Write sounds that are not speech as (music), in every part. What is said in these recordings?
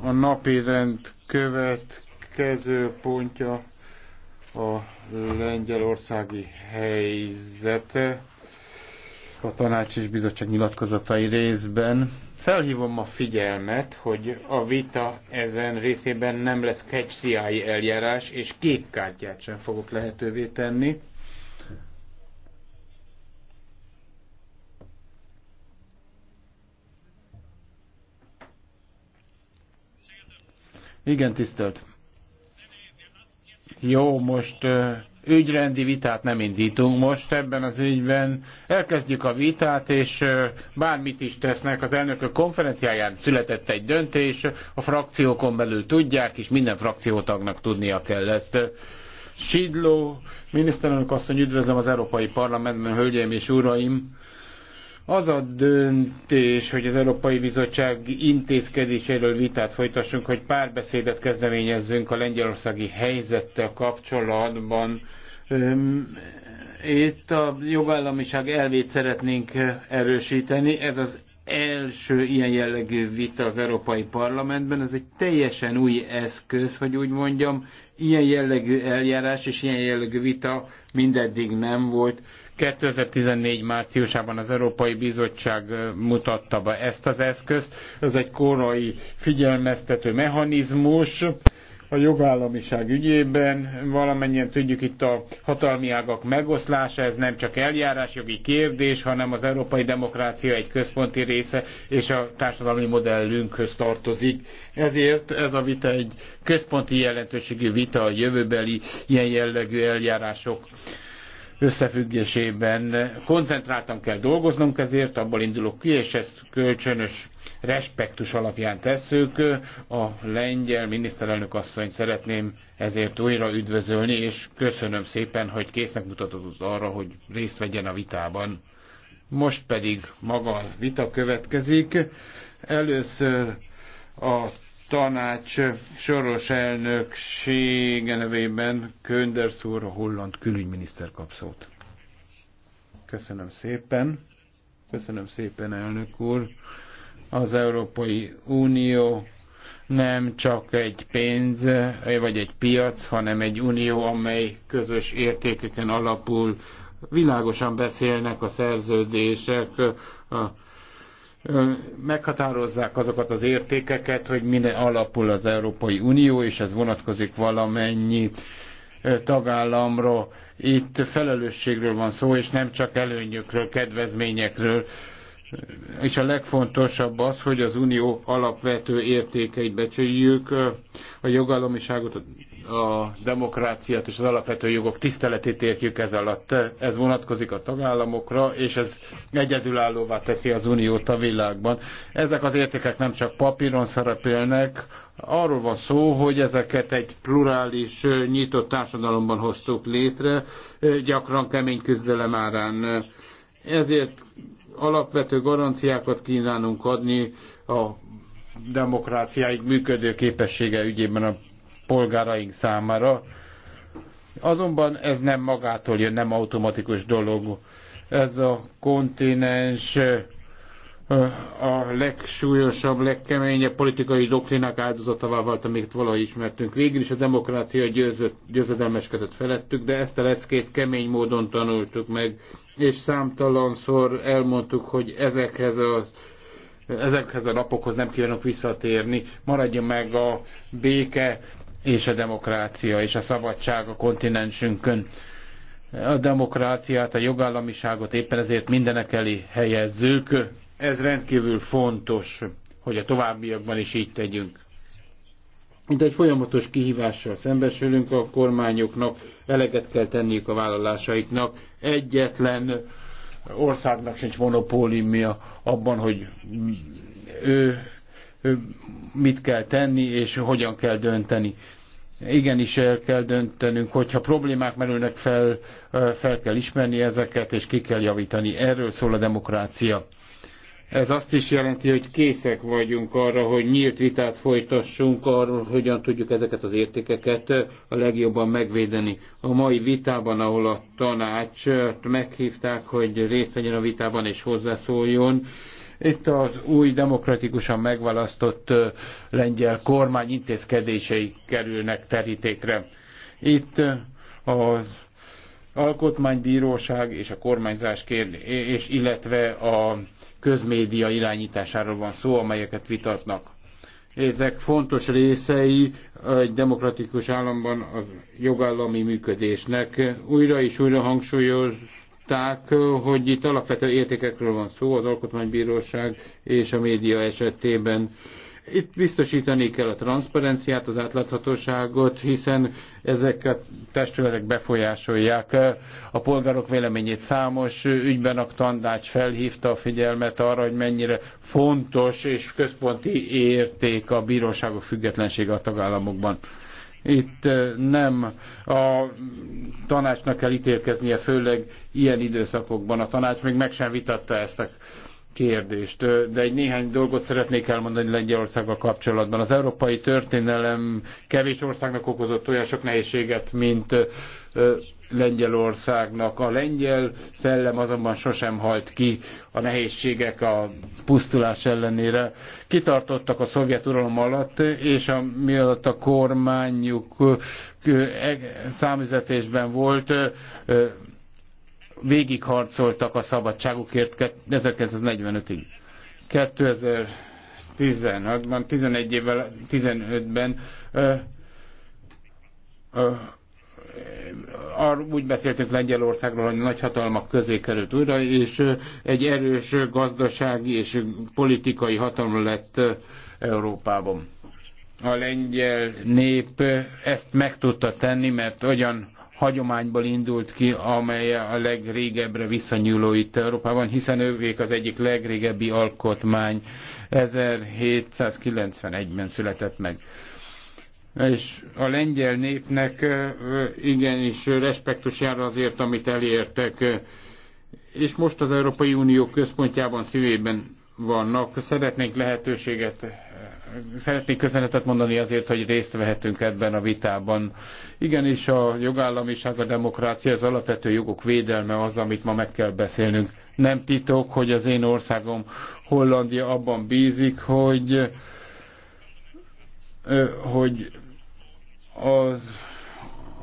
A napi rend következő pontja a lengyelországi helyzete a tanács és bizottság nyilatkozatai részben. Felhívom a figyelmet, hogy a vita ezen részében nem lesz catch e eljárás, és kék kártyát sem fogok lehetővé tenni. Igen, tisztelt. Jó, most ügyrendi vitát nem indítunk most ebben az ügyben. Elkezdjük a vitát, és bármit is tesznek. Az elnökök konferenciáján született egy döntés, a frakciókon belül tudják, és minden frakciótagnak tudnia kell ezt. Sidló, miniszterelnök asszony, üdvözlöm az Európai Parlamentben, hölgyeim és uraim! Az a döntés, hogy az Európai Bizottság intézkedéséről vitát folytassunk, hogy párbeszédet kezdeményezzünk a lengyelországi helyzettel kapcsolatban. Itt a jogállamiság elvét szeretnénk erősíteni. Ez az első ilyen jellegű vita az Európai Parlamentben. Ez egy teljesen új eszköz, hogy úgy mondjam, ilyen jellegű eljárás és ilyen jellegű vita mindeddig nem volt. 2014 márciusában az Európai Bizottság mutatta be ezt az eszközt. Ez egy korai figyelmeztető mechanizmus a jogállamiság ügyében. Valamennyien tudjuk itt a hatalmi ágak megoszlása, ez nem csak eljárásjogi kérdés, hanem az európai demokrácia egy központi része, és a társadalmi modellünkhöz tartozik. Ezért ez a vita egy központi jelentőségű vita a jövőbeli ilyen jellegű eljárások összefüggésében. Koncentráltan kell dolgoznunk ezért, abból indulok ki, és ezt kölcsönös respektus alapján tesszük. A lengyel miniszterelnök asszonyt szeretném ezért újra üdvözölni, és köszönöm szépen, hogy késznek mutatott arra, hogy részt vegyen a vitában. Most pedig maga a vita következik. Először a tanács soros elnöksége nevében Könders úr, a holland külügyminiszter kap szót. Köszönöm szépen. Köszönöm szépen, elnök úr. Az Európai Unió nem csak egy pénz vagy egy piac, hanem egy unió, amely közös értékeken alapul. Világosan beszélnek a szerződések, a meghatározzák azokat az értékeket, hogy minden alapul az Európai Unió, és ez vonatkozik valamennyi tagállamra. Itt felelősségről van szó, és nem csak előnyökről, kedvezményekről. És a legfontosabb az, hogy az unió alapvető értékeit becsüljük, a jogállamiságot, a a demokráciát és az alapvető jogok tiszteletét értjük ez alatt. Ez vonatkozik a tagállamokra, és ez egyedülállóvá teszi az uniót a világban. Ezek az értékek nem csak papíron szerepelnek, arról van szó, hogy ezeket egy plurális, nyitott társadalomban hoztuk létre, gyakran kemény küzdelem árán. Ezért alapvető garanciákat kínálunk adni a demokráciáig működő képessége ügyében a polgáraink számára. Azonban ez nem magától jön, nem automatikus dolog. Ez a kontinens a legsúlyosabb, legkeményebb politikai doktrinák áldozatává vált, amit valahogy ismertünk. Végül is a demokrácia győzött, győzedelmeskedett felettük, de ezt a leckét kemény módon tanultuk meg, és számtalanszor elmondtuk, hogy ezekhez a ezekhez a napokhoz nem kívánok visszatérni. Maradjon meg a béke, és a demokrácia és a szabadság a kontinensünkön. A demokráciát, a jogállamiságot éppen ezért mindenek elé helyezzük. Ez rendkívül fontos, hogy a továbbiakban is így tegyünk. Mint egy folyamatos kihívással szembesülünk, a kormányoknak eleget kell tenniük a vállalásaiknak. Egyetlen országnak sincs monopóliumja abban, hogy ő mit kell tenni és hogyan kell dönteni. Igenis el kell döntenünk, hogyha problémák merülnek fel, fel kell ismerni ezeket, és ki kell javítani. Erről szól a demokrácia. Ez azt is jelenti, hogy készek vagyunk arra, hogy nyílt vitát folytassunk arról, hogyan tudjuk ezeket az értékeket a legjobban megvédeni. A mai vitában, ahol a tanács meghívták, hogy részt vegyen a vitában és hozzászóljon, itt az új demokratikusan megválasztott lengyel kormány intézkedései kerülnek terítékre. Itt az alkotmánybíróság és a kormányzás kérdés, és illetve a közmédia irányításáról van szó, amelyeket vitatnak. Ezek fontos részei egy demokratikus államban a jogállami működésnek. Újra és újra hangsúlyoz, tudták, hogy itt alapvető értékekről van szó az Alkotmánybíróság és a média esetében. Itt biztosítani kell a transzparenciát, az átláthatóságot, hiszen ezek a testületek befolyásolják a polgárok véleményét. Számos ügyben a tandács felhívta a figyelmet arra, hogy mennyire fontos és központi érték a bíróságok függetlensége a tagállamokban. Itt nem a tanácsnak kell ítélkeznie, főleg ilyen időszakokban. A tanács még meg sem vitatta ezt a kérdést, de egy néhány dolgot szeretnék elmondani Lengyelországgal kapcsolatban. Az európai történelem kevés országnak okozott olyan sok nehézséget, mint Lengyelországnak. A lengyel szellem azonban sosem halt ki a nehézségek a pusztulás ellenére. Kitartottak a szovjet uralom alatt, és a, mi alatt a kormányuk e, számüzetésben volt, végigharcoltak a szabadságukért 1945-ig. 2016-ban, 11 évvel, 15-ben úgy beszéltünk Lengyelországról, hogy nagy hatalmak közé került újra, és egy erős gazdasági és politikai hatalom lett Európában. A lengyel nép ezt meg tudta tenni, mert olyan hagyományból indult ki, amely a legrégebbre visszanyúló itt Európában, hiszen ővék az egyik legrégebbi alkotmány 1791-ben született meg és a lengyel népnek igenis respektus jár azért, amit elértek. És most az Európai Unió központjában, szívében vannak. Szeretnénk lehetőséget, szeretnék köszönetet mondani azért, hogy részt vehetünk ebben a vitában. Igenis a jogállamiság, a demokrácia, az alapvető jogok védelme az, amit ma meg kell beszélnünk. Nem titok, hogy az én országom Hollandia abban bízik, hogy hogy az,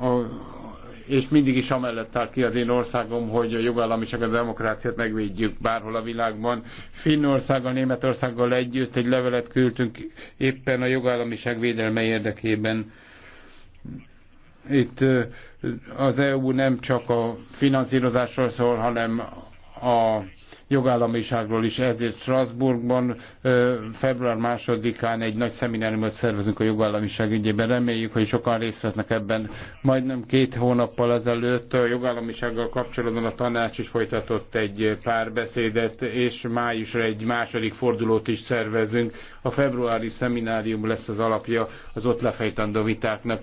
a, és mindig is amellett áll ki az én országom, hogy a jogállamiság, a demokráciát megvédjük bárhol a világban. Finnországgal, Németországgal együtt egy levelet küldtünk éppen a jogállamiság védelme érdekében. Itt az EU nem csak a finanszírozásról szól, hanem a jogállamiságról is, ezért Strasbourgban február másodikán egy nagy szemináriumot szervezünk a jogállamiság ügyében. Reméljük, hogy sokan részt vesznek ebben. Majdnem két hónappal ezelőtt a jogállamisággal kapcsolatban a tanács is folytatott egy párbeszédet, és májusra egy második fordulót is szervezünk. A februári szeminárium lesz az alapja az ott lefejtandó vitáknak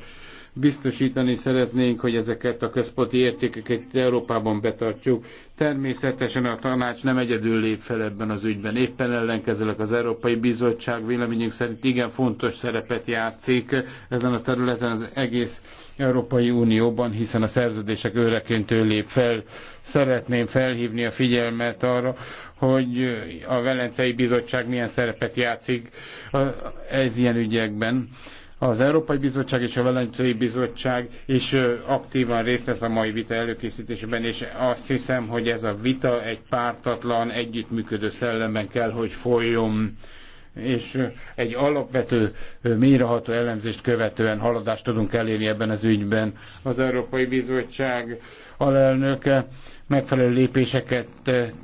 biztosítani szeretnénk, hogy ezeket a központi értékeket Európában betartjuk. Természetesen a tanács nem egyedül lép fel ebben az ügyben. Éppen ellenkezőleg az Európai Bizottság véleményünk szerint igen fontos szerepet játszik ezen a területen az egész Európai Unióban, hiszen a szerződések őreként ő lép fel. Szeretném felhívni a figyelmet arra, hogy a Velencei Bizottság milyen szerepet játszik ez ilyen ügyekben az Európai Bizottság és a Velencei Bizottság is aktívan részt vesz a mai vita előkészítésében, és azt hiszem, hogy ez a vita egy pártatlan, együttműködő szellemben kell, hogy folyjon és egy alapvető, mélyreható ellenzést követően haladást tudunk elérni ebben az ügyben. Az Európai Bizottság alelnöke megfelelő lépéseket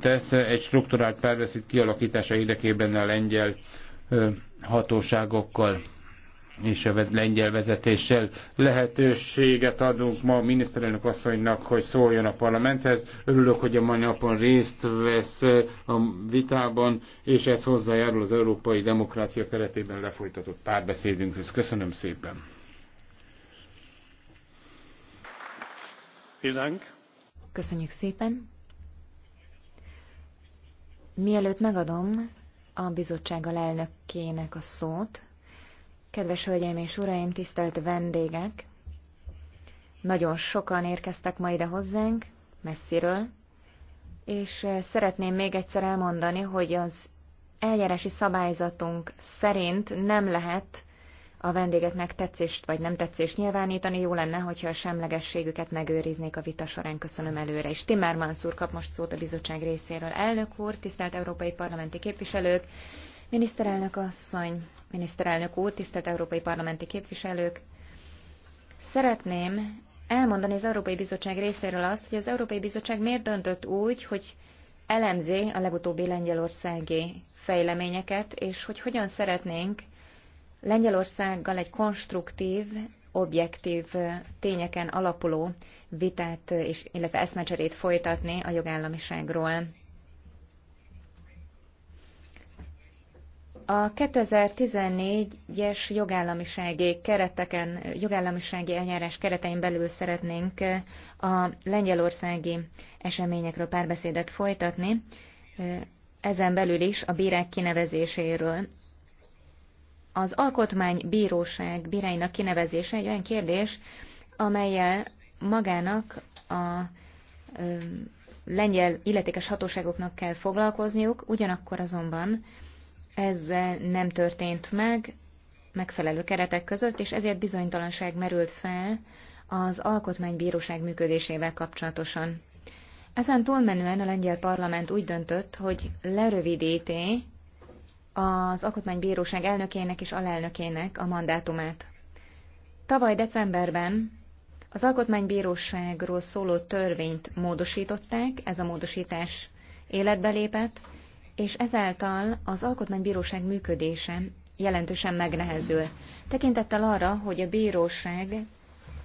tesz egy strukturált párbeszéd kialakítása érdekében a lengyel hatóságokkal és a lengyel vezetéssel lehetőséget adunk ma a miniszterelnök asszonynak, hogy szóljon a parlamenthez. Örülök, hogy a mai napon részt vesz eh, a vitában, és ez hozzájárul az európai demokrácia keretében lefolytatott párbeszédünkhöz. Köszönöm szépen! Köszönjük szépen! Mielőtt megadom a bizottság alelnökének a szót, Kedves hölgyeim és uraim, tisztelt vendégek! Nagyon sokan érkeztek ma ide hozzánk, messziről, és eh, szeretném még egyszer elmondani, hogy az eljárási szabályzatunk szerint nem lehet a vendégeknek tetszést vagy nem tetszést nyilvánítani, jó lenne, hogyha a semlegességüket megőriznék a vita során. Köszönöm előre És Timmermans úr kap most szót a bizottság részéről. Elnök úr, tisztelt európai parlamenti képviselők, Miniszterelnök asszony, miniszterelnök úr, tisztelt európai parlamenti képviselők! Szeretném elmondani az Európai Bizottság részéről azt, hogy az Európai Bizottság miért döntött úgy, hogy elemzi a legutóbbi lengyelországi fejleményeket, és hogy hogyan szeretnénk Lengyelországgal egy konstruktív, objektív tényeken alapuló vitát, és, illetve eszmecserét folytatni a jogállamiságról. A 2014-es jogállamisági kereteken, jogállamisági eljárás keretein belül szeretnénk eh, a lengyelországi eseményekről párbeszédet folytatni, eh, ezen belül is a bírák kinevezéséről. Az alkotmánybíróság bíráinak kinevezése egy olyan kérdés, amelyel magának a eh, lengyel illetékes hatóságoknak kell foglalkozniuk, ugyanakkor azonban ez nem történt meg megfelelő keretek között, és ezért bizonytalanság merült fel az alkotmánybíróság működésével kapcsolatosan. Ezen túlmenően a lengyel parlament úgy döntött, hogy lerövidíti az alkotmánybíróság elnökének és alelnökének a mandátumát. Tavaly decemberben az alkotmánybíróságról szóló törvényt módosították, ez a módosítás életbe lépett, és ezáltal az Alkotmánybíróság működése jelentősen megnehezül. Tekintettel arra, hogy a bíróság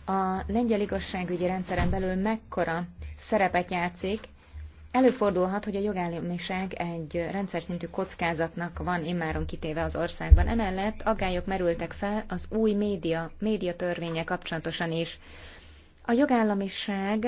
a lengyel igazságügyi rendszeren belül mekkora szerepet játszik, Előfordulhat, hogy a jogállamiság egy rendszer szintű kockázatnak van immáron kitéve az országban. Emellett aggályok merültek fel az új média, média törvénye kapcsolatosan is. A jogállamiság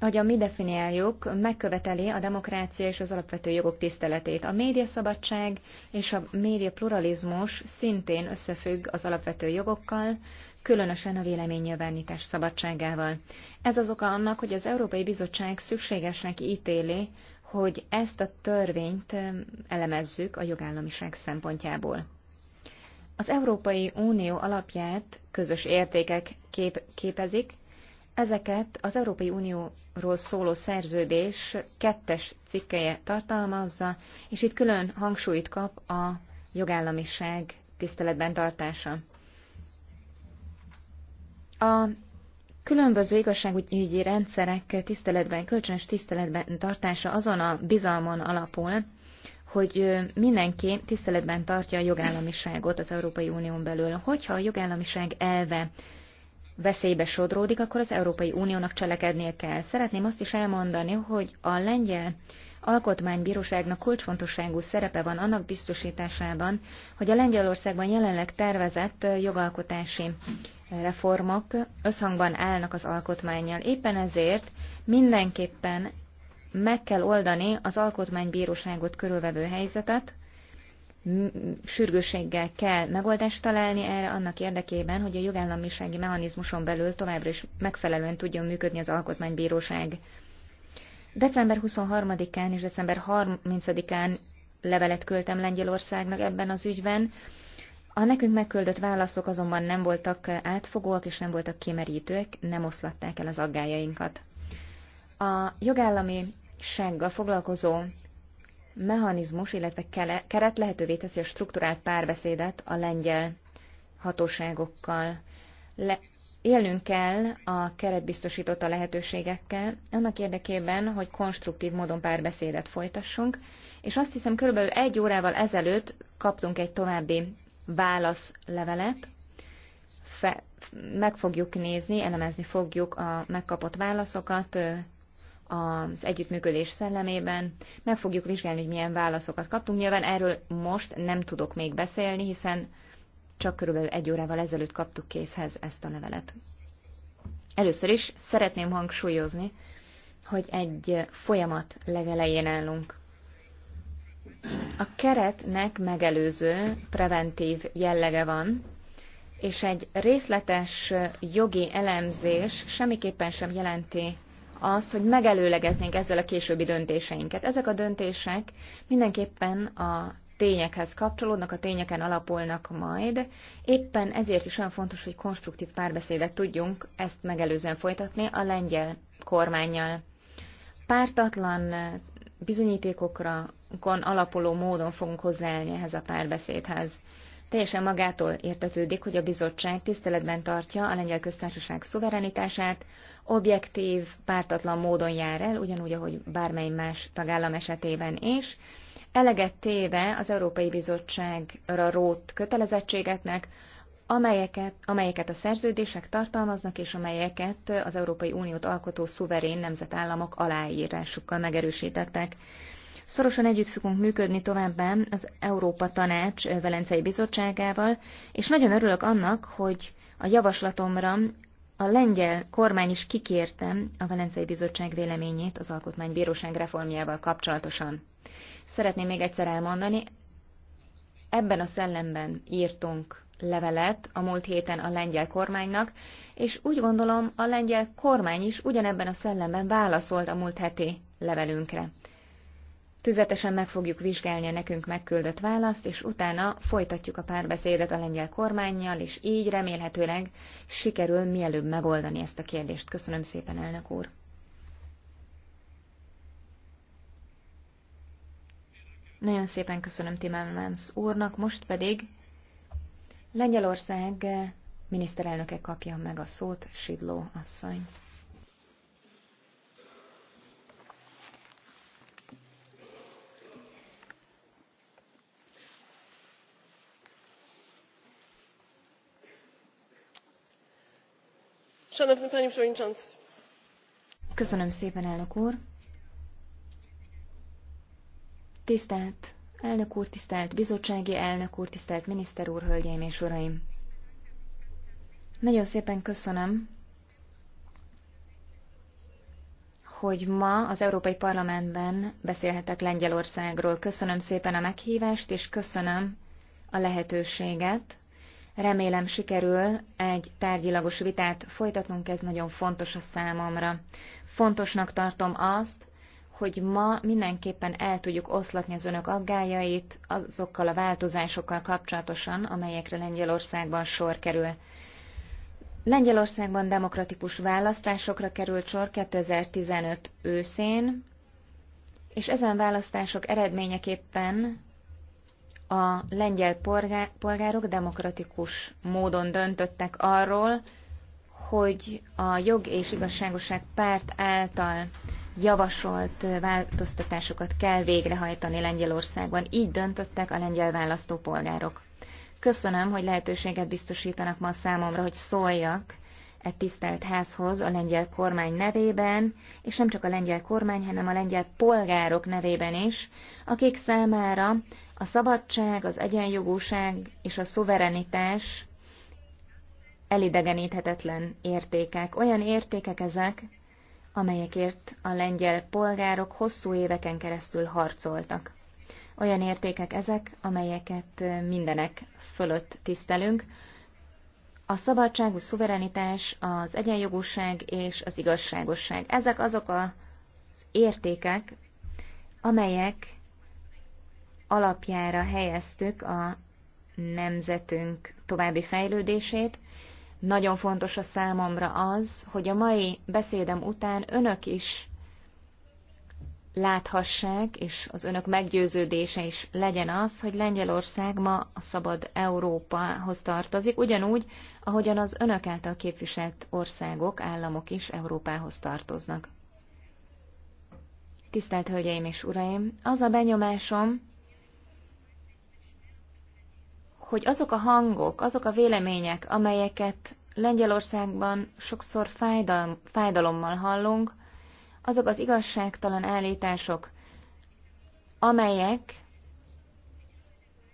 ahogyan mi definiáljuk, megköveteli a demokrácia és az alapvető jogok tiszteletét. A médiaszabadság és a média pluralizmus szintén összefügg az alapvető jogokkal, különösen a véleménynyilvánítás szabadságával. Ez az oka annak, hogy az Európai Bizottság szükségesnek ítéli, hogy ezt a törvényt elemezzük a jogállamiság szempontjából. Az Európai Unió alapját közös értékek kép- képezik, Ezeket az Európai Unióról szóló szerződés kettes cikkeje tartalmazza, és itt külön hangsúlyt kap a jogállamiság tiszteletben tartása. A különböző igazságügyi rendszerek tiszteletben, kölcsönös tiszteletben tartása azon a bizalmon alapul, hogy mindenki tiszteletben tartja a jogállamiságot az Európai Unión belül. Hogyha a jogállamiság elve veszélybe sodródik, akkor az Európai Uniónak cselekednie kell. Szeretném azt is elmondani, hogy a lengyel alkotmánybíróságnak kulcsfontosságú szerepe van annak biztosításában, hogy a Lengyelországban jelenleg tervezett jogalkotási reformok összhangban állnak az alkotmányjal. Éppen ezért mindenképpen meg kell oldani az alkotmánybíróságot körülvevő helyzetet, sürgősséggel kell megoldást találni erre annak érdekében, hogy a jogállamisági mechanizmuson belül továbbra is megfelelően tudjon működni az alkotmánybíróság. December 23-án és december 30-án levelet küldtem Lengyelországnak ebben az ügyben. A nekünk megküldött válaszok azonban nem voltak átfogóak és nem voltak kimerítőek, nem oszlatták el az aggájainkat. A jogállamisággal foglalkozó mechanizmus, illetve keret lehetővé teszi a strukturált párbeszédet a lengyel hatóságokkal. Le, élnünk kell a keret biztosította lehetőségekkel, annak érdekében, hogy konstruktív módon párbeszédet folytassunk, és azt hiszem körülbelül egy órával ezelőtt kaptunk egy további válaszlevelet, Fe, meg fogjuk nézni, elemezni fogjuk a megkapott válaszokat, az együttműködés szellemében. Meg fogjuk vizsgálni, hogy milyen válaszokat kaptunk. Nyilván erről most nem tudok még beszélni, hiszen csak körülbelül egy órával ezelőtt kaptuk készhez ezt a levelet. Először is szeretném hangsúlyozni, hogy egy folyamat legelején állunk. A keretnek megelőző, preventív jellege van, és egy részletes jogi elemzés semmiképpen sem jelenti azt, hogy megelőlegeznénk ezzel a későbbi döntéseinket. Ezek a döntések mindenképpen a tényekhez kapcsolódnak, a tényeken alapolnak majd. Éppen ezért is olyan fontos, hogy konstruktív párbeszédet tudjunk ezt megelőzően folytatni a lengyel kormányjal. Pártatlan bizonyítékokra alapuló módon fogunk hozzáállni ehhez a párbeszédhez. Teljesen magától értetődik, hogy a bizottság tiszteletben tartja a lengyel köztársaság szuverenitását, objektív, pártatlan módon jár el, ugyanúgy, ahogy bármely más tagállam esetében is, eleget téve az Európai Bizottságra rót kötelezettségetnek, amelyeket, amelyeket a szerződések tartalmaznak, és amelyeket az Európai Uniót alkotó szuverén nemzetállamok aláírásukkal megerősítettek. Szorosan együtt fogunk működni továbbá az Európa Tanács Velencei Bizottságával, és nagyon örülök annak, hogy a javaslatomra a lengyel kormány is kikérte a Velencei Bizottság véleményét az Alkotmánybíróság reformjával kapcsolatosan. Szeretném még egyszer elmondani, ebben a szellemben írtunk levelet a múlt héten a lengyel kormánynak, és úgy gondolom a lengyel kormány is ugyanebben a szellemben válaszolt a múlt heti levelünkre. Tüzetesen meg fogjuk vizsgálni a nekünk megküldött választ, és utána folytatjuk a párbeszédet a lengyel kormányjal, és így remélhetőleg sikerül mielőbb megoldani ezt a kérdést. Köszönöm szépen, elnök úr! Nagyon szépen köszönöm Timmermans úrnak, most pedig Lengyelország eh, miniszterelnöke kapja meg a szót, Sidló asszony. Köszönöm szépen, elnök úr. Tisztelt elnök úr, tisztelt bizottsági elnök úr, tisztelt miniszter úr, hölgyeim és uraim. Nagyon szépen köszönöm, hogy ma az Európai Parlamentben beszélhetek Lengyelországról. Köszönöm szépen a meghívást, és köszönöm a lehetőséget, Remélem sikerül egy tárgyilagos vitát folytatnunk, ez nagyon fontos a számomra. Fontosnak tartom azt, hogy ma mindenképpen el tudjuk oszlatni az önök aggájait azokkal a változásokkal kapcsolatosan, amelyekre Lengyelországban sor kerül. Lengyelországban demokratikus választásokra került sor 2015 őszén, és ezen választások eredményeképpen a lengyel polgárok demokratikus módon döntöttek arról, hogy a jog és igazságoság párt által javasolt változtatásokat kell végrehajtani Lengyelországban. Így döntöttek a lengyel választópolgárok. Köszönöm, hogy lehetőséget biztosítanak ma számomra, hogy szóljak e tisztelt házhoz a lengyel kormány nevében, és nem csak a lengyel kormány, hanem a lengyel polgárok nevében is, akik számára a szabadság, az egyenjogúság és a szuverenitás elidegeníthetetlen értékek. Olyan értékek ezek, amelyekért a lengyel polgárok hosszú éveken keresztül harcoltak. Olyan értékek ezek, amelyeket mindenek fölött tisztelünk. A szabadság, a szuverenitás, az egyenjogúság és az igazságosság. Ezek azok az értékek, amelyek alapjára helyeztük a nemzetünk további fejlődését. Nagyon fontos a számomra az, hogy a mai beszédem után önök is láthassák, és az önök meggyőződése is legyen az, hogy Lengyelország ma a szabad Európához tartozik, ugyanúgy, ahogyan az önök által képviselt országok, államok is Európához tartoznak. Tisztelt Hölgyeim és Uraim! Az a benyomásom, hogy azok a hangok, azok a vélemények, amelyeket Lengyelországban sokszor fájdalom, fájdalommal hallunk, azok az igazságtalan állítások, amelyek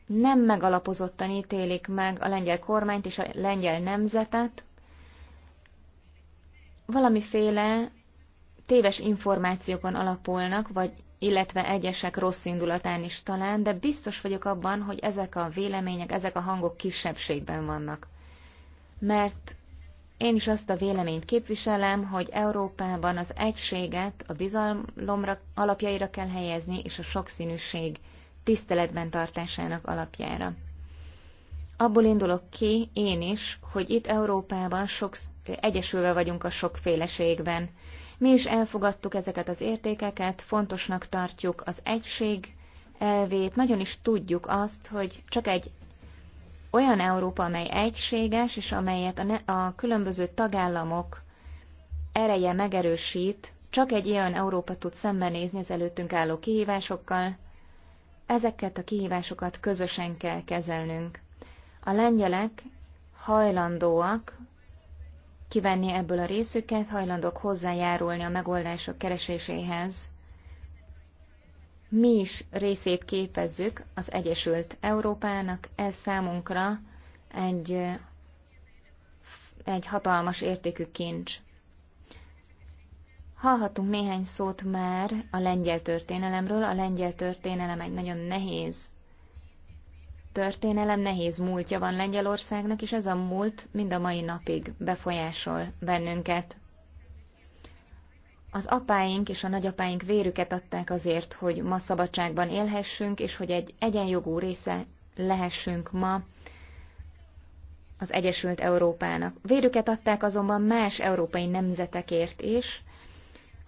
nem megalapozottan ítélik meg a lengyel kormányt és a lengyel nemzetet, valamiféle téves információkon alapulnak, vagy illetve egyesek rossz indulatán is talán, de biztos vagyok abban, hogy ezek a vélemények, ezek a hangok kisebbségben vannak. Mert én is azt a véleményt képviselem, hogy Európában az egységet a bizalomra alapjaira kell helyezni, és a sokszínűség tiszteletben tartásának alapjára. Abból indulok ki én is, hogy itt Európában sok, egyesülve vagyunk a sokféleségben. Mi is elfogadtuk ezeket az értékeket, fontosnak tartjuk az egység elvét, nagyon is tudjuk azt, hogy csak egy olyan Európa, amely egységes, és amelyet a, ne, a különböző tagállamok ereje megerősít, csak egy ilyen Európa tud szembenézni az előttünk álló kihívásokkal, ezeket a kihívásokat közösen kell kezelnünk. A lengyelek hajlandóak kivenni ebből a részüket, hajlandók hozzájárulni a megoldások kereséséhez. Mi is részét képezzük az Egyesült Európának, ez számunkra egy, egy hatalmas értékű kincs. Hallhatunk néhány szót már a lengyel történelemről. A lengyel történelem egy nagyon nehéz történelem nehéz múltja van Lengyelországnak, és ez a múlt mind a mai napig befolyásol bennünket. Az apáink és a nagyapáink vérüket adták azért, hogy ma szabadságban élhessünk, és hogy egy egyenjogú része lehessünk ma az Egyesült Európának. Vérüket adták azonban más európai nemzetekért is.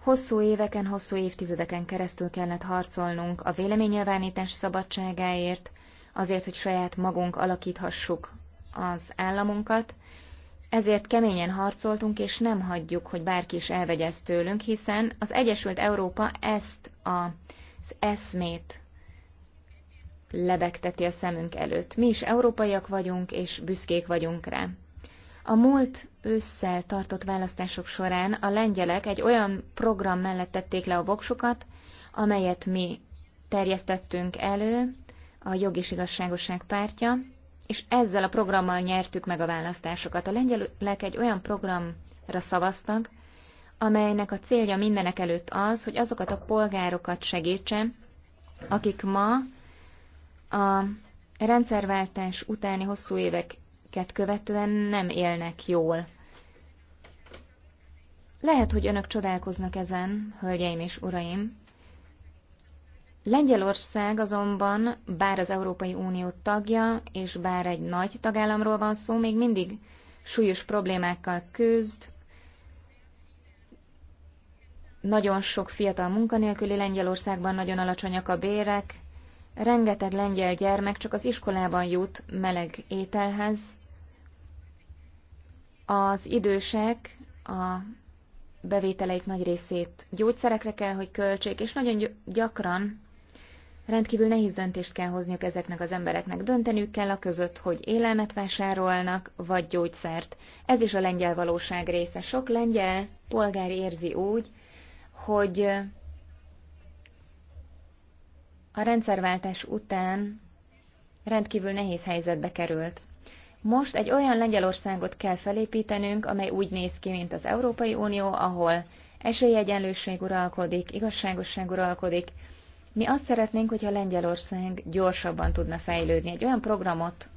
Hosszú éveken, hosszú évtizedeken keresztül kellett harcolnunk a véleménynyilvánítás szabadságáért, azért, hogy saját magunk alakíthassuk az államunkat. Ezért keményen harcoltunk, és nem hagyjuk, hogy bárki is elvegye ezt tőlünk, hiszen az Egyesült Európa ezt a, az eszmét lebegteti a szemünk előtt. Mi is európaiak vagyunk, és büszkék vagyunk rá. A múlt ősszel tartott választások során a lengyelek egy olyan program mellett tették le a voksukat, amelyet mi terjesztettünk elő, a Jog és Igazságosság pártja, és ezzel a programmal nyertük meg a választásokat. A lengyelek egy olyan programra szavaztak, amelynek a célja mindenek előtt az, hogy azokat a polgárokat segítse, akik ma a rendszerváltás utáni hosszú éveket követően nem élnek jól. Lehet, hogy önök csodálkoznak ezen, hölgyeim és uraim, Lengyelország azonban, bár az Európai Unió tagja, és bár egy nagy tagállamról van szó, még mindig súlyos problémákkal küzd, nagyon sok fiatal munkanélküli Lengyelországban, nagyon alacsonyak a bérek, rengeteg lengyel gyermek csak az iskolában jut meleg ételhez. Az idősek a bevételeik nagy részét gyógyszerekre kell, hogy költsék, és nagyon gyakran Rendkívül nehéz döntést kell hozniuk ezeknek az embereknek. Dönteniük kell a között, hogy élelmet vásárolnak, vagy gyógyszert. Ez is a lengyel valóság része. Sok lengyel polgár érzi úgy, hogy a rendszerváltás után rendkívül nehéz helyzetbe került. Most egy olyan Lengyelországot kell felépítenünk, amely úgy néz ki, mint az Európai Unió, ahol esélyegyenlőség uralkodik, igazságosság uralkodik, mi azt szeretnénk, hogyha Lengyelország gyorsabban tudna fejlődni. Egy olyan programot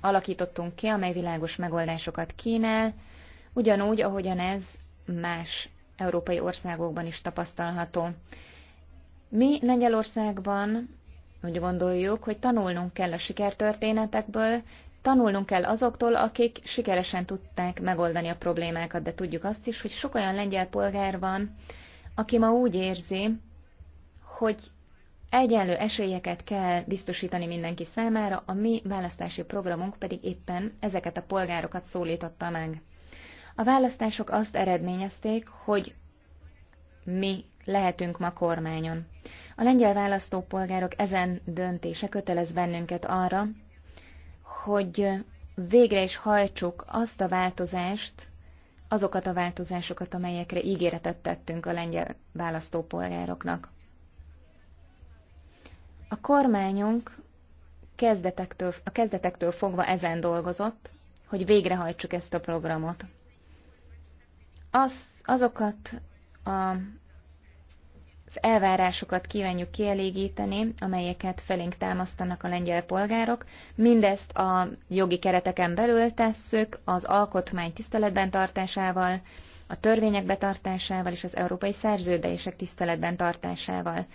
alakítottunk ki, amely világos megoldásokat kínál, ugyanúgy, ahogyan ez más európai országokban is tapasztalható. Mi Lengyelországban úgy gondoljuk, hogy tanulnunk kell a sikertörténetekből, tanulnunk kell azoktól, akik sikeresen tudták megoldani a problémákat, de tudjuk azt is, hogy sok olyan lengyel polgár van, aki ma úgy érzi, hogy Egyenlő esélyeket kell biztosítani mindenki számára, a mi választási programunk pedig éppen ezeket a polgárokat szólította meg. A választások azt eredményezték, hogy mi lehetünk ma kormányon. A lengyel választópolgárok ezen döntése kötelez bennünket arra, hogy végre is hajtsuk azt a változást, azokat a változásokat, amelyekre ígéretet tettünk a lengyel választópolgároknak. A kormányunk kezdetektől, a kezdetektől fogva ezen dolgozott, hogy végrehajtsuk ezt a programot. Az, azokat a, az elvárásokat kívánjuk kielégíteni, amelyeket felénk támasztanak a lengyel polgárok. Mindezt a jogi kereteken belül tesszük, az alkotmány tiszteletben tartásával, a törvények betartásával és az európai szerződések tiszteletben tartásával.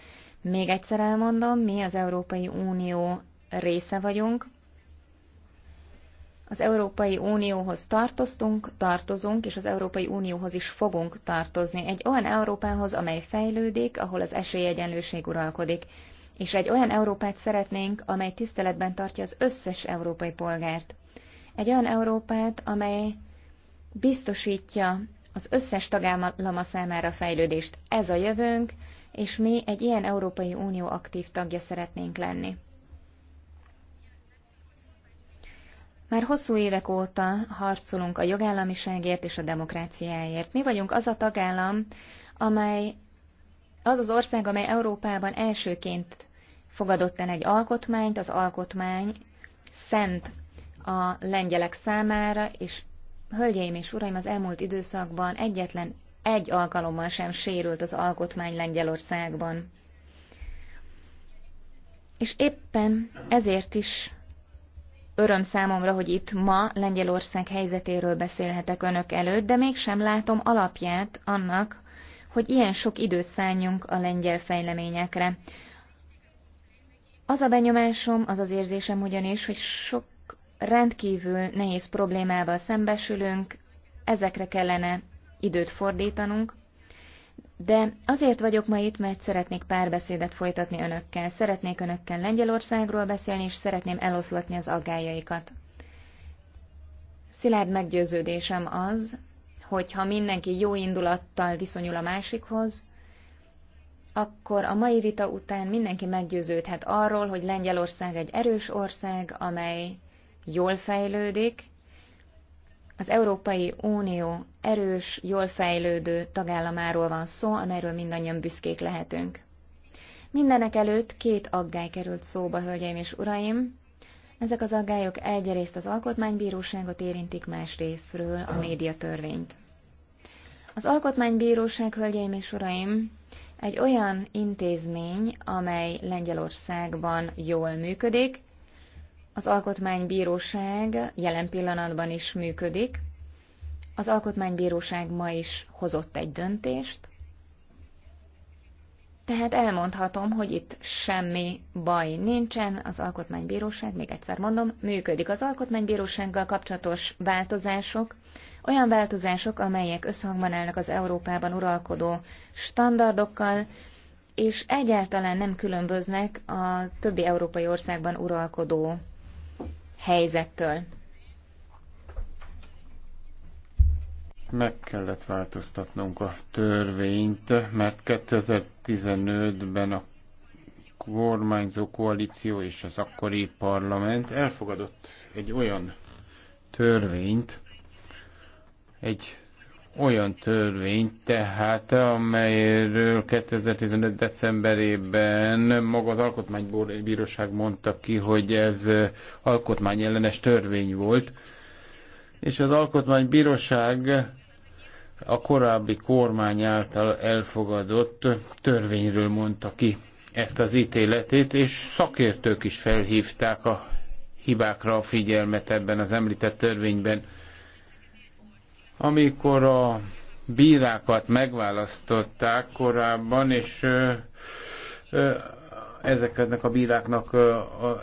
Még egyszer elmondom, mi az Európai Unió része vagyunk. Az Európai Unióhoz tartoztunk, tartozunk, és az Európai Unióhoz is fogunk tartozni. Egy olyan Európához, amely fejlődik, ahol az esélyegyenlőség uralkodik. És egy olyan Európát szeretnénk, amely tiszteletben tartja az összes európai polgárt. Egy olyan Európát, amely biztosítja az összes tagállama számára fejlődést. Ez a jövőnk, és mi egy ilyen Európai Unió aktív tagja szeretnénk lenni. Már hosszú évek óta harcolunk a jogállamiságért és a demokráciáért. Mi vagyunk az a tagállam, amely az az ország, amely Európában elsőként fogadott el egy alkotmányt, az alkotmány szent a lengyelek számára, és hölgyeim és uraim, az elmúlt időszakban egyetlen egy alkalommal sem sérült az alkotmány Lengyelországban. És éppen ezért is öröm számomra, hogy itt ma Lengyelország helyzetéről beszélhetek önök előtt, de mégsem látom alapját annak, hogy ilyen sok időt szálljunk a lengyel fejleményekre. Az a benyomásom, az az érzésem ugyanis, hogy sok rendkívül nehéz problémával szembesülünk, ezekre kellene időt fordítanunk, de azért vagyok ma itt, mert szeretnék párbeszédet folytatni önökkel. Szeretnék önökkel Lengyelországról beszélni, és szeretném eloszlatni az aggájaikat. Szilárd meggyőződésem az, hogy ha mindenki jó indulattal viszonyul a másikhoz, akkor a mai vita után mindenki meggyőződhet arról, hogy Lengyelország egy erős ország, amely jól fejlődik, az Európai Unió erős, jól fejlődő tagállamáról van szó, amelyről mindannyian büszkék lehetünk. Mindenek előtt két aggály került szóba, hölgyeim és uraim. Ezek az aggályok egyrészt az alkotmánybíróságot érintik, másrésztről a médiatörvényt. Az alkotmánybíróság, hölgyeim és uraim, egy olyan intézmény, amely Lengyelországban jól működik, az alkotmánybíróság jelen pillanatban is működik, az Alkotmánybíróság ma is hozott egy döntést, tehát elmondhatom, hogy itt semmi baj nincsen, az Alkotmánybíróság, még egyszer mondom, működik. Az Alkotmánybírósággal kapcsolatos változások, olyan változások, amelyek összhangban állnak az Európában uralkodó standardokkal, és egyáltalán nem különböznek a többi európai országban uralkodó helyzettől. meg kellett változtatnunk a törvényt, mert 2015-ben a kormányzó koalíció és az akkori parlament elfogadott egy olyan törvényt, egy olyan törvényt, tehát amelyről 2015. decemberében maga az Alkotmánybíróság mondta ki, hogy ez alkotmányellenes törvény volt, és az Alkotmánybíróság a korábbi kormány által elfogadott törvényről mondta ki ezt az ítéletét, és szakértők is felhívták a hibákra a figyelmet ebben az említett törvényben. Amikor a bírákat megválasztották korábban, és ezeknek a bíráknak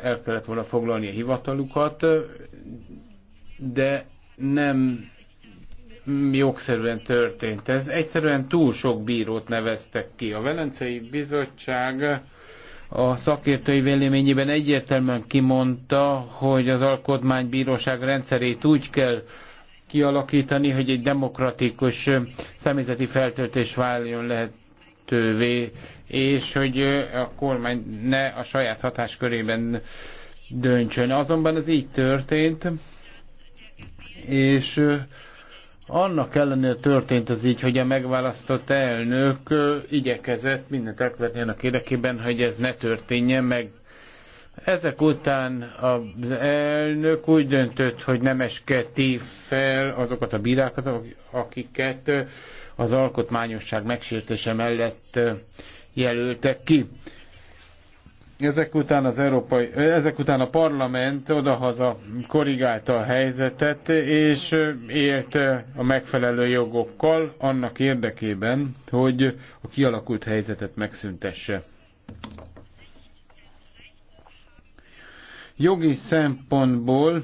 el kellett volna foglalni a hivatalukat, de nem jogszerűen történt. Ez egyszerűen túl sok bírót neveztek ki. A Velencei Bizottság a szakértői véleményében egyértelműen kimondta, hogy az alkotmánybíróság rendszerét úgy kell kialakítani, hogy egy demokratikus személyzeti feltöltés váljon lehetővé, és hogy a kormány ne a saját hatáskörében döntsön. Azonban ez így történt, és annak ellenére történt ez így, hogy a megválasztott elnök igyekezett mindent elkövetni annak érdekében, hogy ez ne történjen meg. Ezek után az elnök úgy döntött, hogy nem esketi fel azokat a bírákat, akiket az alkotmányosság megsértése mellett jelöltek ki. Ezek után, az Európai, ezek után a parlament odahaza korrigálta a helyzetet, és élt a megfelelő jogokkal annak érdekében, hogy a kialakult helyzetet megszüntesse. Jogi szempontból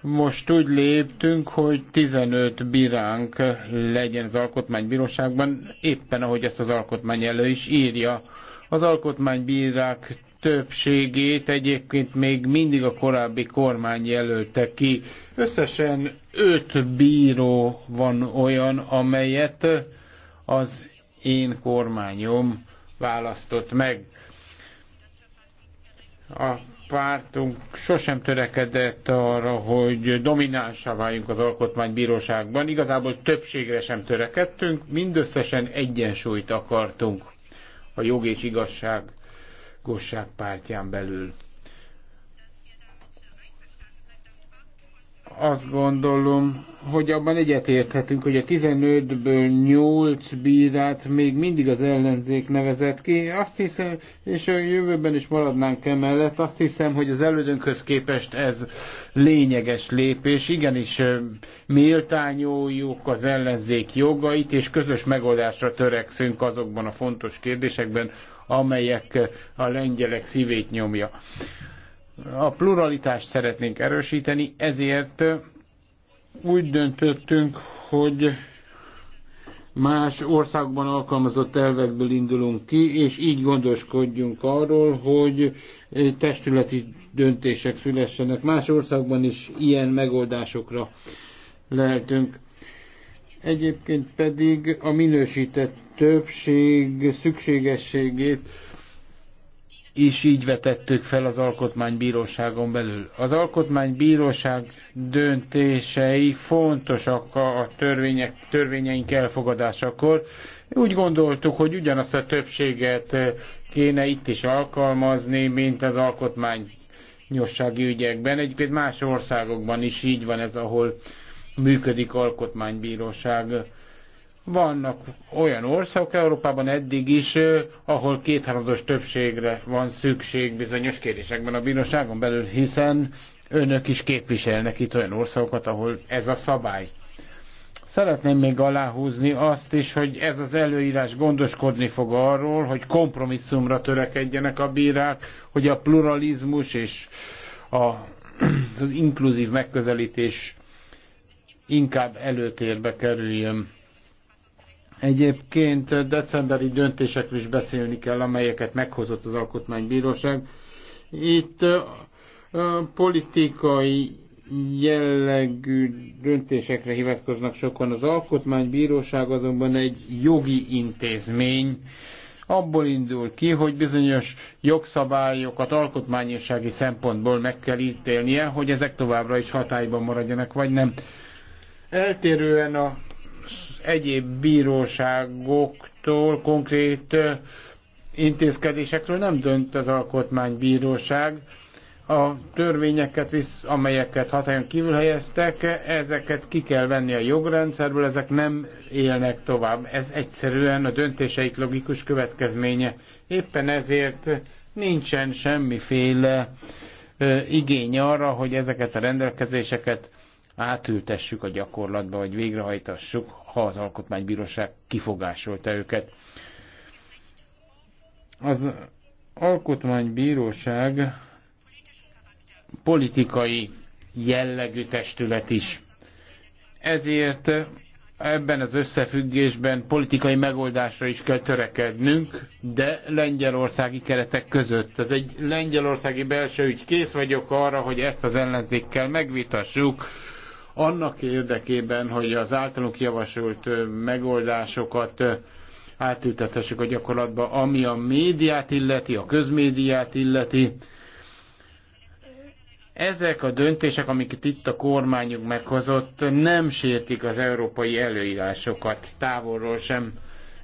most úgy léptünk, hogy 15 bíránk legyen az alkotmánybíróságban, éppen ahogy ezt az alkotmány elő is írja az alkotmánybírák többségét egyébként még mindig a korábbi kormány jelölte ki. Összesen öt bíró van olyan, amelyet az én kormányom választott meg. A pártunk sosem törekedett arra, hogy dominánsá váljunk az alkotmánybíróságban. Igazából többségre sem törekedtünk, mindösszesen egyensúlyt akartunk a jog és igazság gosság pártján belül. azt gondolom, hogy abban egyetérthetünk, hogy a 15-ből 8 bírát még mindig az ellenzék nevezett ki. Azt hiszem, és a jövőben is maradnánk emellett, azt hiszem, hogy az elődönkhöz képest ez lényeges lépés. Igenis méltányoljuk az ellenzék jogait, és közös megoldásra törekszünk azokban a fontos kérdésekben, amelyek a lengyelek szívét nyomja. A pluralitást szeretnénk erősíteni, ezért úgy döntöttünk, hogy más országban alkalmazott elvekből indulunk ki, és így gondoskodjunk arról, hogy testületi döntések szülessenek. Más országban is ilyen megoldásokra lehetünk. Egyébként pedig a minősített többség szükségességét is így vetettük fel az Alkotmánybíróságon belül. Az Alkotmánybíróság döntései fontosak a törvények, törvényeink elfogadásakor. Úgy gondoltuk, hogy ugyanazt a többséget eh, kéne itt is alkalmazni, mint az alkotmány nyossági ügyekben. Egyébként más országokban is így van ez, ahol működik alkotmánybíróság vannak olyan országok Európában eddig is, ahol kétharmados többségre van szükség bizonyos kérdésekben a bíróságon belül, hiszen önök is képviselnek itt olyan országokat, ahol ez a szabály. Szeretném még aláhúzni azt is, hogy ez az előírás gondoskodni fog arról, hogy kompromisszumra törekedjenek a bírák, hogy a pluralizmus és a, az inkluzív megközelítés inkább előtérbe kerüljön. Egyébként decemberi döntésekről is beszélni kell, amelyeket meghozott az Alkotmánybíróság. Itt politikai jellegű döntésekre hivatkoznak sokan. Az Alkotmánybíróság azonban egy jogi intézmény, abból indul ki, hogy bizonyos jogszabályokat alkotmányossági szempontból meg kell ítélnie, hogy ezek továbbra is hatályban maradjanak, vagy nem. Eltérően a egyéb bíróságoktól konkrét intézkedésekről nem dönt az alkotmánybíróság. A törvényeket, visz, amelyeket hatályon kívül helyeztek, ezeket ki kell venni a jogrendszerből, ezek nem élnek tovább. Ez egyszerűen a döntéseik logikus következménye. Éppen ezért nincsen semmiféle igény arra, hogy ezeket a rendelkezéseket átültessük a gyakorlatba, hogy végrehajtassuk ha az Alkotmánybíróság kifogásolta őket. Az Alkotmánybíróság politikai jellegű testület is. Ezért ebben az összefüggésben politikai megoldásra is kell törekednünk, de lengyelországi keretek között. Ez egy lengyelországi belső ügy. Kész vagyok arra, hogy ezt az ellenzékkel megvitassuk, annak érdekében, hogy az általunk javasolt megoldásokat átültethessük a gyakorlatba, ami a médiát illeti, a közmédiát illeti. Ezek a döntések, amiket itt a kormányunk meghozott, nem sértik az európai előírásokat, távolról sem.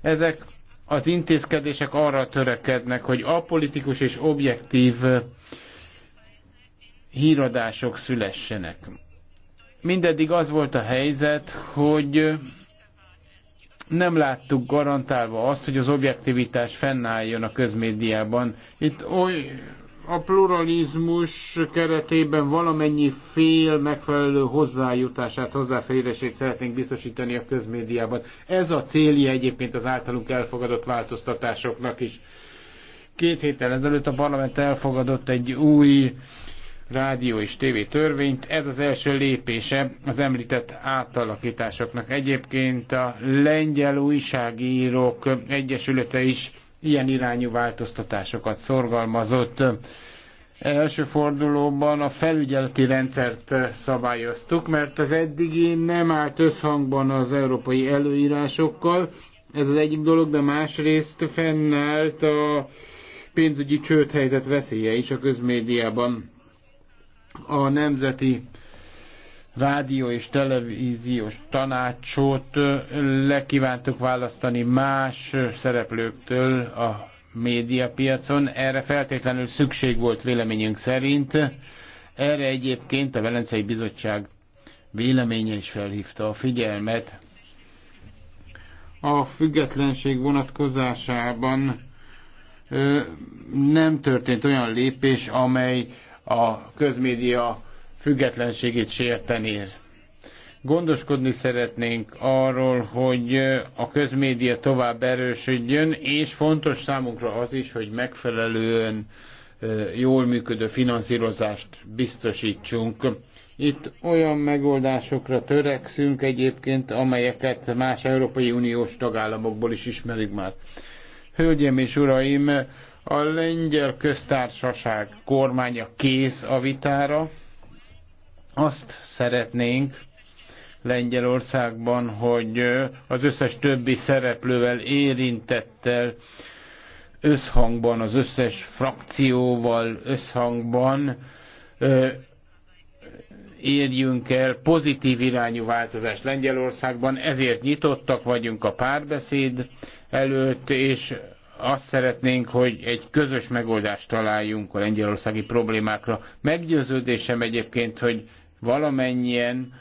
Ezek az intézkedések arra törekednek, hogy apolitikus és objektív híradások szülessenek. Mindeddig az volt a helyzet, hogy nem láttuk garantálva azt, hogy az objektivitás fennálljon a közmédiában. Itt oly, a pluralizmus keretében valamennyi fél megfelelő hozzájutását, hozzáférését szeretnénk biztosítani a közmédiában. Ez a célja egyébként az általunk elfogadott változtatásoknak is. Két héttel ezelőtt a parlament elfogadott egy új rádió és tévé törvényt. Ez az első lépése az említett átalakításoknak. Egyébként a lengyel újságírók egyesülete is ilyen irányú változtatásokat szorgalmazott. Első fordulóban a felügyeleti rendszert szabályoztuk, mert az eddigi nem állt összhangban az európai előírásokkal. Ez az egyik dolog, de másrészt fennállt a pénzügyi csődhelyzet veszélye is a közmédiában a Nemzeti Rádió és Televíziós Tanácsot lekívántuk választani más szereplőktől a médiapiacon. Erre feltétlenül szükség volt véleményünk szerint. Erre egyébként a Velencei Bizottság véleménye is felhívta a figyelmet. A függetlenség vonatkozásában nem történt olyan lépés, amely a közmédia függetlenségét sérteni. Gondoskodni szeretnénk arról, hogy a közmédia tovább erősödjön, és fontos számunkra az is, hogy megfelelően jól működő finanszírozást biztosítsunk. Itt olyan megoldásokra törekszünk egyébként, amelyeket más Európai Uniós tagállamokból is ismerik már. Hölgyeim és uraim, a lengyel köztársaság kormánya kész a vitára. Azt szeretnénk Lengyelországban, hogy az összes többi szereplővel érintettel összhangban, az összes frakcióval összhangban érjünk el pozitív irányú változást Lengyelországban, ezért nyitottak vagyunk a párbeszéd előtt, és azt szeretnénk, hogy egy közös megoldást találjunk a lengyelországi problémákra. Meggyőződésem egyébként, hogy valamennyien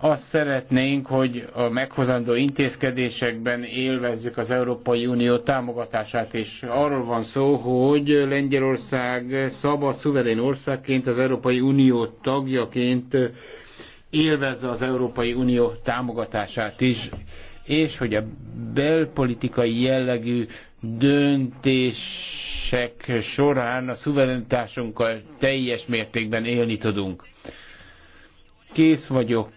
azt szeretnénk, hogy a meghozandó intézkedésekben élvezzük az Európai Unió támogatását, és arról van szó, hogy Lengyelország szabad, szuverén országként, az Európai Unió tagjaként élvezze az Európai Unió támogatását is és hogy a belpolitikai jellegű döntések során a szuverenitásunkkal teljes mértékben élni tudunk. Kész vagyok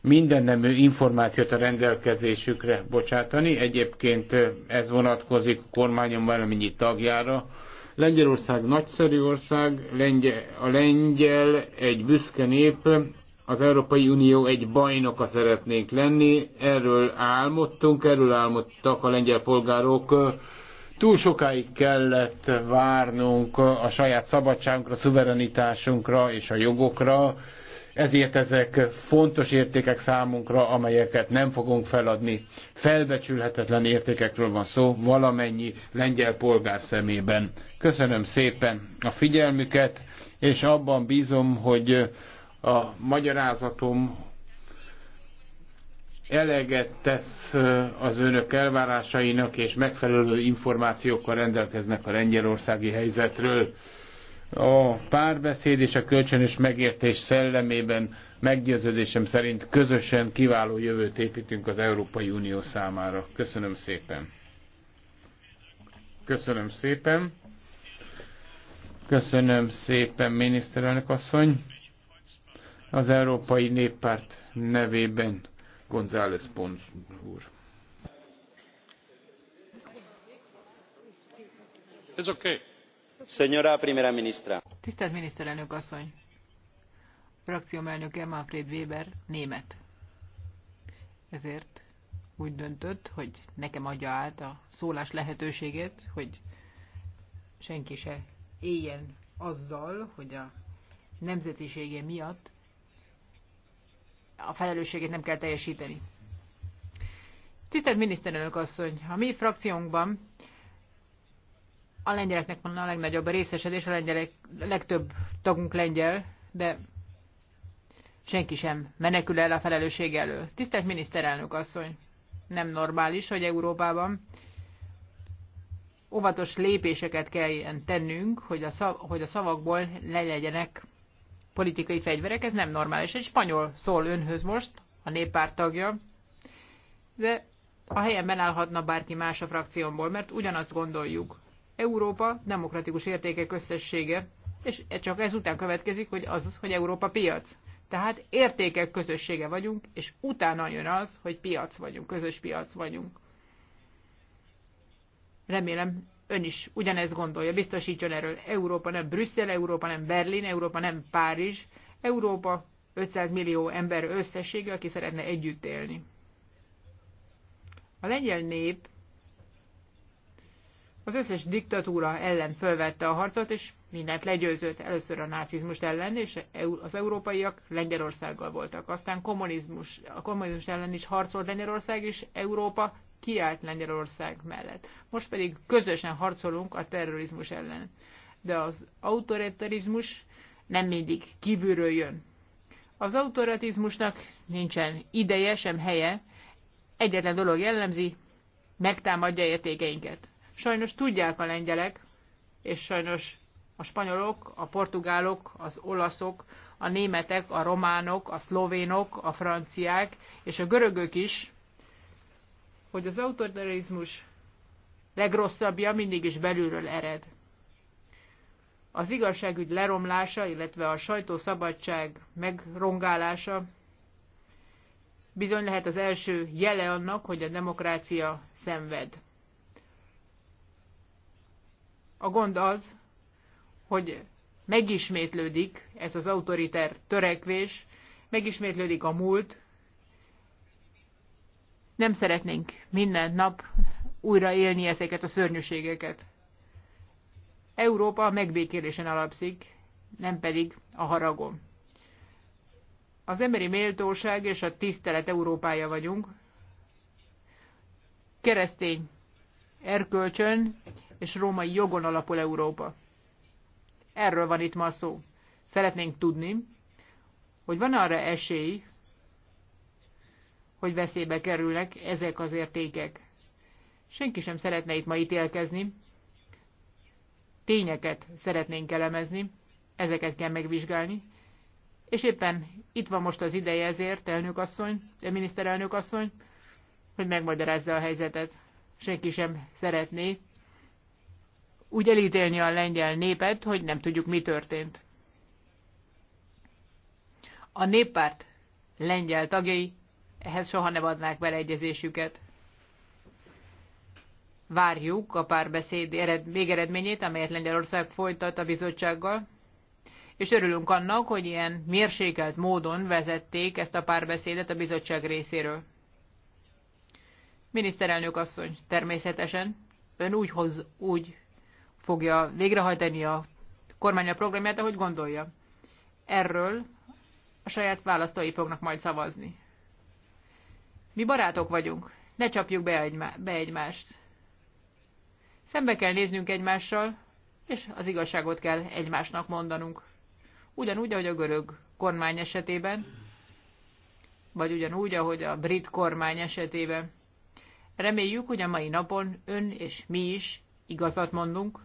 minden nemű információt a rendelkezésükre bocsátani. Egyébként ez vonatkozik a kormányom valamennyi tagjára. Lengyelország nagyszerű ország, Lengyel, a lengyel egy büszke nép, az Európai Unió egy bajnoka szeretnénk lenni, erről álmodtunk, erről álmodtak a lengyel polgárok. Túl sokáig kellett várnunk a saját szabadságunkra, szuverenitásunkra és a jogokra, ezért ezek fontos értékek számunkra, amelyeket nem fogunk feladni. Felbecsülhetetlen értékekről van szó valamennyi lengyel polgár szemében. Köszönöm szépen a figyelmüket, és abban bízom, hogy a magyarázatom eleget tesz az önök elvárásainak, és megfelelő információkkal rendelkeznek a lengyelországi helyzetről. A párbeszéd és a kölcsönös megértés szellemében meggyőződésem szerint közösen kiváló jövőt építünk az Európai Unió számára. Köszönöm szépen. Köszönöm szépen. Köszönöm szépen, miniszterelnök asszony az Európai Néppárt nevében González Pons úr. oké. okay. Señora primera ministra. Tisztelt miniszterelnök asszony! Frakcióm elnöke Manfred Weber német. Ezért úgy döntött, hogy nekem adja át a szólás lehetőségét, hogy senki se éljen azzal, hogy a nemzetisége miatt a felelősségét nem kell teljesíteni. Tisztelt miniszterelnök asszony, a mi frakciónkban a lengyeleknek van a legnagyobb a részesedés, a lengyelek, a legtöbb tagunk lengyel, de senki sem menekül el a felelősség elől. Tisztelt miniszterelnök asszony, nem normális, hogy Európában óvatos lépéseket kell tennünk, hogy a, szav, hogy a szavakból le legyenek politikai fegyverek, ez nem normális. Egy spanyol szól önhöz most, a néppárt tagja, de a helyemben állhatna bárki más a frakciómból, mert ugyanazt gondoljuk. Európa demokratikus értékek összessége, és csak ezután következik, hogy az, hogy Európa piac. Tehát értékek közössége vagyunk, és utána jön az, hogy piac vagyunk, közös piac vagyunk. Remélem ön is ugyanezt gondolja, biztosítson erről. Európa nem Brüsszel, Európa nem Berlin, Európa nem Párizs, Európa 500 millió ember összessége, aki szeretne együtt élni. A lengyel nép az összes diktatúra ellen fölvette a harcot, és mindent legyőzött. Először a nácizmust ellen, és az európaiak Lengyelországgal voltak. Aztán kommunizmus, a kommunizmus ellen is harcolt Lengyelország, és Európa kiállt Lengyelország mellett. Most pedig közösen harcolunk a terrorizmus ellen. De az autoritarizmus nem mindig kívülről jön. Az autoritarizmusnak nincsen ideje sem helye, egyetlen dolog jellemzi, megtámadja értékeinket. Sajnos tudják a lengyelek, és sajnos a spanyolok, a portugálok, az olaszok, a németek, a románok, a szlovénok, a franciák és a görögök is hogy az autoritarizmus legrosszabbja mindig is belülről ered. Az igazságügy leromlása, illetve a sajtószabadság megrongálása bizony lehet az első jele annak, hogy a demokrácia szenved. A gond az, hogy megismétlődik ez az autoriter törekvés, megismétlődik a múlt, nem szeretnénk minden nap újra élni ezeket a szörnyűségeket. Európa megbékélésen alapszik, nem pedig a haragon. Az emberi méltóság és a tisztelet Európája vagyunk. Keresztény erkölcsön és római jogon alapul Európa. Erről van itt ma szó. Szeretnénk tudni, hogy van arra esély, hogy veszélybe kerülnek ezek az értékek. Senki sem szeretne itt ma ítélkezni. Tényeket szeretnénk elemezni, ezeket kell megvizsgálni. És éppen itt van most az ideje ezért, elnök asszony, eh, miniszterelnök asszony, hogy megmagyarázza a helyzetet. Senki sem szeretné úgy elítélni a lengyel népet, hogy nem tudjuk, mi történt. A néppárt lengyel tagjai ehhez soha nem adnák beleegyezésüket. Várjuk a párbeszéd ered, végeredményét, amelyet Lengyelország folytat a bizottsággal, és örülünk annak, hogy ilyen mérsékelt módon vezették ezt a párbeszédet a bizottság részéről. Miniszterelnök asszony, természetesen ön úgy, hoz, úgy fogja végrehajtani a kormánya programját, ahogy gondolja. Erről a saját választói fognak majd szavazni. Mi barátok vagyunk, ne csapjuk be, egymá- be egymást. Szembe kell néznünk egymással, és az igazságot kell egymásnak mondanunk. Ugyanúgy, ahogy a görög kormány esetében, vagy ugyanúgy, ahogy a brit kormány esetében. Reméljük, hogy a mai napon ön és mi is igazat mondunk,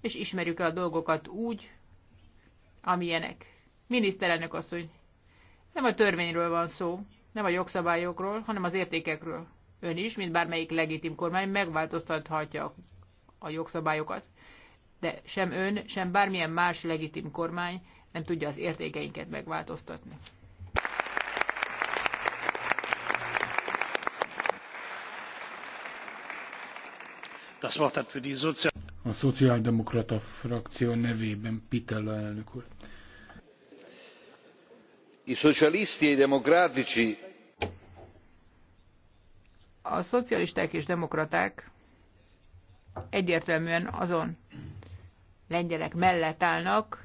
és ismerjük el a dolgokat úgy, amilyenek. Miniszterelnök asszony, nem a törvényről van szó, nem a jogszabályokról, hanem az értékekről. Ön is, mint bármelyik legitim kormány, megváltoztathatja a jogszabályokat, de sem ön, sem bármilyen más legitim kormány nem tudja az értékeinket megváltoztatni. A szociáldemokrata frakció nevében Pitella elnök úr i e a szocialisták és demokraták egyértelműen azon lengyelek mellett állnak,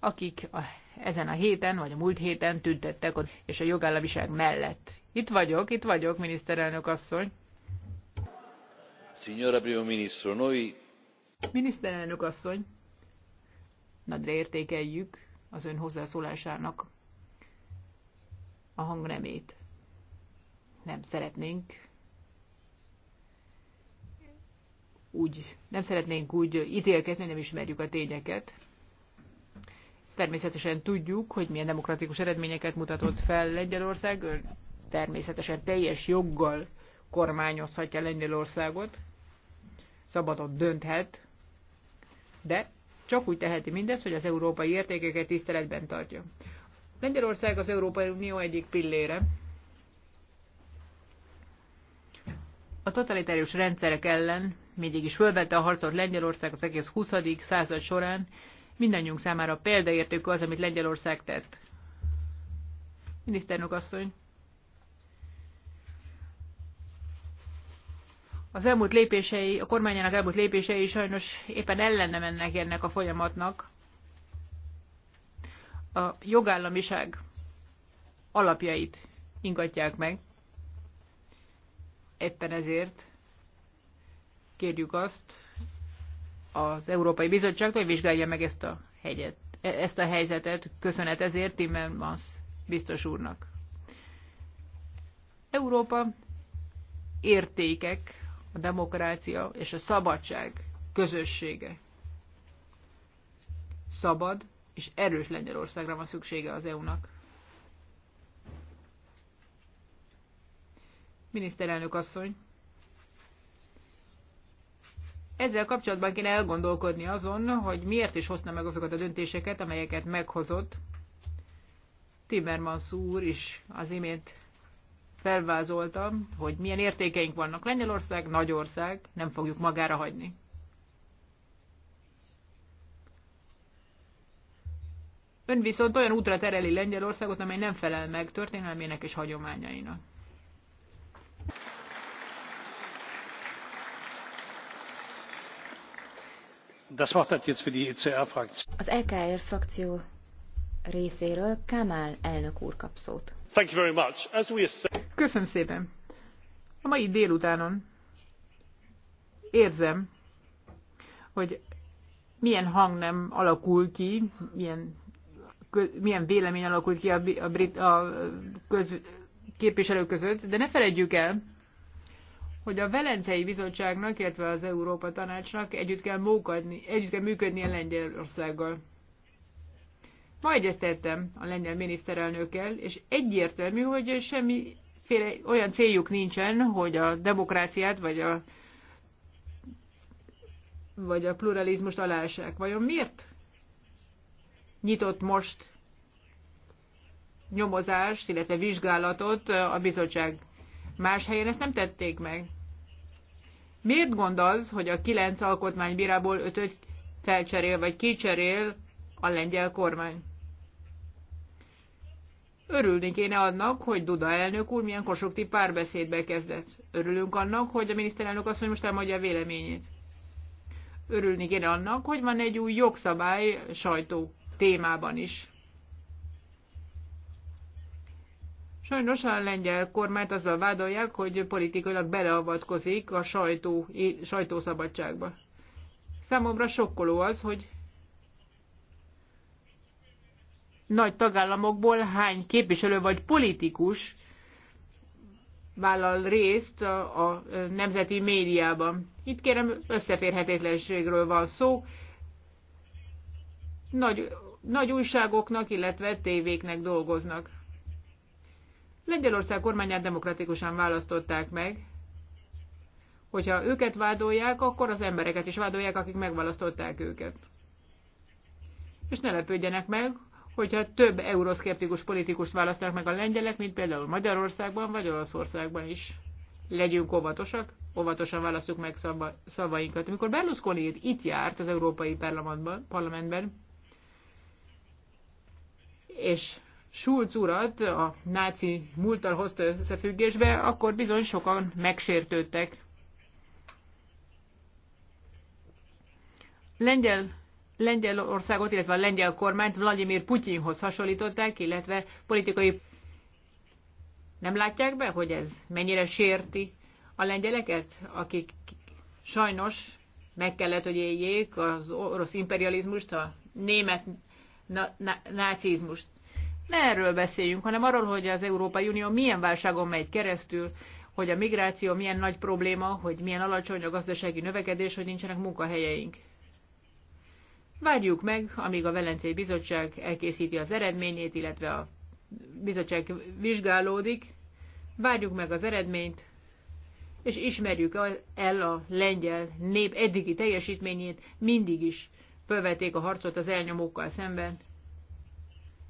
akik a, ezen a héten, vagy a múlt héten tüntettek, és a jogállamiság mellett. Itt vagyok, itt vagyok, miniszterelnök asszony. Signora Primo Ministro, noi... Miniszterelnök asszony, nagyra értékeljük az ön hozzászólásának a hangnemét. Nem szeretnénk úgy, nem szeretnénk úgy ítélkezni, nem ismerjük a tényeket. Természetesen tudjuk, hogy milyen demokratikus eredményeket mutatott fel Lengyelország. Ön természetesen teljes joggal kormányozhatja Lengyelországot, szabadon dönthet, de csak úgy teheti mindezt, hogy az európai értékeket tiszteletben tartja. Lengyelország az Európai Unió egyik pillére. A totalitárius rendszerek ellen mindig is fölvette a harcot Lengyelország az egész 20. század során. Mindannyiunk számára példaértékű az, amit Lengyelország tett. Miniszternök asszony. Az elmúlt lépései, a kormányának elmúlt lépései sajnos éppen ellene mennek ennek a folyamatnak a jogállamiság alapjait ingatják meg. Éppen ezért kérjük azt az Európai Bizottságtól, hogy vizsgálja meg ezt a hegyet, ezt a helyzetet. Köszönet ezért Timmermans biztos úrnak. Európa értékek, a demokrácia és a szabadság közössége. Szabad, és erős Lengyelországra van szüksége az EU-nak. Miniszterelnök asszony, ezzel kapcsolatban kéne elgondolkodni azon, hogy miért is hozta meg azokat a döntéseket, amelyeket meghozott. Timmermans úr is az imént felvázolta, hogy milyen értékeink vannak. Lengyelország nagy ország, nem fogjuk magára hagyni. Ön viszont olyan útra tereli Lengyelországot, amely nem felel meg történelmének és hagyományainak. Das Wort hat jetzt für die ECR Fraktion. Az EKR frakció részéről Kamal elnök úr kap szót. Thank you very much. As we Köszönöm szépen. A mai délutánon érzem, hogy milyen hang nem alakul ki, milyen milyen vélemény alakult ki a, a, brit, a köz, képviselők között, de ne felejtjük el, hogy a Velencei Bizottságnak, illetve az Európa Tanácsnak együtt kell, mókadni, együtt kell működni a Lengyelországgal. Ma egyeztettem a lengyel miniszterelnökkel, és egyértelmű, hogy semmiféle olyan céljuk nincsen, hogy a demokráciát vagy a, vagy a pluralizmust alássák. Vajon miért nyitott most nyomozást, illetve vizsgálatot a bizottság. Más helyen ezt nem tették meg. Miért gond az, hogy a kilenc alkotmánybírából ötöt felcserél vagy kicserél a lengyel kormány? Örülni kéne annak, hogy Duda elnök úr milyen kosokti párbeszédbe kezdett. Örülünk annak, hogy a miniszterelnök azt, hogy most elmondja a véleményét. Örülni kéne annak, hogy van egy új jogszabály sajtó témában is. Sajnos a lengyel kormányt azzal vádolják, hogy politikailag beleavatkozik a sajtó, sajtószabadságba. Számomra sokkoló az, hogy nagy tagállamokból hány képviselő vagy politikus vállal részt a, a nemzeti médiában. Itt kérem összeférhetetlenségről van szó, nagy, nagy újságoknak, illetve tévéknek dolgoznak. Lengyelország kormányát demokratikusan választották meg. Hogyha őket vádolják, akkor az embereket is vádolják, akik megválasztották őket. És ne lepődjenek meg, hogyha több euroszkeptikus politikust választanak meg a lengyelek, mint például Magyarországban vagy Olaszországban is. Legyünk óvatosak, óvatosan választjuk meg szava, szavainkat. Amikor Berlusconi itt járt az Európai Parlamentben, és Schulz urat a náci múlttal hozta összefüggésbe, akkor bizony sokan megsértődtek. Lengyel Lengyelországot, illetve a lengyel kormányt Vladimir Putyinhoz hasonlították, illetve politikai... Nem látják be, hogy ez mennyire sérti a lengyeleket, akik sajnos meg kellett, hogy éljék az orosz imperializmust, a német na, na, nácizmust. Ne erről beszéljünk, hanem arról, hogy az Európai Unió milyen válságon megy keresztül, hogy a migráció milyen nagy probléma, hogy milyen alacsony a gazdasági növekedés, hogy nincsenek munkahelyeink. Várjuk meg, amíg a Velencei Bizottság elkészíti az eredményét, illetve a bizottság vizsgálódik. Várjuk meg az eredményt, és ismerjük el a lengyel nép eddigi teljesítményét mindig is fölvették a harcot az elnyomókkal szemben,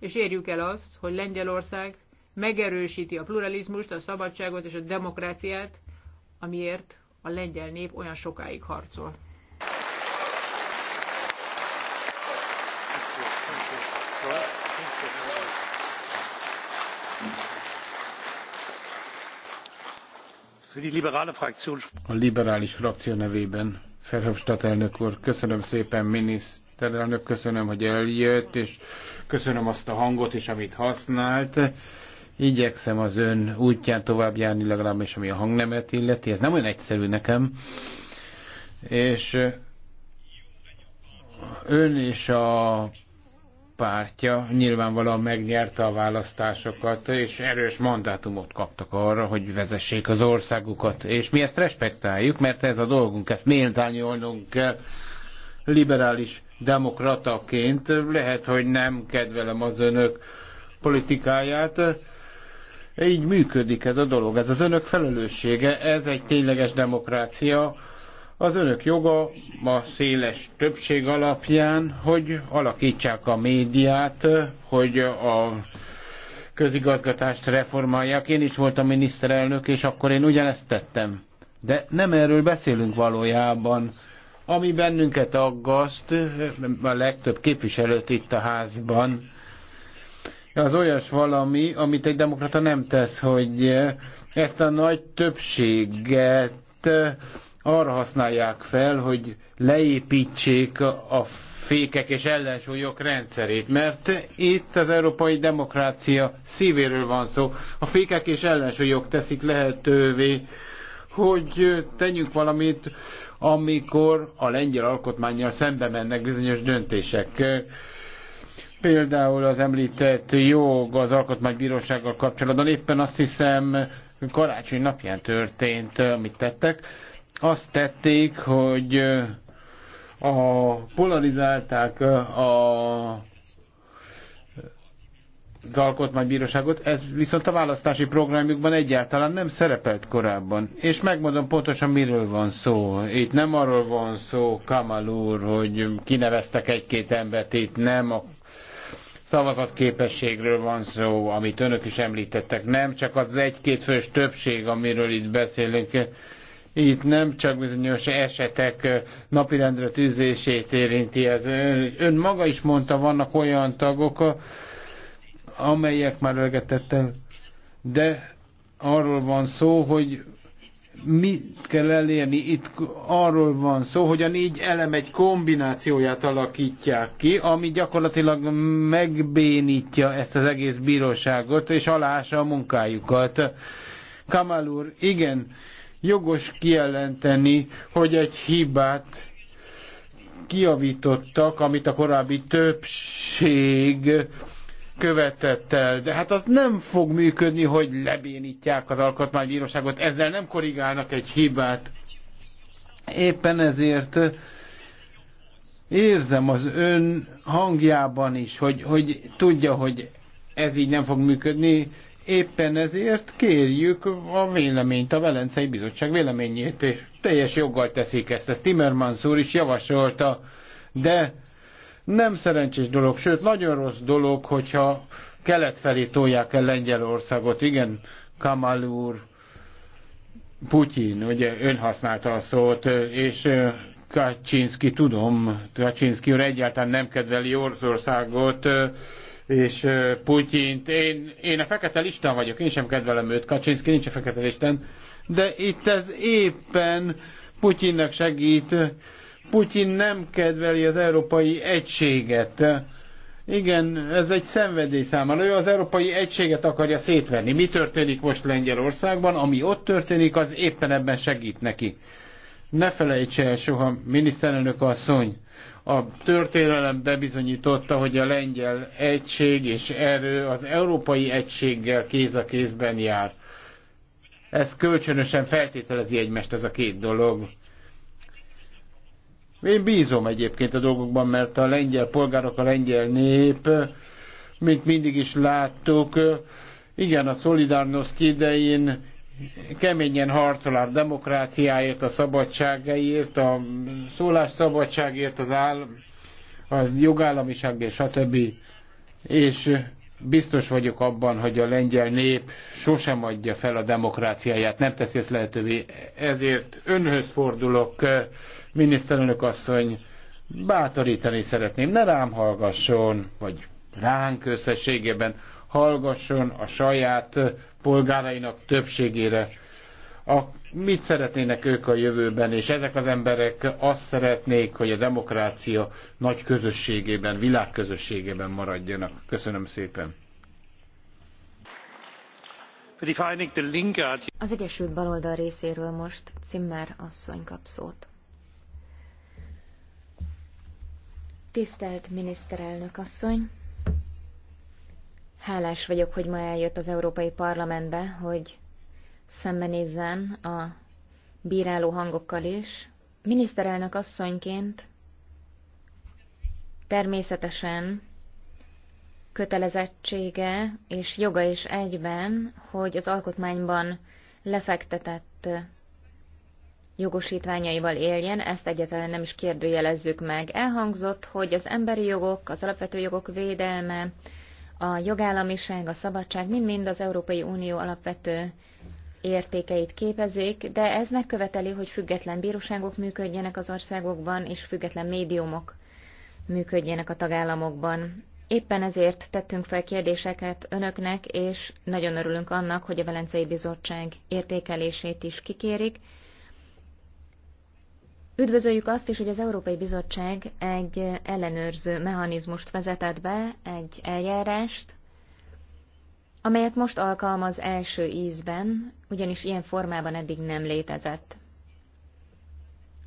és érjük el azt, hogy Lengyelország megerősíti a pluralizmust, a szabadságot és a demokráciát, amiért a lengyel nép olyan sokáig harcol. A liberális frakció nevében Ferhofstadt elnök úr, köszönöm szépen miniszterelnök, köszönöm, hogy eljött, és köszönöm azt a hangot is, amit használt. Igyekszem az ön útján tovább járni, legalábbis ami a hangnemet illeti. Ez nem olyan egyszerű nekem. És ön és a pártja nyilvánvalóan megnyerte a választásokat, és erős mandátumot kaptak arra, hogy vezessék az országukat. És mi ezt respektáljuk, mert ez a dolgunk, ezt méltányolnunk kell. Liberális demokrataként lehet, hogy nem kedvelem az önök politikáját, így működik ez a dolog. Ez az önök felelőssége, ez egy tényleges demokrácia, az önök joga a széles többség alapján, hogy alakítsák a médiát, hogy a közigazgatást reformálják. Én is voltam miniszterelnök, és akkor én ugyanezt tettem. De nem erről beszélünk valójában. Ami bennünket aggaszt, a legtöbb képviselőt itt a házban, az olyas valami, amit egy demokrata nem tesz, hogy ezt a nagy többséget arra használják fel, hogy leépítsék a fékek és ellensúlyok rendszerét, mert itt az európai demokrácia szívéről van szó. A fékek és ellensúlyok teszik lehetővé, hogy tegyünk valamit, amikor a lengyel alkotmányjal szembe mennek bizonyos döntések. Például az említett jog az alkotmánybírósággal kapcsolatban éppen azt hiszem karácsony napján történt, amit tettek azt tették, hogy a, polarizálták a az alkotmánybíróságot, ez viszont a választási programjukban egyáltalán nem szerepelt korábban. És megmondom pontosan, miről van szó. Itt nem arról van szó, Kamal úr, hogy kineveztek egy-két embert, itt nem a szavazatképességről van szó, amit önök is említettek, nem csak az egy-két fős többség, amiről itt beszélünk, itt nem csak bizonyos esetek napirendre tűzését érinti ez. Ön, ön maga is mondta, vannak olyan tagok, amelyek már ölgetettel, de arról van szó, hogy mit kell elérni. Itt arról van szó, hogy a négy elem egy kombinációját alakítják ki, ami gyakorlatilag megbénítja ezt az egész bíróságot, és alása a munkájukat. Kamal úr, igen, Jogos kijelenteni, hogy egy hibát kiavítottak, amit a korábbi többség követett el. De hát az nem fog működni, hogy lebénítják az alkotmánybíróságot, ezzel nem korrigálnak egy hibát. Éppen ezért érzem az ön hangjában is, hogy, hogy tudja, hogy ez így nem fog működni, Éppen ezért kérjük a véleményt, a Velencei Bizottság véleményét, és teljes joggal teszik ezt, ezt Timmermans úr is javasolta, de nem szerencsés dolog, sőt nagyon rossz dolog, hogyha kelet felé tolják el Lengyelországot. Igen, Kamal úr, Putyin, ugye ön használta a szót, és Kaczynski, tudom, Kaczynski úr egyáltalán nem kedveli országot és Putyint. Én, én a fekete listán vagyok, én sem kedvelem őt, Kaczynszki nincs a fekete listán, de itt ez éppen Putyinnak segít. Putyin nem kedveli az európai egységet. Igen, ez egy szenvedély számára. Ő az európai egységet akarja szétvenni. Mi történik most Lengyelországban? Ami ott történik, az éppen ebben segít neki. Ne felejtse el soha, miniszterelnök asszony, a történelem bebizonyította, hogy a lengyel egység és erő az európai egységgel kéz a kézben jár. Ez kölcsönösen feltételezi egymást ez a két dolog. Én bízom egyébként a dolgokban, mert a lengyel polgárok, a lengyel nép, mint mindig is láttuk, igen, a Solidarnost idején keményen harcol a demokráciáért, a szabadságáért, a szólásszabadságért, az áll, az jogállamiság és stb. És biztos vagyok abban, hogy a lengyel nép sosem adja fel a demokráciáját, nem teszi ezt lehetővé. Ezért önhöz fordulok, miniszterelnök asszony, bátorítani szeretném, ne rám hallgasson, vagy ránk összességében hallgasson a saját polgárainak többségére. A, mit szeretnének ők a jövőben, és ezek az emberek azt szeretnék, hogy a demokrácia nagy közösségében, világközösségében maradjanak. Köszönöm szépen. Az Egyesült Baloldal részéről most Zimmer asszony kap szót. Tisztelt miniszterelnök asszony! Hálás vagyok, hogy ma eljött az Európai Parlamentbe, hogy szembenézzen a bíráló hangokkal is. Miniszterelnök asszonyként természetesen kötelezettsége és joga is egyben, hogy az alkotmányban lefektetett jogosítványaival éljen, ezt egyetlen nem is kérdőjelezzük meg. Elhangzott, hogy az emberi jogok, az alapvető jogok védelme, a jogállamiság, a szabadság mind-mind az Európai Unió alapvető értékeit képezik, de ez megköveteli, hogy független bíróságok működjenek az országokban, és független médiumok működjenek a tagállamokban. Éppen ezért tettünk fel kérdéseket önöknek, és nagyon örülünk annak, hogy a Velencei Bizottság értékelését is kikérik, Üdvözöljük azt is, hogy az Európai Bizottság egy ellenőrző mechanizmust vezetett be, egy eljárást, amelyet most alkalmaz első ízben, ugyanis ilyen formában eddig nem létezett.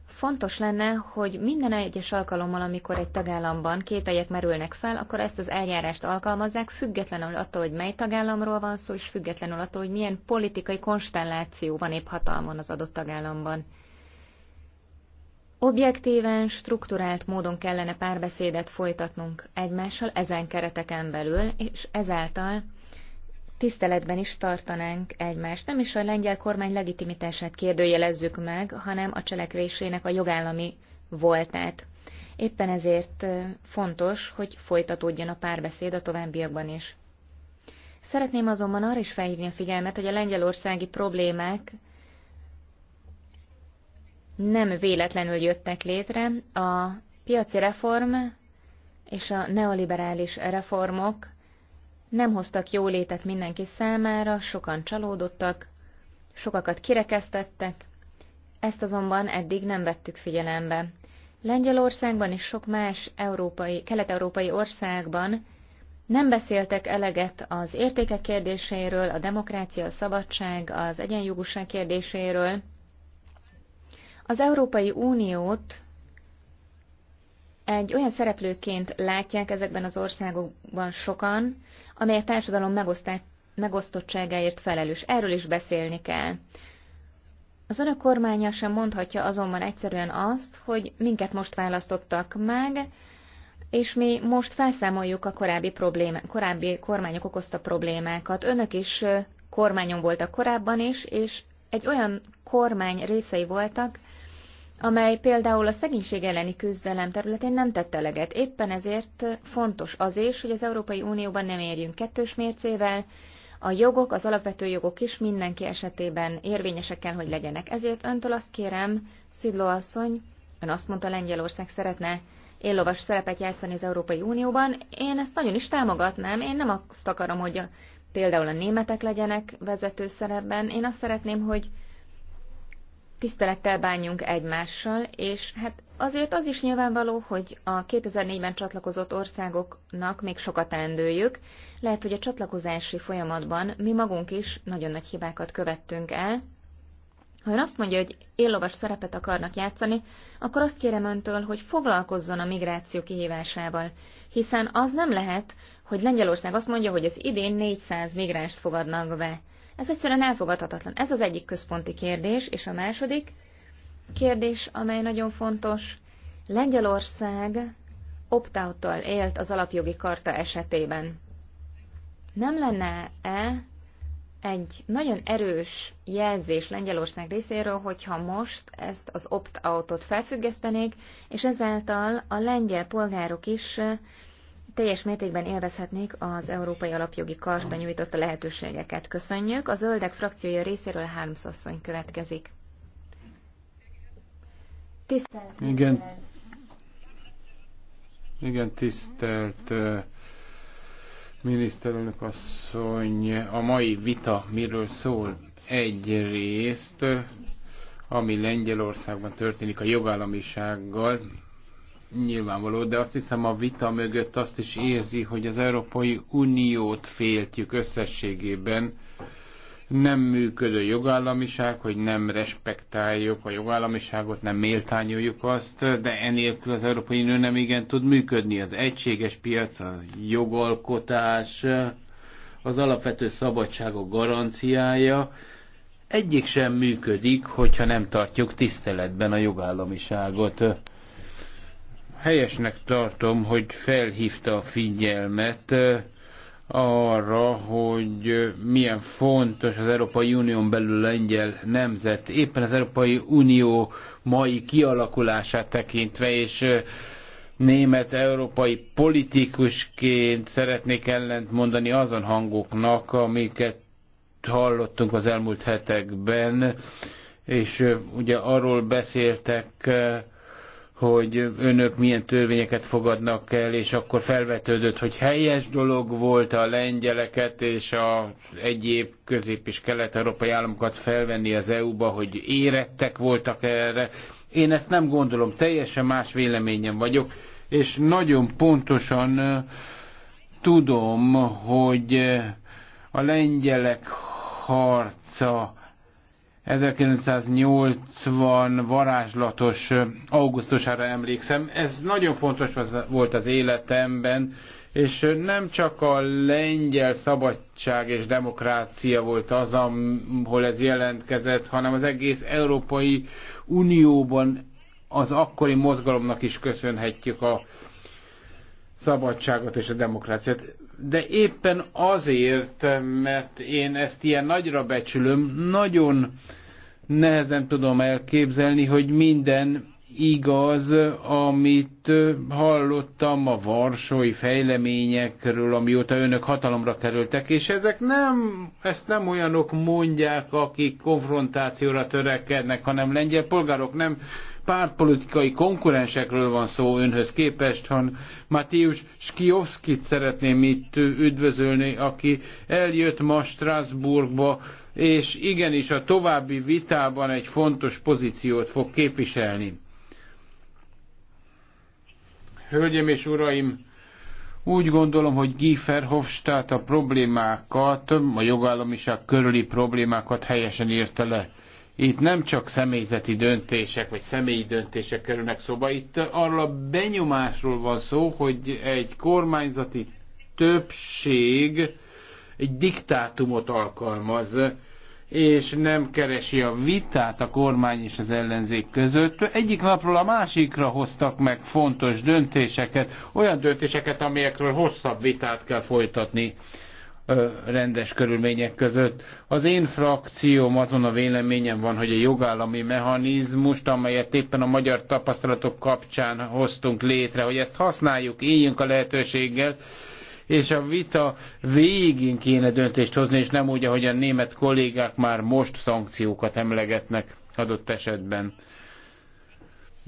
Fontos lenne, hogy minden egyes alkalommal, amikor egy tagállamban kételyek merülnek fel, akkor ezt az eljárást alkalmazzák, függetlenül attól, hogy mely tagállamról van szó, és függetlenül attól, hogy milyen politikai konstelláció van épp hatalmon az adott tagállamban. Objektíven, strukturált módon kellene párbeszédet folytatnunk egymással ezen kereteken belül, és ezáltal tiszteletben is tartanánk egymást. Nem is a lengyel kormány legitimitását kérdőjelezzük meg, hanem a cselekvésének a jogállami voltát. Éppen ezért fontos, hogy folytatódjon a párbeszéd a továbbiakban is. Szeretném azonban arra is felhívni a figyelmet, hogy a lengyelországi problémák nem véletlenül jöttek létre. A piaci reform és a neoliberális reformok nem hoztak jólétet mindenki számára, sokan csalódottak, sokakat kirekesztettek, ezt azonban eddig nem vettük figyelembe. Lengyelországban és sok más európai, kelet-európai országban nem beszéltek eleget az értékek kérdéséről, a demokrácia, a szabadság, az egyenjogúság kérdéséről, az Európai Uniót egy olyan szereplőként látják ezekben az országokban sokan, amely a társadalom megosztottságáért felelős. Erről is beszélni kell. Az önök kormánya sem mondhatja azonban egyszerűen azt, hogy minket most választottak meg, és mi most felszámoljuk a korábbi, problémá, korábbi kormányok okozta problémákat. Önök is kormányon voltak korábban is, és egy olyan kormány részei voltak, amely például a szegénység elleni küzdelem területén nem tette eleget. Éppen ezért fontos az is, hogy az Európai Unióban nem érjünk kettős mércével, a jogok, az alapvető jogok is mindenki esetében érvényesek kell, hogy legyenek. Ezért öntől azt kérem, Szidló asszony, ön azt mondta, Lengyelország szeretne éllovas szerepet játszani az Európai Unióban. Én ezt nagyon is támogatnám, én nem azt akarom, hogy a, például a németek legyenek vezető szerepben, én azt szeretném, hogy tisztelettel bánjunk egymással, és hát azért az is nyilvánvaló, hogy a 2004-ben csatlakozott országoknak még sokat endőjük. Lehet, hogy a csatlakozási folyamatban mi magunk is nagyon nagy hibákat követtünk el. Ha ön azt mondja, hogy éllovas szerepet akarnak játszani, akkor azt kérem öntől, hogy foglalkozzon a migráció kihívásával, hiszen az nem lehet, hogy Lengyelország azt mondja, hogy az idén 400 migránst fogadnak be. Ez egyszerűen elfogadhatatlan. Ez az egyik központi kérdés, és a második kérdés, amely nagyon fontos, Lengyelország opt élt az alapjogi karta esetében. Nem lenne-e egy nagyon erős jelzés Lengyelország részéről, hogyha most ezt az opt-outot felfüggesztenék, és ezáltal a lengyel polgárok is teljes mértékben élvezhetnék az Európai Alapjogi Karta nyújtotta lehetőségeket. Köszönjük. A Zöldek frakciója részéről Hárms asszony következik. Tisztelt. Igen. Igen, tisztelt miniszterelnök asszony. A mai vita miről szól? egy részt, ami Lengyelországban történik a jogállamisággal, nyilvánvaló, de azt hiszem a vita mögött azt is érzi, hogy az Európai Uniót féltjük összességében. Nem működő jogállamiság, hogy nem respektáljuk a jogállamiságot, nem méltányoljuk azt, de enélkül az Európai Unió nem igen tud működni. Az egységes piac, a jogalkotás, az alapvető szabadságok garanciája, egyik sem működik, hogyha nem tartjuk tiszteletben a jogállamiságot. Helyesnek tartom, hogy felhívta a figyelmet arra, hogy milyen fontos az Európai Unión belül lengyel nemzet, éppen az Európai Unió mai kialakulását tekintve, és német európai politikusként szeretnék ellent mondani azon hangoknak, amiket hallottunk az elmúlt hetekben, és ugye arról beszéltek, hogy önök milyen törvényeket fogadnak el, és akkor felvetődött, hogy helyes dolog volt a lengyeleket és az egyéb közép- és kelet-európai államokat felvenni az EU-ba, hogy érettek voltak erre. Én ezt nem gondolom, teljesen más véleményem vagyok, és nagyon pontosan tudom, hogy a lengyelek harca 1980 varázslatos augusztusára emlékszem. Ez nagyon fontos volt az életemben, és nem csak a lengyel szabadság és demokrácia volt az, ahol ez jelentkezett, hanem az egész Európai Unióban az akkori mozgalomnak is köszönhetjük a szabadságot és a demokráciát de éppen azért, mert én ezt ilyen nagyra becsülöm, nagyon nehezen tudom elképzelni, hogy minden igaz, amit hallottam a varsói fejleményekről, amióta önök hatalomra kerültek, és ezek nem, ezt nem olyanok mondják, akik konfrontációra törekednek, hanem lengyel polgárok nem pártpolitikai konkurensekről van szó önhöz képest, hanem Matíus Skiovskit szeretném itt üdvözölni, aki eljött ma Strasbourgba, és igenis a további vitában egy fontos pozíciót fog képviselni. Hölgyeim és uraim, úgy gondolom, hogy Guy Verhofstadt a problémákat, a jogállamiság körüli problémákat helyesen érte le itt nem csak személyzeti döntések, vagy személyi döntések kerülnek szóba, itt arról a benyomásról van szó, hogy egy kormányzati többség egy diktátumot alkalmaz, és nem keresi a vitát a kormány és az ellenzék között. Egyik napról a másikra hoztak meg fontos döntéseket, olyan döntéseket, amelyekről hosszabb vitát kell folytatni rendes körülmények között. Az én frakcióm azon a véleményem van, hogy a jogállami mechanizmust, amelyet éppen a magyar tapasztalatok kapcsán hoztunk létre, hogy ezt használjuk, éljünk a lehetőséggel, és a vita végén kéne döntést hozni, és nem úgy, ahogy a német kollégák már most szankciókat emlegetnek adott esetben.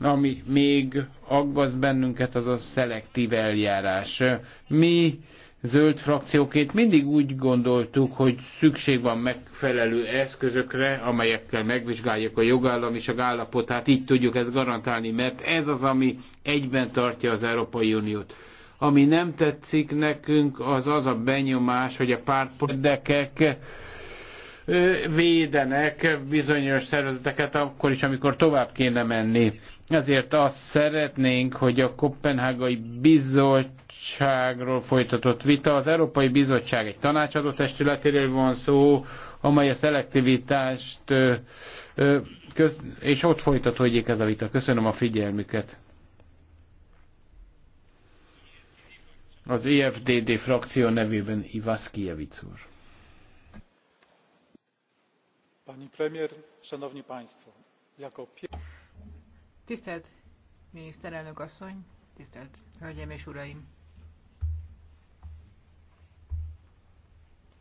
Ami még aggaszt bennünket, az a szelektív eljárás. Mi zöld frakcióként mindig úgy gondoltuk, hogy szükség van megfelelő eszközökre, amelyekkel megvizsgáljuk a jogállamiság állapotát, így tudjuk ezt garantálni, mert ez az, ami egyben tartja az Európai Uniót. Ami nem tetszik nekünk, az az a benyomás, hogy a pártpordekek védenek bizonyos szervezeteket akkor is, amikor tovább kéne menni. Ezért azt szeretnénk, hogy a Kopenhágai Bizottság bizottságról folytatott vita. Az Európai Bizottság egy tanácsadó testületéről van szó, amely a szelektivitást köz, és ott folytatódjék ez a vita. Köszönöm a figyelmüket. Az EFDD frakció nevében Ivaszkijevic úr. Pani premier, szanowni państwo, jako... Tisztelt miniszterelnök asszony, tisztelt hölgyeim és uraim!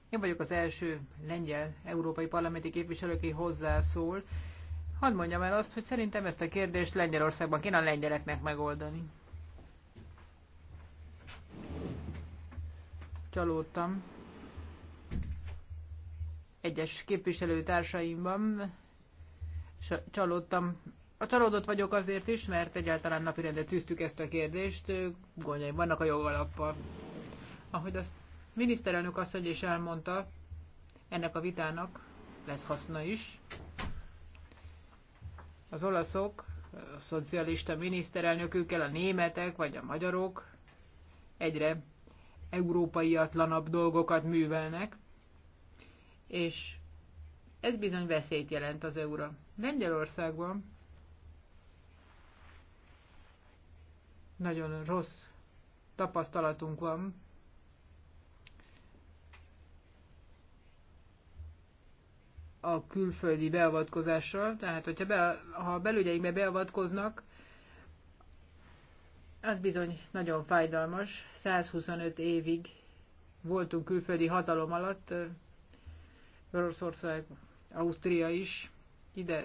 Én vagyok az első lengyel európai parlamenti képviselő, aki hozzászól. Hadd mondjam el azt, hogy szerintem ezt a kérdést Lengyelországban kéne a lengyeleknek megoldani. Csalódtam. Egyes képviselőtársaimban csalódtam. A csalódott vagyok azért is, mert egyáltalán napirendre tűztük ezt a kérdést, gondjaim vannak a jogalappal. Ahogy azt miniszterelnök asszony is elmondta, ennek a vitának lesz haszna is. Az olaszok, a szocialista miniszterelnökükkel, a németek vagy a magyarok egyre európaiatlanabb dolgokat művelnek, és ez bizony veszélyt jelent az euró. Lengyelországban nagyon rossz tapasztalatunk van a külföldi beavatkozással, tehát hogyha be, ha a belügyeikbe beavatkoznak, az bizony nagyon fájdalmas. 125 évig voltunk külföldi hatalom alatt, Oroszország, Ausztria is ide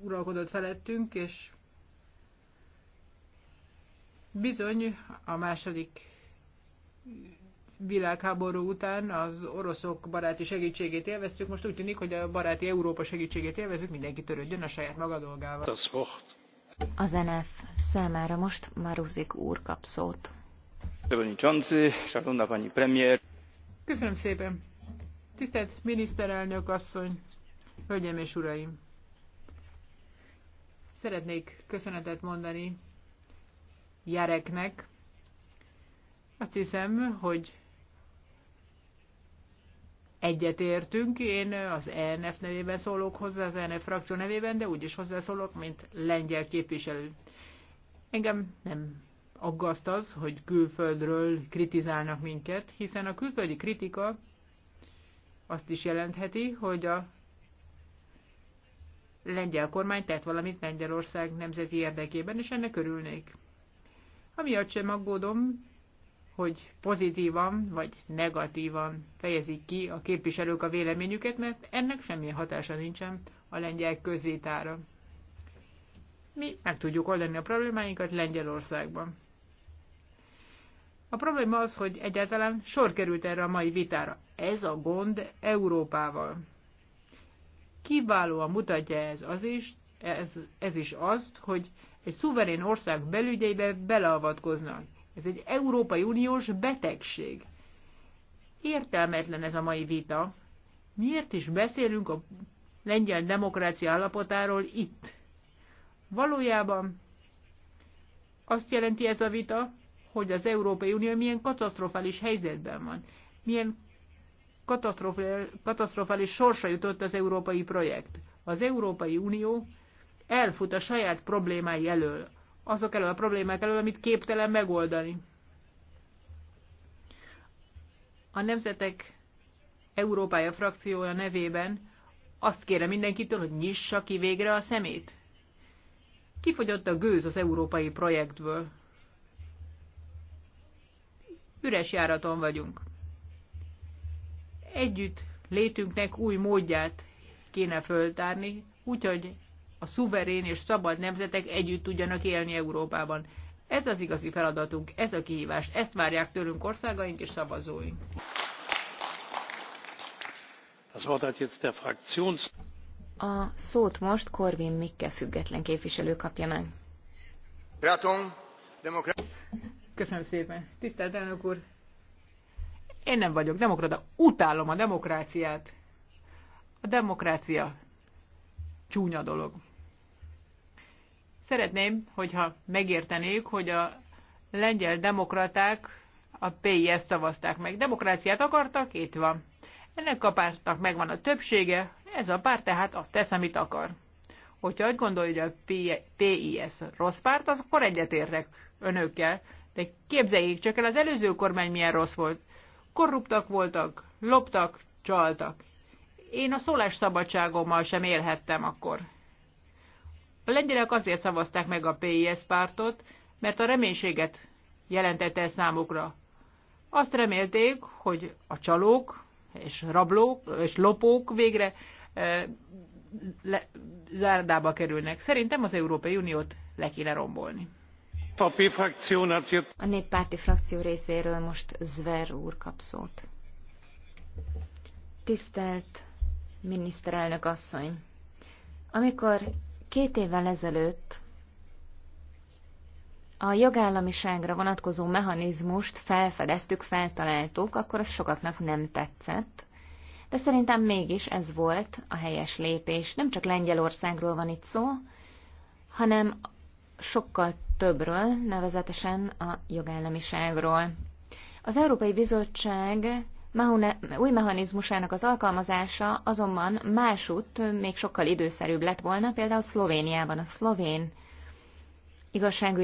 uralkodott felettünk, és bizony a második világháború után az oroszok baráti segítségét élveztük, most úgy tűnik, hogy a baráti Európa segítségét élvezünk, mindenki törődjön a saját maga dolgával. Az NF számára most Maruzik úr kap szót. Köszönöm szépen. Tisztelt miniszterelnök asszony, hölgyeim és uraim! Szeretnék köszönetet mondani Jareknek. Azt hiszem, hogy egyetértünk, én az ENF nevében szólok hozzá, az ENF frakció nevében, de úgyis hozzászólok, mint lengyel képviselő. Engem nem aggaszt az, hogy külföldről kritizálnak minket, hiszen a külföldi kritika azt is jelentheti, hogy a lengyel kormány tett valamit Lengyelország nemzeti érdekében, és ennek örülnék. Amiatt sem aggódom, hogy pozitívan vagy negatívan fejezik ki a képviselők a véleményüket, mert ennek semmilyen hatása nincsen a lengyel közétára. Mi meg tudjuk oldani a problémáinkat Lengyelországban. A probléma az, hogy egyáltalán sor került erre a mai vitára. Ez a gond Európával. Kiválóan mutatja ez, az is, ez, ez is azt, hogy egy szuverén ország belügyeibe beleavatkoznak. Ez egy Európai Uniós betegség. Értelmetlen ez a mai vita. Miért is beszélünk a lengyel demokrácia állapotáról itt? Valójában azt jelenti ez a vita, hogy az Európai Unió milyen katasztrofális helyzetben van, milyen katasztrofális sorsa jutott az európai projekt. Az Európai Unió elfut a saját problémái elől azok elől a problémák elől, amit képtelen megoldani. A Nemzetek Európája frakciója nevében azt kérem mindenkitől, hogy nyissa ki végre a szemét. Kifogyott a gőz az európai projektből. Üres járaton vagyunk. Együtt létünknek új módját kéne föltárni, úgyhogy a szuverén és szabad nemzetek együtt tudjanak élni Európában. Ez az igazi feladatunk, ez a kihívás, ezt várják tőlünk országaink és szavazóink. A szót most Korvin Mikke független képviselő kapja meg. Köszönöm szépen. Tisztelt elnök úr! Én nem vagyok demokrata, utálom a demokráciát. A demokrácia csúnya dolog. Szeretném, hogyha megértenék, hogy a lengyel demokraták a PIS szavazták meg. Demokráciát akartak, itt van. Ennek a pártnak megvan a többsége, ez a párt tehát azt tesz, amit akar. Hogyha úgy gondolja, hogy a PIS rossz párt, az akkor egyetértek önökkel. De képzeljék csak el, az előző kormány milyen rossz volt. Korruptak voltak, loptak, csaltak. Én a szólásszabadságommal sem élhettem akkor. A lengyelek azért szavazták meg a PIS pártot, mert a reménységet jelentette ez számukra. Azt remélték, hogy a csalók és rablók és lopók végre e, le, zárdába kerülnek. Szerintem az Európai Uniót le kéne rombolni. A néppárti frakció részéről most Zver úr kap szót. Tisztelt miniszterelnök asszony! Amikor Két évvel ezelőtt a jogállamiságra vonatkozó mechanizmust felfedeztük, feltaláltuk, akkor az sokaknak nem tetszett, de szerintem mégis ez volt a helyes lépés. Nem csak Lengyelországról van itt szó, hanem sokkal többről, nevezetesen a jogállamiságról. Az Európai Bizottság új mechanizmusának az alkalmazása azonban másút még sokkal időszerűbb lett volna, például Szlovéniában a szlovén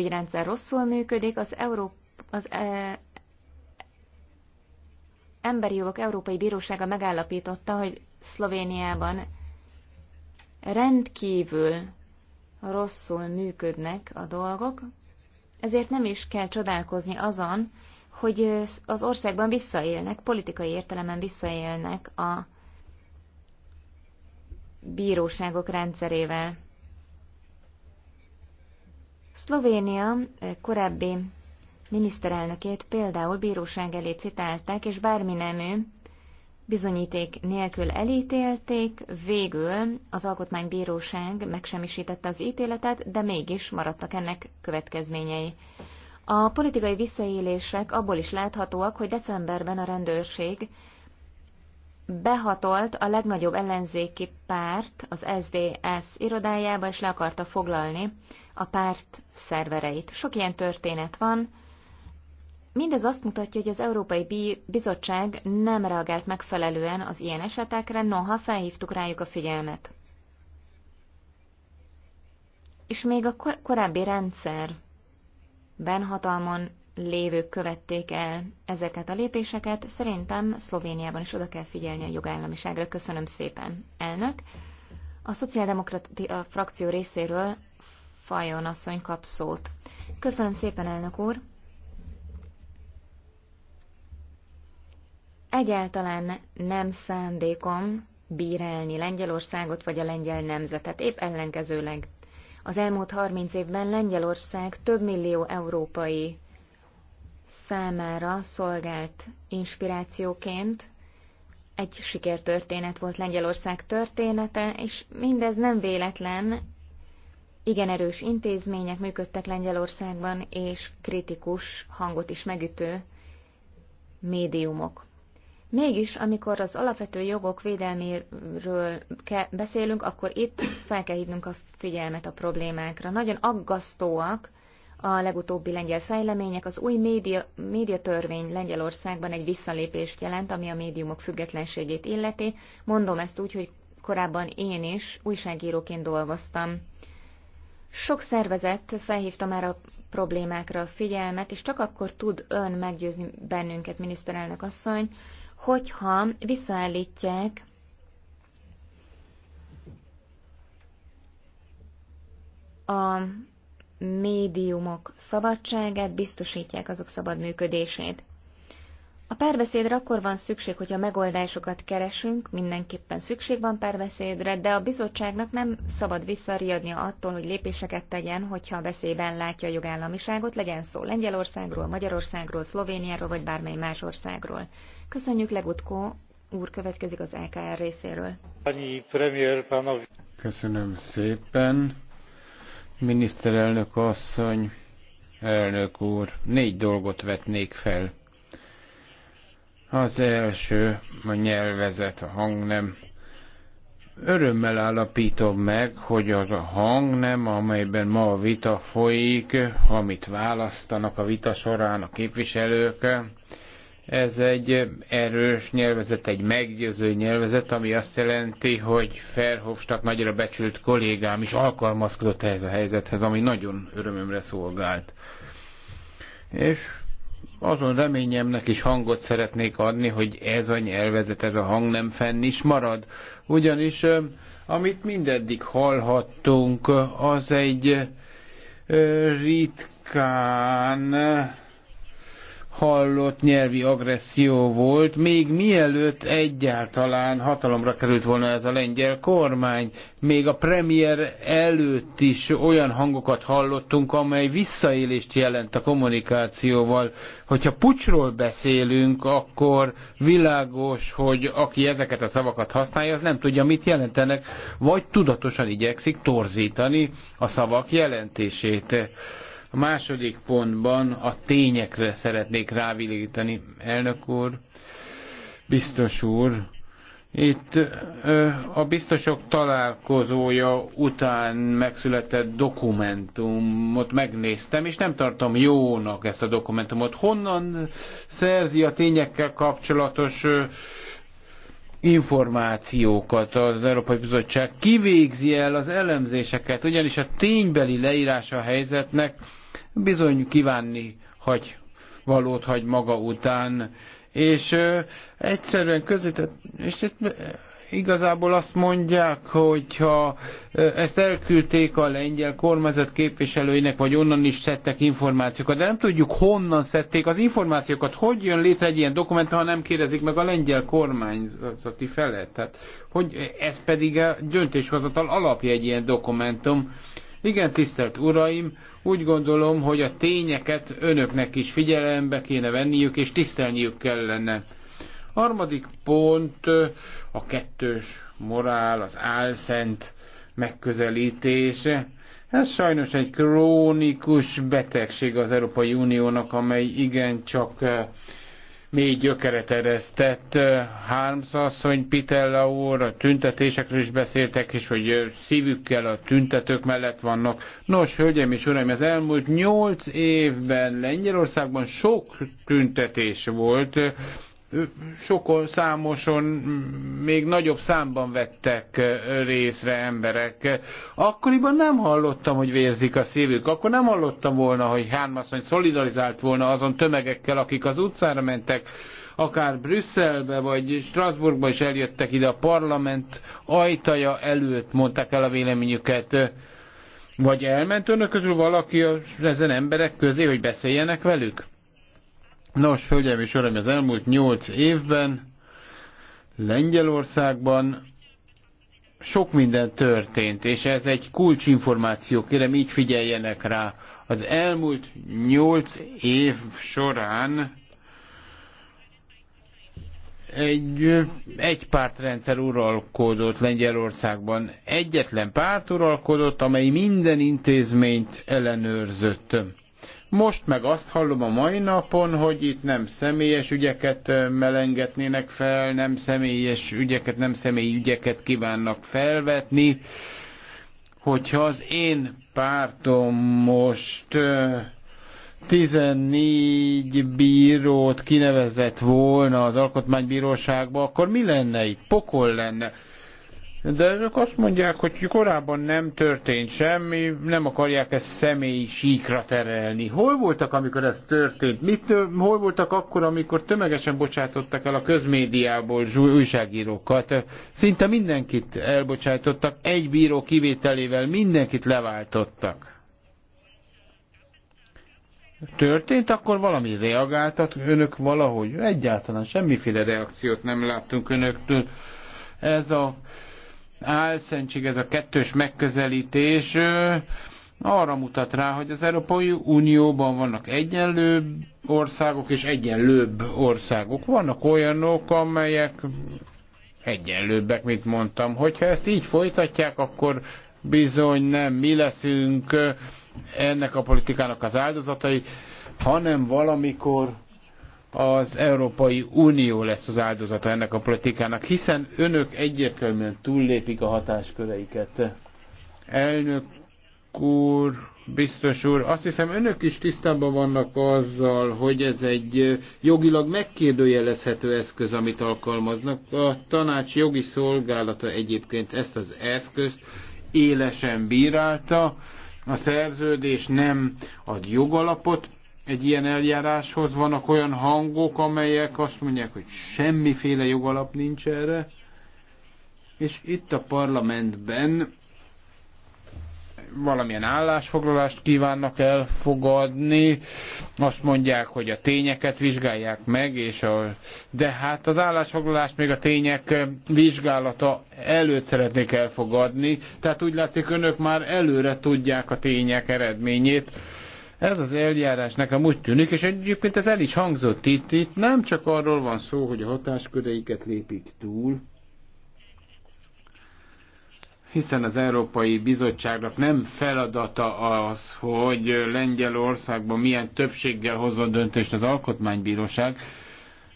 rendszer rosszul működik, az, Euró- az e- Emberi Jogok Európai Bírósága megállapította, hogy Szlovéniában rendkívül rosszul működnek a dolgok, ezért nem is kell csodálkozni azon, hogy az országban visszaélnek, politikai értelemben visszaélnek a bíróságok rendszerével. Szlovénia eh, korábbi miniszterelnökét például bíróság elé citálták, és bármi nemű bizonyíték nélkül elítélték, végül az alkotmánybíróság megsemmisítette az ítéletet, de mégis maradtak ennek következményei. A politikai visszaélések abból is láthatóak, hogy decemberben a rendőrség behatolt a legnagyobb ellenzéki párt, az SDS irodájába, és le akarta foglalni a párt szervereit. Sok ilyen történet van. Mindez azt mutatja, hogy az Európai Bizottság nem reagált megfelelően az ilyen esetekre, noha felhívtuk rájuk a figyelmet. És még a korábbi rendszer benhatalmon lévők követték el ezeket a lépéseket, szerintem Szlovéniában is oda kell figyelni a jogállamiságra. Köszönöm szépen, elnök. A szociáldemokrata frakció részéről Fajon asszony kap szót. Köszönöm szépen, elnök úr. Egyáltalán nem szándékom bírálni Lengyelországot vagy a lengyel nemzetet, épp ellenkezőleg az elmúlt 30 évben Lengyelország több millió európai számára szolgált inspirációként. Egy sikertörténet volt Lengyelország története, és mindez nem véletlen. Igen erős intézmények működtek Lengyelországban, és kritikus hangot is megütő médiumok. Mégis, amikor az alapvető jogok védelméről beszélünk, akkor itt fel kell hívnunk a figyelmet a problémákra. Nagyon aggasztóak a legutóbbi lengyel fejlemények. Az új média, médiatörvény Lengyelországban egy visszalépést jelent, ami a médiumok függetlenségét illeti. Mondom ezt úgy, hogy korábban én is újságíróként dolgoztam. Sok szervezet felhívta már a problémákra a figyelmet, és csak akkor tud ön meggyőzni bennünket, miniszterelnök asszony, hogyha visszaállítják a médiumok szabadságát, biztosítják azok szabad működését. A párbeszédre akkor van szükség, hogyha megoldásokat keresünk, mindenképpen szükség van párbeszédre, de a bizottságnak nem szabad visszariadnia attól, hogy lépéseket tegyen, hogyha a beszélyben látja a jogállamiságot, legyen szó Lengyelországról, Magyarországról, Szlovéniáról vagy bármely más országról. Köszönjük Legutko úr következik az LKR részéről. Köszönöm szépen. Miniszterelnök asszony, elnök úr, négy dolgot vetnék fel az első a nyelvezet, a hangnem. Örömmel állapítom meg, hogy az a hangnem, amelyben ma a vita folyik, amit választanak a vita során a képviselők, ez egy erős nyelvezet, egy meggyőző nyelvezet, ami azt jelenti, hogy Ferhofstadt nagyra becsült kollégám is alkalmazkodott ehhez a helyzethez, ami nagyon örömömre szolgált. És azon reményemnek is hangot szeretnék adni, hogy ez a nyelvezet, ez a hang nem fenn is marad. Ugyanis amit mindeddig hallhattunk, az egy ritkán hallott nyelvi agresszió volt, még mielőtt egyáltalán hatalomra került volna ez a lengyel kormány. Még a premier előtt is olyan hangokat hallottunk, amely visszaélést jelent a kommunikációval. Hogyha pucsról beszélünk, akkor világos, hogy aki ezeket a szavakat használja, az nem tudja, mit jelentenek, vagy tudatosan igyekszik torzítani a szavak jelentését a második pontban a tényekre szeretnék rávilítani. Elnök úr, biztos úr, itt a biztosok találkozója után megszületett dokumentumot megnéztem, és nem tartom jónak ezt a dokumentumot. Honnan szerzi a tényekkel kapcsolatos információkat az Európai Bizottság, kivégzi el az elemzéseket, ugyanis a ténybeli leírása a helyzetnek bizony kívánni hagy valót hagy maga után, és ö, egyszerűen közvetett, és Igazából azt mondják, hogyha ezt elküldték a lengyel kormányzat képviselőinek, vagy onnan is szedtek információkat, de nem tudjuk honnan szedték az információkat, hogy jön létre egy ilyen dokumentum, ha nem kérdezik meg a lengyel kormányzati felet. Tehát, hogy ez pedig a döntéshozatal alapja egy ilyen dokumentum. Igen, tisztelt Uraim, úgy gondolom, hogy a tényeket önöknek is figyelembe kéne venniük, és tisztelniük kellene. Harmadik pont, a kettős morál, az álszent megközelítés. Ez sajnos egy krónikus betegség az Európai Uniónak, amely igencsak eh, mély gyökeret eresztett. Eh, Harms asszony, Pitella úr a tüntetésekről is beszéltek, és hogy eh, szívükkel a tüntetők mellett vannak. Nos, hölgyeim és uraim, az elmúlt nyolc évben Lengyelországban sok tüntetés volt, sokon, számoson még nagyobb számban vettek részre emberek. Akkoriban nem hallottam, hogy vérzik a szívük, akkor nem hallottam volna, hogy Hármasszony szolidarizált volna azon tömegekkel, akik az utcára mentek, akár Brüsszelbe vagy Strasbourgba is eljöttek ide a parlament ajtaja előtt, mondták el a véleményüket. Vagy elment önök közül valaki ezen emberek közé, hogy beszéljenek velük? Nos, hölgyeim és uraim, az elmúlt nyolc évben Lengyelországban sok minden történt, és ez egy kulcsinformáció, kérem így figyeljenek rá. Az elmúlt nyolc év során egy egy pártrendszer uralkodott Lengyelországban. Egyetlen párt uralkodott, amely minden intézményt ellenőrzött. Most meg azt hallom a mai napon, hogy itt nem személyes ügyeket melengetnének fel, nem személyes ügyeket, nem személyi ügyeket kívánnak felvetni. Hogyha az én pártom most 14 bírót kinevezett volna az alkotmánybíróságba, akkor mi lenne itt? Pokol lenne. De ők azt mondják, hogy korábban nem történt semmi, nem akarják ezt személyi síkra terelni. Hol voltak, amikor ez történt? Mit, hol voltak akkor, amikor tömegesen bocsátottak el a közmédiából újságírókat? Szinte mindenkit elbocsátottak, egy bíró kivételével mindenkit leváltottak. Történt, akkor valami reagáltat önök valahogy? Egyáltalán semmiféle reakciót nem láttunk önöktől. Ez a álszentség, ez a kettős megközelítés arra mutat rá, hogy az Európai Unióban vannak egyenlő országok és egyenlőbb országok. Vannak olyanok, amelyek egyenlőbbek, mint mondtam. Hogyha ezt így folytatják, akkor bizony nem mi leszünk ennek a politikának az áldozatai, hanem valamikor az Európai Unió lesz az áldozata ennek a politikának, hiszen önök egyértelműen túllépik a hatásköreiket. Elnök úr, biztos úr, azt hiszem önök is tisztában vannak azzal, hogy ez egy jogilag megkérdőjelezhető eszköz, amit alkalmaznak. A tanács jogi szolgálata egyébként ezt az eszközt élesen bírálta, a szerződés nem ad jogalapot, egy ilyen eljáráshoz. Vannak olyan hangok, amelyek azt mondják, hogy semmiféle jogalap nincs erre. És itt a parlamentben valamilyen állásfoglalást kívánnak elfogadni, azt mondják, hogy a tényeket vizsgálják meg, és a... de hát az állásfoglalást még a tények vizsgálata előtt szeretnék elfogadni, tehát úgy látszik önök már előre tudják a tények eredményét, ez az eljárás nekem úgy tűnik, és egyébként ez el is hangzott itt, itt nem csak arról van szó, hogy a hatásköreiket lépik túl, hiszen az Európai Bizottságnak nem feladata az, hogy Lengyelországban milyen többséggel hozva döntést az Alkotmánybíróság,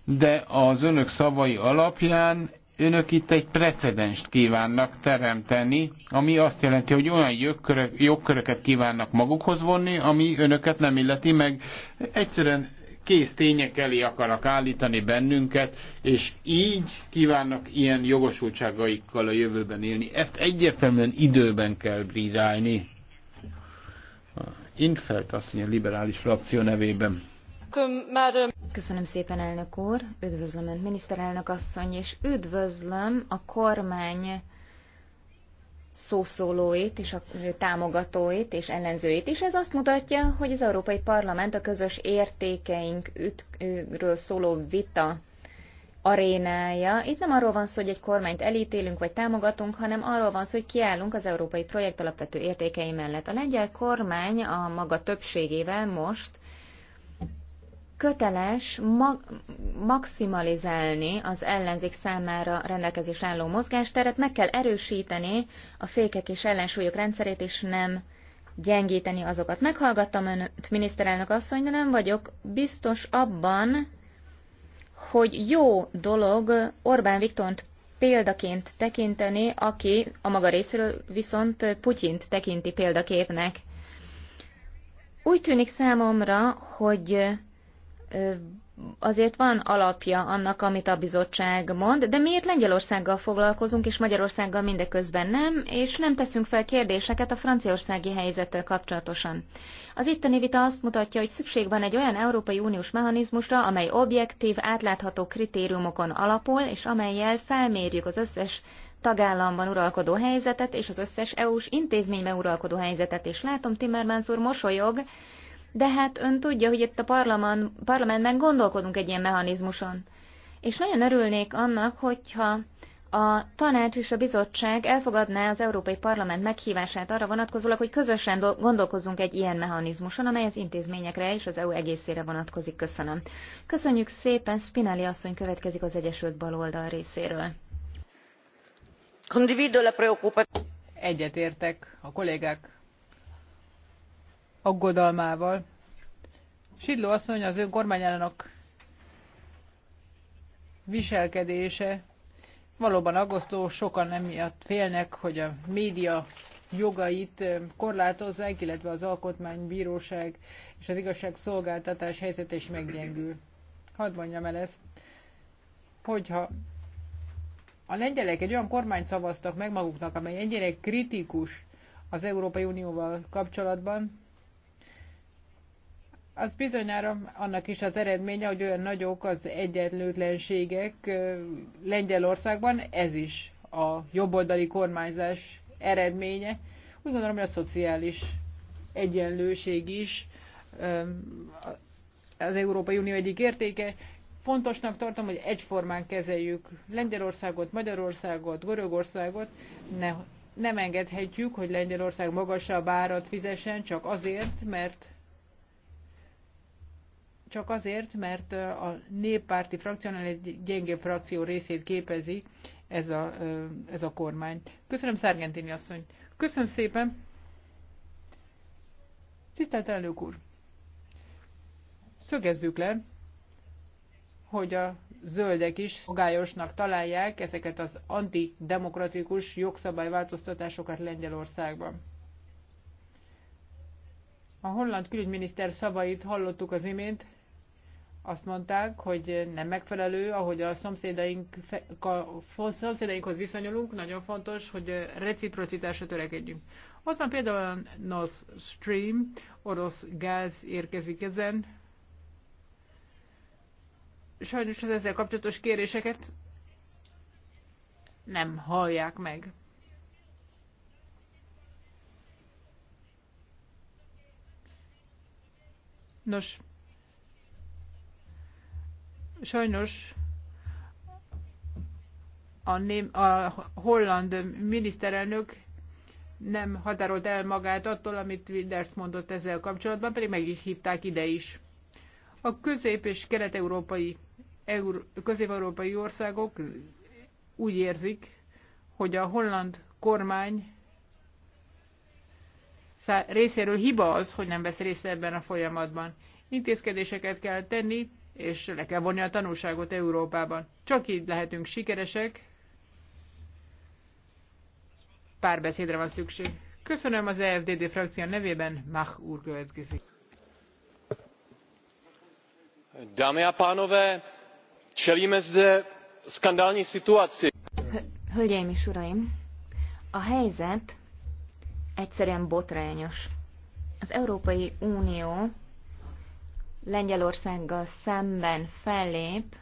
de az önök szavai alapján önök itt egy precedenst kívánnak teremteni, ami azt jelenti, hogy olyan jogkörök, jogköröket kívánnak magukhoz vonni, ami önöket nem illeti meg. Egyszerűen kész tények elé akarnak állítani bennünket, és így kívánnak ilyen jogosultságaikkal a jövőben élni. Ezt egyértelműen időben kell bírálni. Infelt asszony a liberális frakció nevében. Köszönöm szépen, elnök úr, üdvözlöm önt, miniszterelnök asszony, és üdvözlöm a kormány szószólóit és a támogatóit és ellenzőit is. Ez azt mutatja, hogy az Európai Parlament a közös értékeinkről szóló vita arénája. Itt nem arról van szó, hogy egy kormányt elítélünk vagy támogatunk, hanem arról van szó, hogy kiállunk az európai projekt alapvető értékei mellett. A lengyel kormány a maga többségével most köteles mag- maximalizálni az ellenzék számára rendelkezés álló mozgásteret, meg kell erősíteni a fékek és ellensúlyok rendszerét, és nem gyengíteni azokat. Meghallgattam önt, miniszterelnök asszony, de nem vagyok biztos abban, hogy jó dolog Orbán Viktont példaként tekinteni, aki a maga részéről viszont Putyint tekinti példaképnek. Úgy tűnik számomra, hogy azért van alapja annak, amit a bizottság mond, de miért Lengyelországgal foglalkozunk, és Magyarországgal mindeközben nem, és nem teszünk fel kérdéseket a franciaországi helyzettel kapcsolatosan. Az itteni vita azt mutatja, hogy szükség van egy olyan Európai Uniós mechanizmusra, amely objektív, átlátható kritériumokon alapul, és amelyel felmérjük az összes tagállamban uralkodó helyzetet, és az összes EU-s intézményben uralkodó helyzetet, és látom, Timmermans úr mosolyog, de hát ön tudja, hogy itt a parlament, parlamentben gondolkodunk egy ilyen mechanizmuson. És nagyon örülnék annak, hogyha a tanács és a bizottság elfogadná az Európai Parlament meghívását arra vonatkozólag, hogy közösen gondolkozzunk egy ilyen mechanizmuson, amely az intézményekre és az EU egészére vonatkozik. Köszönöm. Köszönjük szépen, Spinelli asszony következik az Egyesült Baloldal részéről. Egyetértek a kollégák aggodalmával. Sidló mondja, az ön kormányának viselkedése valóban aggasztó, sokan emiatt félnek, hogy a média jogait korlátozzák, illetve az alkotmánybíróság és az igazságszolgáltatás helyzete is meggyengül. Hadd mondjam el ezt, hogyha a lengyelek egy olyan kormányt szavaztak meg maguknak, amely ennyire kritikus az Európai Unióval kapcsolatban, az bizonyára annak is az eredménye, hogy olyan nagyok az egyenlőtlenségek Lengyelországban, ez is a jobboldali kormányzás eredménye. Úgy gondolom, hogy a szociális egyenlőség is az Európai Unió egyik értéke. Fontosnak tartom, hogy egyformán kezeljük Lengyelországot, Magyarországot, Görögországot. Ne, nem engedhetjük, hogy Lengyelország magasabb árat fizessen csak azért, mert csak azért, mert a néppárti frakciónál egy gyengébb frakció részét képezi ez a, ez a kormány. Köszönöm, Szárgentini asszony. Köszönöm szépen. Tisztelt elnök úr! Szögezzük le, hogy a zöldek is fogályosnak találják ezeket az antidemokratikus jogszabályváltoztatásokat Lengyelországban. A holland külügyminiszter szavait hallottuk az imént, azt mondták, hogy nem megfelelő, ahogy a szomszédaink, a szomszédainkhoz viszonyulunk, nagyon fontos, hogy reciprocitásra törekedjünk. Ott van például a Nord Stream, orosz gáz érkezik ezen. Sajnos az ezzel kapcsolatos kéréseket nem hallják meg. Nos, Sajnos a, ném, a holland miniszterelnök nem határolt el magát attól, amit Wilders mondott ezzel kapcsolatban, pedig meg is hívták ide is. A közép- és kelet-európai eur közép-európai országok úgy érzik, hogy a holland kormány részéről hiba az, hogy nem vesz részt ebben a folyamatban. Intézkedéseket kell tenni, és le kell vonni a tanulságot Európában. Csak így lehetünk sikeresek, párbeszédre van szükség. Köszönöm az EFDD frakció nevében, Mach úr következik. Dámy a pánové, čelíme zde skandální situaci. Hölgyeim és uraim, a helyzet egyszerűen botrányos. Az Európai Unió Lengyelországgal szemben fellép,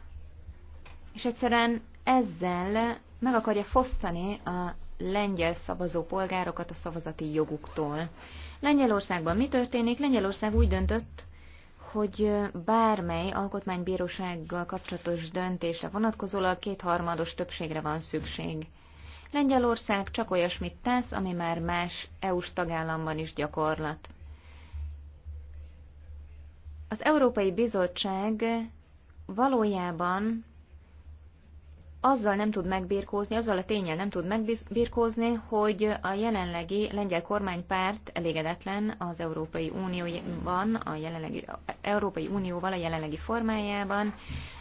és egyszerűen ezzel meg akarja fosztani a lengyel szavazó polgárokat a szavazati joguktól. Lengyelországban mi történik? Lengyelország úgy döntött, hogy bármely alkotmánybírósággal kapcsolatos döntésre vonatkozólag kétharmados többségre van szükség. Lengyelország csak olyasmit tesz, ami már más EU-s tagállamban is gyakorlat. Az Európai Bizottság valójában azzal nem tud megbírkózni, azzal a tényel nem tud megbírkózni, hogy a jelenlegi lengyel kormánypárt elégedetlen az Európai Unióban, a jelenlegi, Európai Unióval a jelenlegi formájában.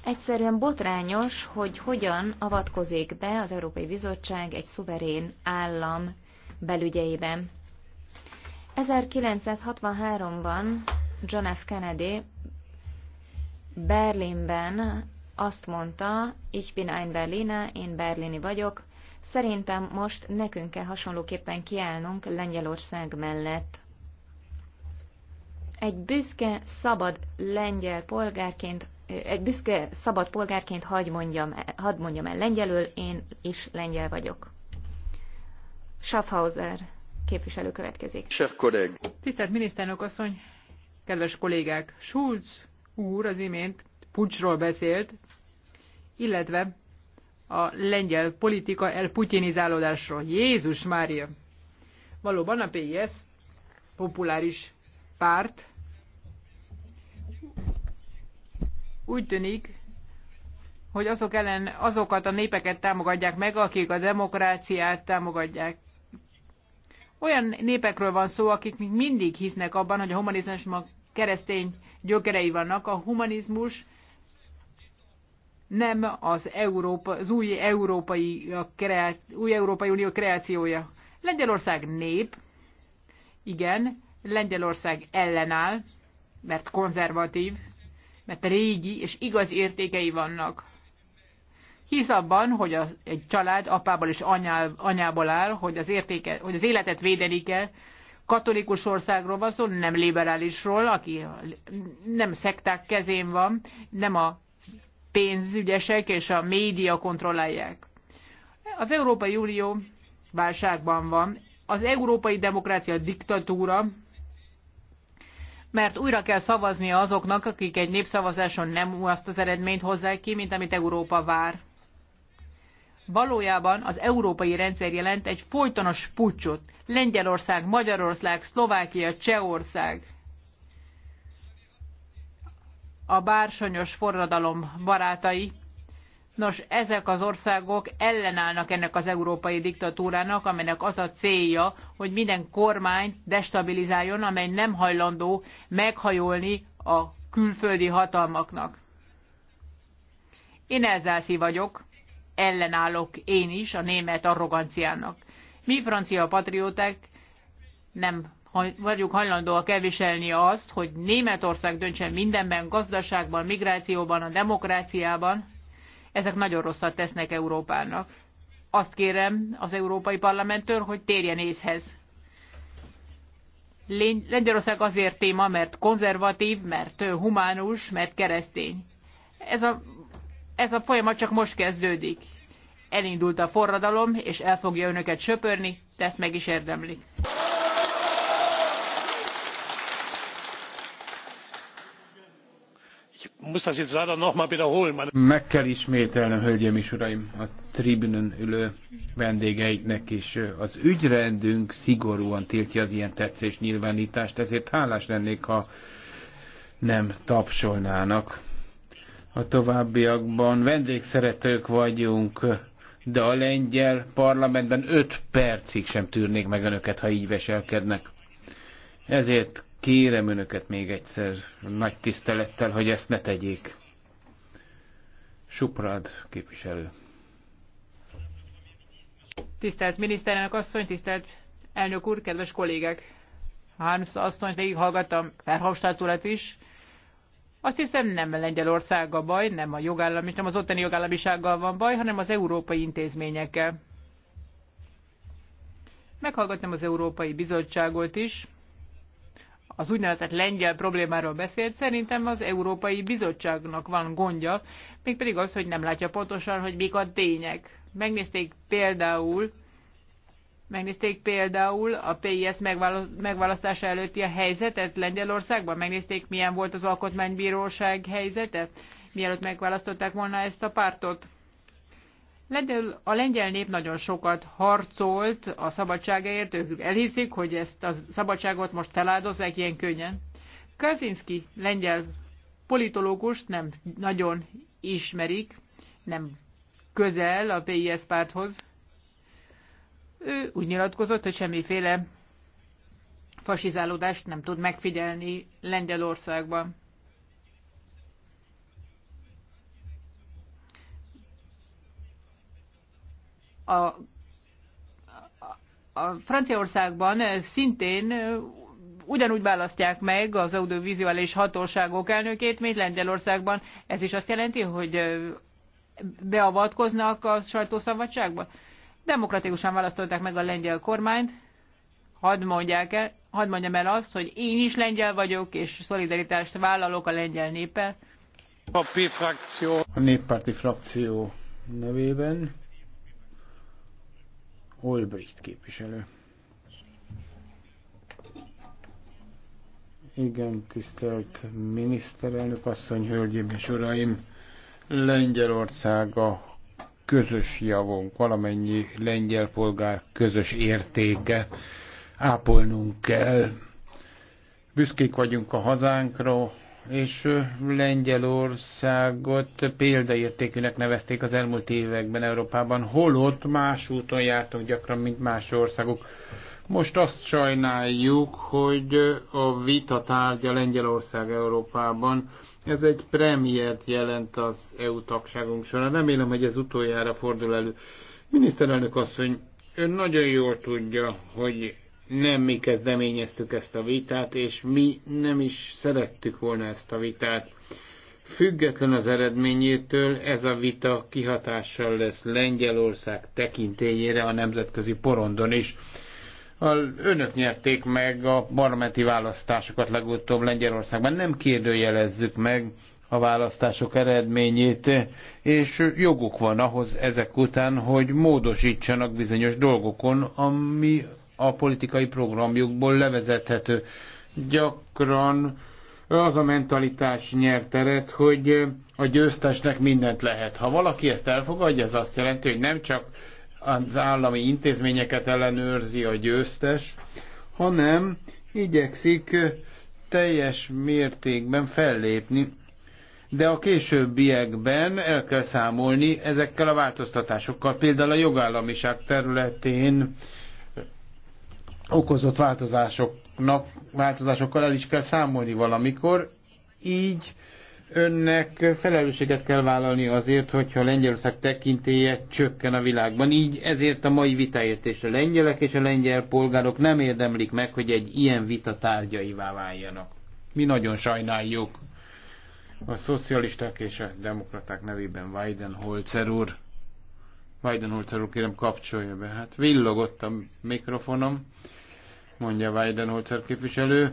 Egyszerűen botrányos, hogy hogyan avatkozik be az Európai Bizottság egy szuverén állam belügyeiben. 1963-ban John F. Kennedy Berlinben azt mondta, ich bin ein Berliner, én berlini vagyok, szerintem most nekünk kell hasonlóképpen kiállnunk Lengyelország mellett. Egy büszke, szabad lengyel polgárként, egy büszke, szabad polgárként hadd mondjam, hadd mondjam el lengyelül, én is lengyel vagyok. Schaffhauser képviselő következik. Tisztelt miniszterelnök asszony, Kedves kollégák, Schulz úr az imént pucsról beszélt, illetve a lengyel politika elputinizálódásról. Jézus Mária! Valóban a PIS populáris párt. Úgy tűnik, hogy azok ellen, azokat a népeket támogatják meg, akik a demokráciát támogatják. Olyan népekről van szó, akik még mindig hisznek abban, hogy a humanizmus keresztény gyökerei vannak. A humanizmus nem az, Európa, az új, európai, kreá, új Európai Unió kreációja. Lengyelország nép, igen, Lengyelország ellenáll, mert konzervatív, mert régi és igaz értékei vannak. Hisz abban, hogy a, egy család apából és anyá, anyából áll, hogy az, értéke, hogy az életet védeni kell, katolikus országról van szó, nem liberálisról, aki nem szekták kezén van, nem a pénzügyesek és a média kontrollálják. Az Európai Unió válságban van. Az európai demokrácia diktatúra, mert újra kell szavaznia azoknak, akik egy népszavazáson nem azt az eredményt hozzák ki, mint amit Európa vár valójában az európai rendszer jelent egy folytonos pucsot. Lengyelország, Magyarország, Szlovákia, Csehország. A bársonyos forradalom barátai. Nos, ezek az országok ellenállnak ennek az európai diktatúrának, amelynek az a célja, hogy minden kormányt destabilizáljon, amely nem hajlandó meghajolni a külföldi hatalmaknak. Én elzászi vagyok, ellenállok én is a német arroganciának. Mi francia patrióták nem vagyunk hajlandóak elviselni azt, hogy Németország döntsen mindenben, gazdaságban, migrációban, a demokráciában. Ezek nagyon rosszat tesznek Európának. Azt kérem az Európai Parlamenttől, hogy térjen észhez. Lengyelország azért téma, mert konzervatív, mert humánus, mert keresztény. Ez a ez a folyamat csak most kezdődik. Elindult a forradalom, és el fogja önöket söpörni, de ezt meg is érdemlik. Meg kell ismételnem, hölgyeim és uraim, a tribünön ülő vendégeiknek is. Az ügyrendünk szigorúan tiltja az ilyen tetszés nyilvánítást, ezért hálás lennék, ha nem tapsolnának a továbbiakban. Vendégszeretők vagyunk, de a lengyel parlamentben öt percig sem tűrnék meg önöket, ha így veselkednek. Ezért kérem önöket még egyszer nagy tisztelettel, hogy ezt ne tegyék. Suprad képviselő. Tisztelt miniszterelnök asszony, tisztelt elnök úr, kedves kollégek! Harms asszonyt végighallgattam, Verhofstadt urat is, azt hiszem nem Lengyelország a baj, nem a jogállami, nem az ottani jogállamisággal van baj, hanem az európai intézményekkel. Meghallgattam az Európai Bizottságot is. Az úgynevezett lengyel problémáról beszélt, szerintem az Európai Bizottságnak van gondja, mégpedig az, hogy nem látja pontosan, hogy mik a tények. Megnézték például Megnézték például a PIS megválasztása előtti a helyzetet Lengyelországban, megnézték milyen volt az alkotmánybíróság helyzete, mielőtt megválasztották volna ezt a pártot. Lengyel, a lengyel nép nagyon sokat harcolt a szabadságáért, ők elhiszik, hogy ezt a szabadságot most feláldozzák ilyen könnyen. Kaczynski lengyel politológust nem nagyon ismerik, nem közel a PIS párthoz. Ő úgy nyilatkozott, hogy semmiféle fasizálódást nem tud megfigyelni Lengyelországban. A, a Franciaországban szintén ugyanúgy választják meg az audiovizuális hatóságok elnökét, mint Lengyelországban. Ez is azt jelenti, hogy beavatkoznak a sajtószabadságban? Demokratikusan választották meg a lengyel kormányt, hadd, mondják el, hadd mondjam el azt, hogy én is lengyel vagyok, és szolidaritást vállalok a lengyel néppel. A néppárti frakció nevében Olbricht képviselő. Igen, tisztelt miniszterelnök asszony, hölgyeim és uraim! Lengyelország a közös javunk, valamennyi lengyel polgár közös értéke. Ápolnunk kell. Büszkék vagyunk a hazánkra, és Lengyelországot példaértékűnek nevezték az elmúlt években Európában, holott más úton jártunk gyakran, mint más országok. Most azt sajnáljuk, hogy a vita tárgya Lengyelország Európában ez egy premiért jelent az EU tagságunk során. Remélem, hogy ez utoljára fordul elő. Miniszterelnök asszony, ön nagyon jól tudja, hogy nem mi kezdeményeztük ezt a vitát, és mi nem is szerettük volna ezt a vitát. Független az eredményétől ez a vita kihatással lesz Lengyelország tekintélyére a nemzetközi porondon is önök nyerték meg a parlamenti választásokat legutóbb Lengyelországban. Nem kérdőjelezzük meg a választások eredményét, és joguk van ahhoz ezek után, hogy módosítsanak bizonyos dolgokon, ami a politikai programjukból levezethető. Gyakran az a mentalitás nyert teret, hogy a győztesnek mindent lehet. Ha valaki ezt elfogadja, ez azt jelenti, hogy nem csak az állami intézményeket ellenőrzi a győztes, hanem igyekszik teljes mértékben fellépni, de a későbbiekben el kell számolni ezekkel a változtatásokkal, például a jogállamiság területén okozott változásoknak, változásokkal el is kell számolni valamikor, így önnek felelősséget kell vállalni azért, hogyha Lengyelország tekintélye csökken a világban. Így ezért a mai vitaért és a lengyelek és a lengyel polgárok nem érdemlik meg, hogy egy ilyen vita tárgyaivá váljanak. Mi nagyon sajnáljuk. A szocialisták és a demokraták nevében Weidenholzer úr. Weidenholzer úr, kérem kapcsolja be. Hát villogott a mikrofonom, mondja Weidenholzer képviselő.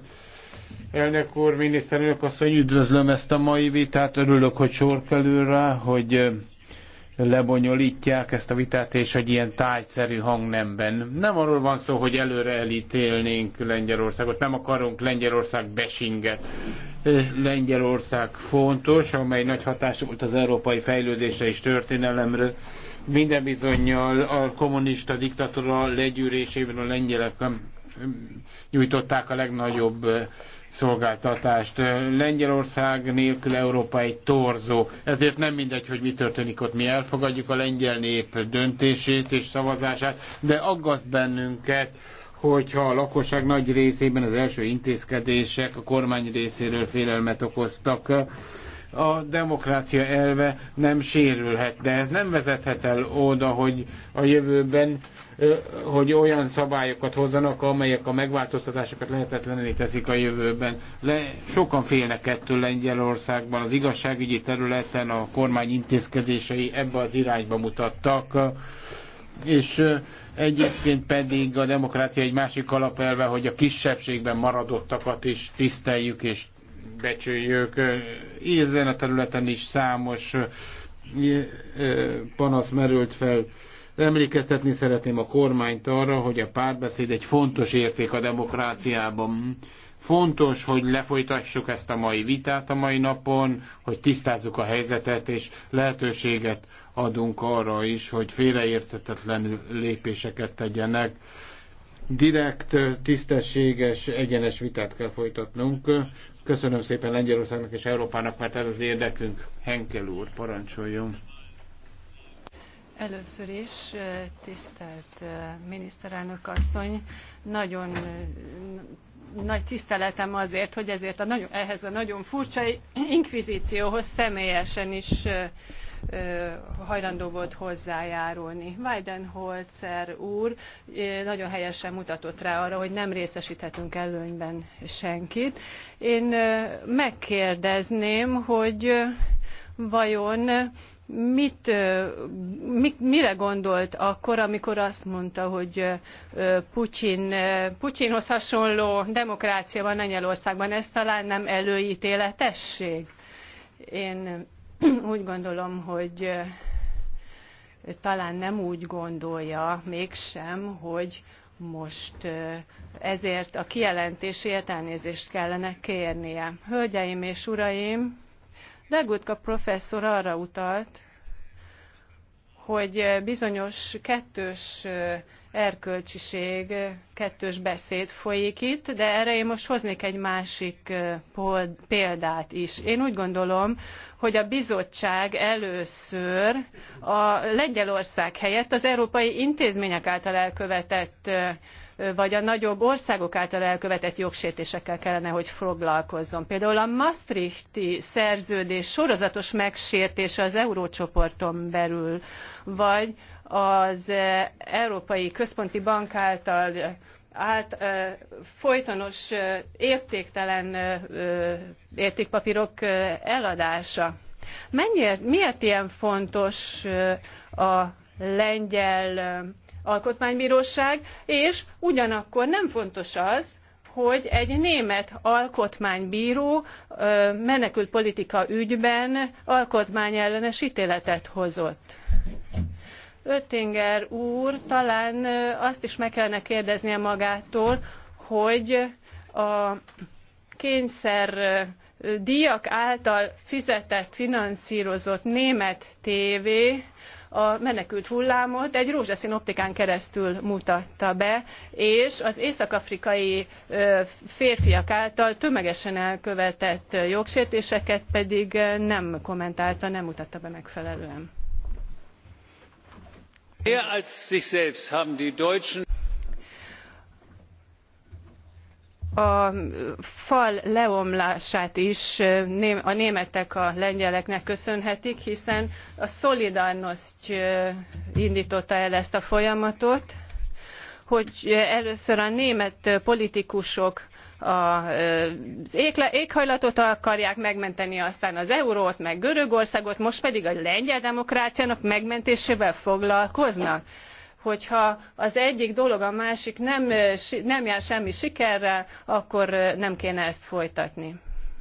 Elnök úr, miniszterelnök asszony, üdvözlöm ezt a mai vitát. Örülök, hogy sor kerül rá, hogy lebonyolítják ezt a vitát, és hogy ilyen tájszerű hangnemben. Nem arról van szó, hogy előre elítélnénk Lengyelországot, nem akarunk Lengyelország besinget. Lengyelország fontos, amely nagy hatású volt az európai fejlődésre és történelemre. Minden bizonyal a kommunista diktatúra legyűrésében a lengyelek nyújtották a legnagyobb szolgáltatást. Lengyelország nélkül Európa egy torzó, ezért nem mindegy, hogy mi történik ott. Mi elfogadjuk a lengyel nép döntését és szavazását, de aggaszt bennünket, hogyha a lakosság nagy részében az első intézkedések a kormány részéről félelmet okoztak, a demokrácia elve nem sérülhet, de ez nem vezethet el oda, hogy a jövőben hogy olyan szabályokat hozzanak, amelyek a megváltoztatásokat lehetetlené teszik a jövőben. Le, sokan félnek ettől Lengyelországban, az igazságügyi területen a kormány intézkedései ebbe az irányba mutattak és egyébként pedig a demokrácia egy másik alapelve, hogy a kisebbségben maradottakat is tiszteljük és becsüljük. Ezen a területen is számos panasz merült fel Emlékeztetni szeretném a kormányt arra, hogy a párbeszéd egy fontos érték a demokráciában. Fontos, hogy lefolytassuk ezt a mai vitát a mai napon, hogy tisztázzuk a helyzetet, és lehetőséget adunk arra is, hogy félreértetetlenül lépéseket tegyenek direkt, tisztességes, egyenes vitát kell folytatnunk. Köszönöm szépen Lengyelországnak és Európának, mert ez az érdekünk. Henkel úr, parancsoljon. Először is, tisztelt miniszterelnök asszony, nagyon nagy tiszteletem azért, hogy ezért a nagyon, ehhez a nagyon furcsa inkvizícióhoz személyesen is hajlandó volt hozzájárulni. Weidenholzer úr nagyon helyesen mutatott rá arra, hogy nem részesíthetünk előnyben senkit. Én megkérdezném, hogy vajon mit, mit, mire gondolt akkor, amikor azt mondta, hogy Putin, Putyinhoz hasonló demokrácia van Lengyelországban, ez talán nem előítéletesség? Én (clears throat) úgy gondolom, hogy talán nem úgy gondolja mégsem, hogy most ezért a kijelentésért elnézést kellene kérnie. Hölgyeim és uraim, Dagutka professzor arra utalt, hogy bizonyos kettős erkölcsiség, kettős beszéd folyik itt, de erre én most hoznék egy másik példát is. Én úgy gondolom, hogy a bizottság először a Lengyelország helyett az európai intézmények által elkövetett vagy a nagyobb országok által elkövetett jogsértésekkel kellene, hogy foglalkozzon. Például a Maastrichti szerződés sorozatos megsértése az eurócsoporton belül, vagy az eh, Európai Központi Bank által eh, át, eh, folytonos értéktelen értékpapírok eladása. Mennyiért, miért ilyen fontos a lengyel alkotmánybíróság, és ugyanakkor nem fontos az, hogy egy német alkotmánybíró menekültpolitika ügyben alkotmányellenes ítéletet hozott. oettinger úr talán azt is meg kellene kérdeznie magától, hogy a kényszer díjak által fizetett, finanszrozott német tévé a menekült hullámot egy rózsaszín optikán keresztül mutatta be, és az észak-afrikai férfiak által tömegesen elkövetett jogsértéseket pedig nem kommentálta, nem mutatta be megfelelően. Mehr als sich selbst haben die Deutschen a fal leomlását is a németek a lengyeleknek köszönhetik, hiszen a Solidarność indította el ezt a folyamatot, hogy először a német politikusok az éghajlatot akarják megmenteni, aztán az eurót, meg Görögországot, most pedig a lengyel demokráciának megmentésével foglalkoznak hogyha az egyik dolog a másik nem, nem jár semmi sikerrel, akkor nem kéne ezt folytatni.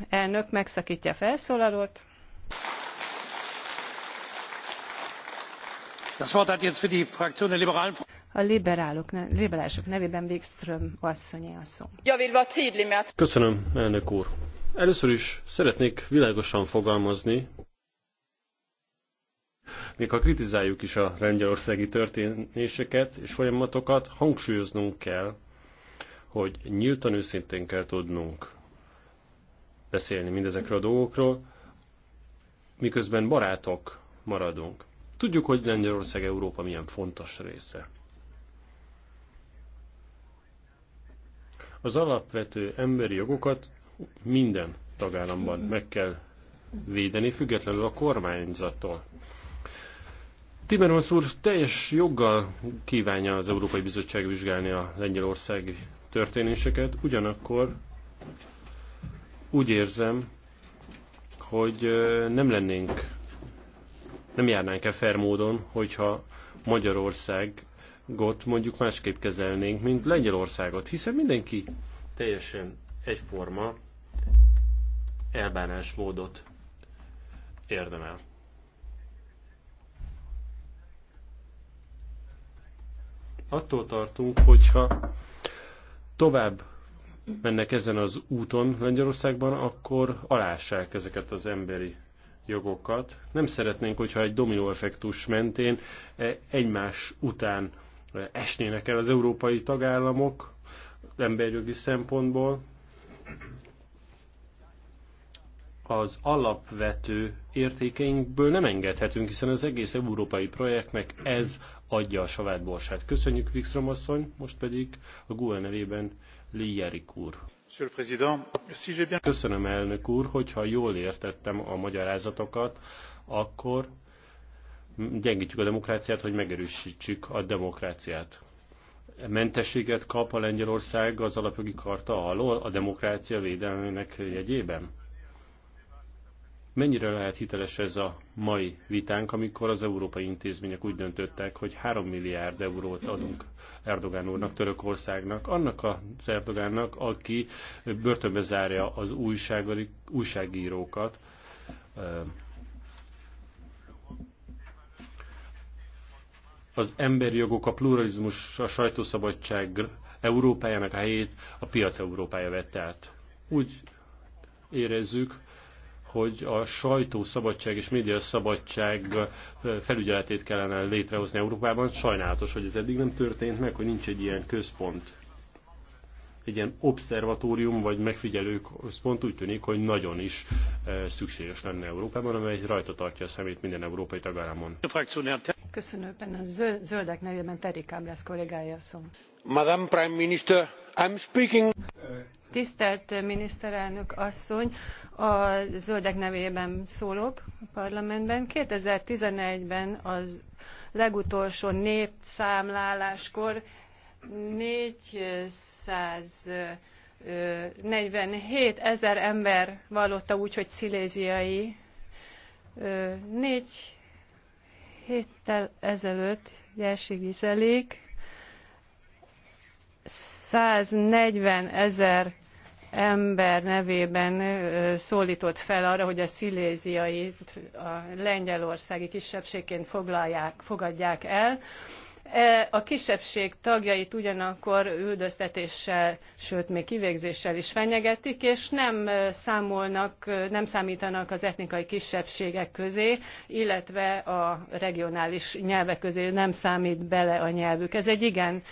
Elnök megszakítja a felszólalót. Das Wort hat jetzt für die Fraktion der Liberalen a liberálok, liberálisok nevében Wikström asszonyé a szó. Köszönöm, elnök úr. Először is szeretnék világosan fogalmazni, még ha kritizáljuk is a lengyelországi történéseket és folyamatokat, hangsúlyoznunk kell, hogy nyíltan őszintén kell tudnunk beszélni mindezekről a dolgokról, miközben barátok maradunk. Tudjuk, hogy Lengyelország Európa milyen fontos része. Az alapvető emberi jogokat minden tagállamban meg kell védeni, függetlenül a kormányzattól. Timmermans úr teljes joggal kívánja az Európai Bizottság vizsgálni a lengyelországi történéseket, ugyanakkor úgy érzem, hogy nem lennénk, nem járnánk el fair módon, hogyha Magyarországot mondjuk másképp kezelnénk, mint Lengyelországot, hiszen mindenki teljesen egyforma elbánásmódot érdemel. Attól tartunk, hogyha tovább mennek ezen az úton Lengyelországban, akkor alássák ezeket az emberi jogokat. Nem szeretnénk, hogyha egy dominóeffektus mentén eh, egymás után eh, esnének el az európai tagállamok emberjogi szempontból az alapvető értékeinkből nem engedhetünk, hiszen az egész európai projektnek ez adja a savát borsát. Köszönjük, Wikström asszony, most pedig a GUE nevében Lijerik úr. Köszönöm, elnök úr, hogyha jól értettem a magyarázatokat, akkor gyengítjük a demokráciát, hogy megerősítsük a demokráciát. Mentességet kap a Lengyelország az alapjogi karta alól a demokrácia védelmének jegyében? Mennyire lehet hiteles ez a mai vitánk, amikor az európai intézmények úgy döntöttek, hogy 3 milliárd eurót adunk Erdogán úrnak, Törökországnak, annak az Erdogánnak, aki börtönbe zárja az újságírókat, az emberi jogok, a pluralizmus, a sajtószabadság Európájának a helyét a piac Európája vette át. Úgy érezzük, hogy a sajtószabadság és médiaszabadság felügyeletét kellene létrehozni Európában. Sajnálatos, hogy ez eddig nem történt meg, hogy nincs egy ilyen központ. Egy ilyen observatórium vagy megfigyelő központ úgy tűnik, hogy nagyon is szükséges lenne Európában, amely rajta tartja a szemét minden európai tagállamon. Köszönöm a zöldek nevében Terik Ábrász kollégája szó. Madame Prime Minister, I'm speaking... Tisztelt miniszterelnök asszony, a zöldek nevében szólok a parlamentben. eleven ben az legutolsó népszámláláskor 447 ezer ember vallotta úgy, hogy sziléziai. Négy héttel ezelőtt Jelsi Gizelék 140 ezer ember nevében szólított fel arra, hogy a sziléziait a lengyelországi kisebbségként foglalják, fogadják el. E, a kisebbség tagjait ugyanakkor üldöztetéssel, sőt még kivégzéssel is fenyegetik, és nem számolnak, nem számítanak az etnikai kisebbségek közé, illetve a regionális nyelvek közé nem számít bele a nyelvük. Ez egy igen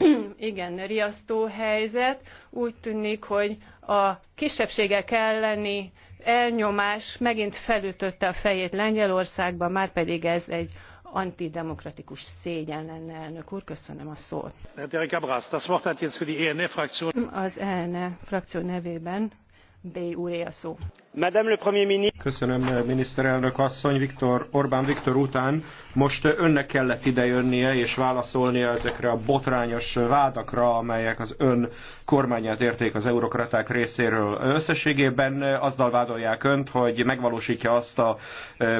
(clears throat) igen riasztó helyzet. Úgy tűnik, hogy a kisebbségek elleni elnyomás megint felütötte a fejét Lengyelországban, már pedig ez egy antidemokratikus szégyen lenne, elnök úr. Köszönöm a szót. E Az ELNE frakció nevében Köszönöm, eh, miniszterelnök asszony. Viktor, Orbán Viktor után most eh, önnek kellett idejönnie és válaszolnia ezekre a botrányos vádakra, amelyek az ön kormányát érték az eurokraták részéről. Összességében eh, azzal vádolják önt, hogy megvalósítja azt a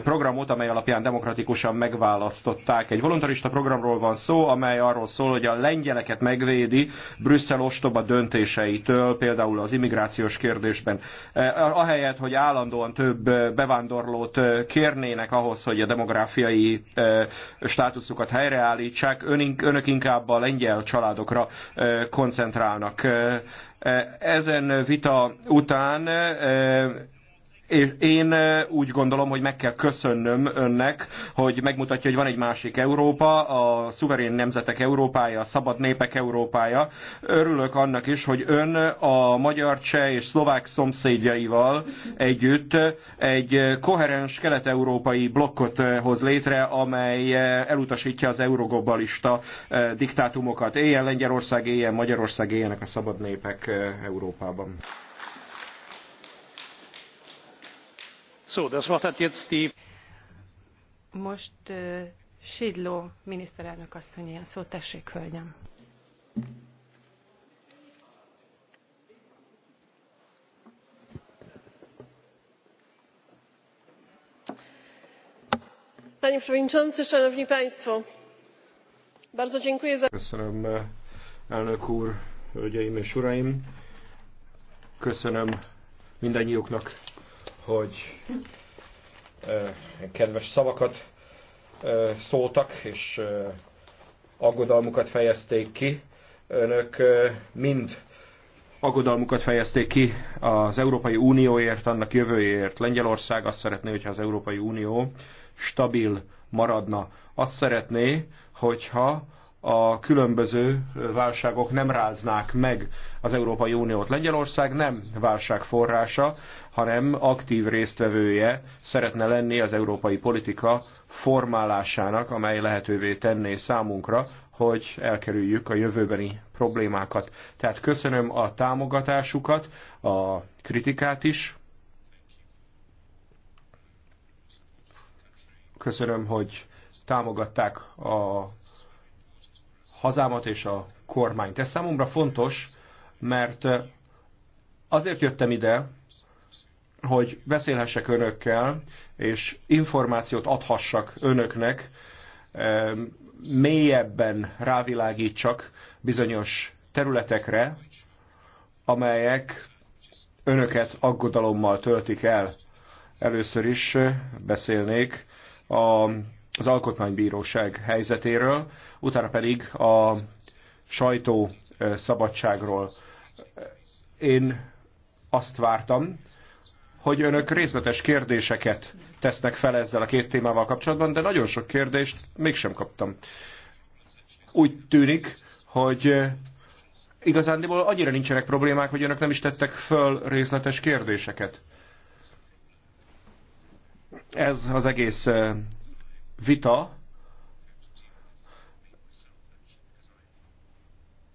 programot, amely alapján demokratikusan megválasztották. Egy voluntarista programról van szó, amely arról szól, hogy a lengyeleket megvédi Brüsszel ostoba döntéseitől, például az immigrációs kérdésben kérdésben. Eh, ahelyett, hogy állandóan több eh, bevándorlót eh, kérnének ahhoz, hogy a demográfiai státuszukat helyreállítsák, önök inkább a lengyel családokra koncentrálnak. Ezen vita után és én úgy gondolom, hogy meg kell köszönnöm önnek, hogy megmutatja, hogy van egy másik Európa, a szuverén nemzetek Európája, a szabad népek Európája. Örülök annak is, hogy ön a magyar, cseh és szlovák szomszédjaival együtt egy koherens kelet-európai blokkot hoz létre, amely elutasítja az eurogobalista diktátumokat. Éljen Lengyelország, éljen Magyarország, éljenek a szabad népek Európában. Most uh, miniszterelnök asszonyé a szó, tessék, hölgyem. Panie Przewodniczący, Szanowni Państwo! Bardzo dziękuję za... Köszönöm, elnök úr, hölgyeim és uraim! Köszönöm mindannyiuknak hogy kedves szavakat szóltak, és aggodalmukat fejezték ki. Önök mind aggodalmukat fejezték ki az Európai Unióért, annak jövőjéért. Lengyelország azt szeretné, hogyha az Európai Unió stabil maradna. Azt szeretné, hogyha a különböző válságok nem ráznák meg az Európai Uniót. Lengyelország nem válság forrása, hanem aktív résztvevője szeretne lenni az európai politika formálásának, amely lehetővé tenné számunkra, hogy elkerüljük a jövőbeni problémákat. Tehát köszönöm a támogatásukat, a kritikát is. Köszönöm, hogy támogatták a hazámat és a kormányt. Ez számomra fontos, mert azért jöttem ide, hogy beszélhessek önökkel, és információt adhassak önöknek, mélyebben rávilágítsak bizonyos területekre, amelyek önöket aggodalommal töltik el. Először is beszélnék a az Alkotmánybíróság helyzetéről, utána pedig a sajtó szabadságról. Én azt vártam, hogy önök részletes kérdéseket tesznek fel ezzel a két témával kapcsolatban, de nagyon sok kérdést mégsem kaptam. Úgy tűnik, hogy igazándiból annyira nincsenek problémák, hogy önök nem is tettek föl részletes kérdéseket. Ez az egész vita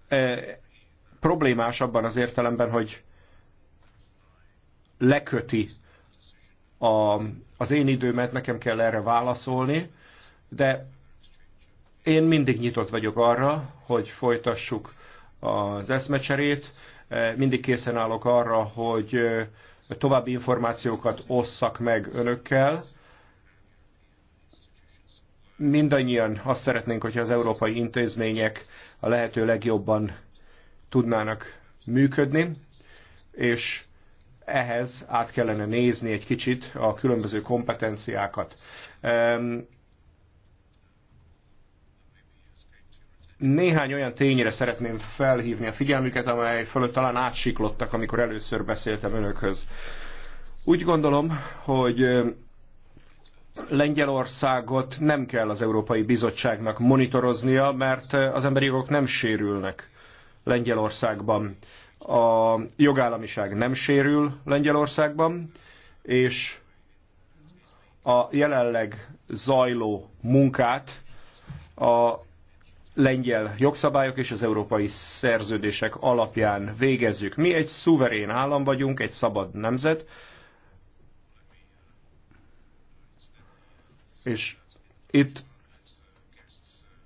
e, problémás abban az értelemben, hogy leköti a, az én időmet, nekem kell erre válaszolni, de én mindig nyitott vagyok arra, hogy folytassuk az eszmecserét, e, mindig készen állok arra, hogy e, további információkat osszak meg önökkel, mindannyian azt szeretnénk, hogyha az európai intézmények a lehető legjobban tudnának működni, és ehhez át kellene nézni egy kicsit a különböző kompetenciákat. Néhány olyan tényre szeretném felhívni a figyelmüket, amely fölött talán átsiklottak, amikor először beszéltem önökhöz. Úgy gondolom, hogy Lengyelországot nem kell az Európai Bizottságnak monitoroznia, mert az emberi jogok nem sérülnek Lengyelországban. A jogállamiság nem sérül Lengyelországban, és a jelenleg zajló munkát a lengyel jogszabályok és az európai szerződések alapján végezzük. Mi egy szuverén állam vagyunk, egy szabad nemzet, És itt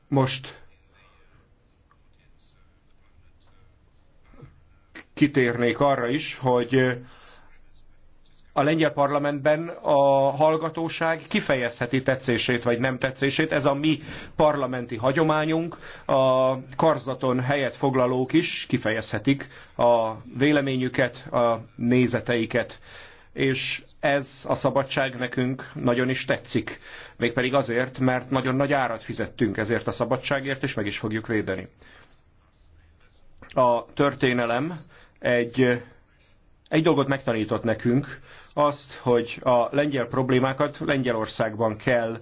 most kitérnék arra is, hogy a lengyel parlamentben a hallgatóság kifejezheti tetszését vagy nem tetszését. Ez a mi parlamenti hagyományunk. A karzaton helyet foglalók is kifejezhetik a véleményüket, a nézeteiket és ez a szabadság nekünk nagyon is tetszik. Mégpedig azért, mert nagyon nagy árat fizettünk ezért a szabadságért, és meg is fogjuk védeni. A történelem egy, egy dolgot megtanított nekünk, azt, hogy a lengyel problémákat Lengyelországban kell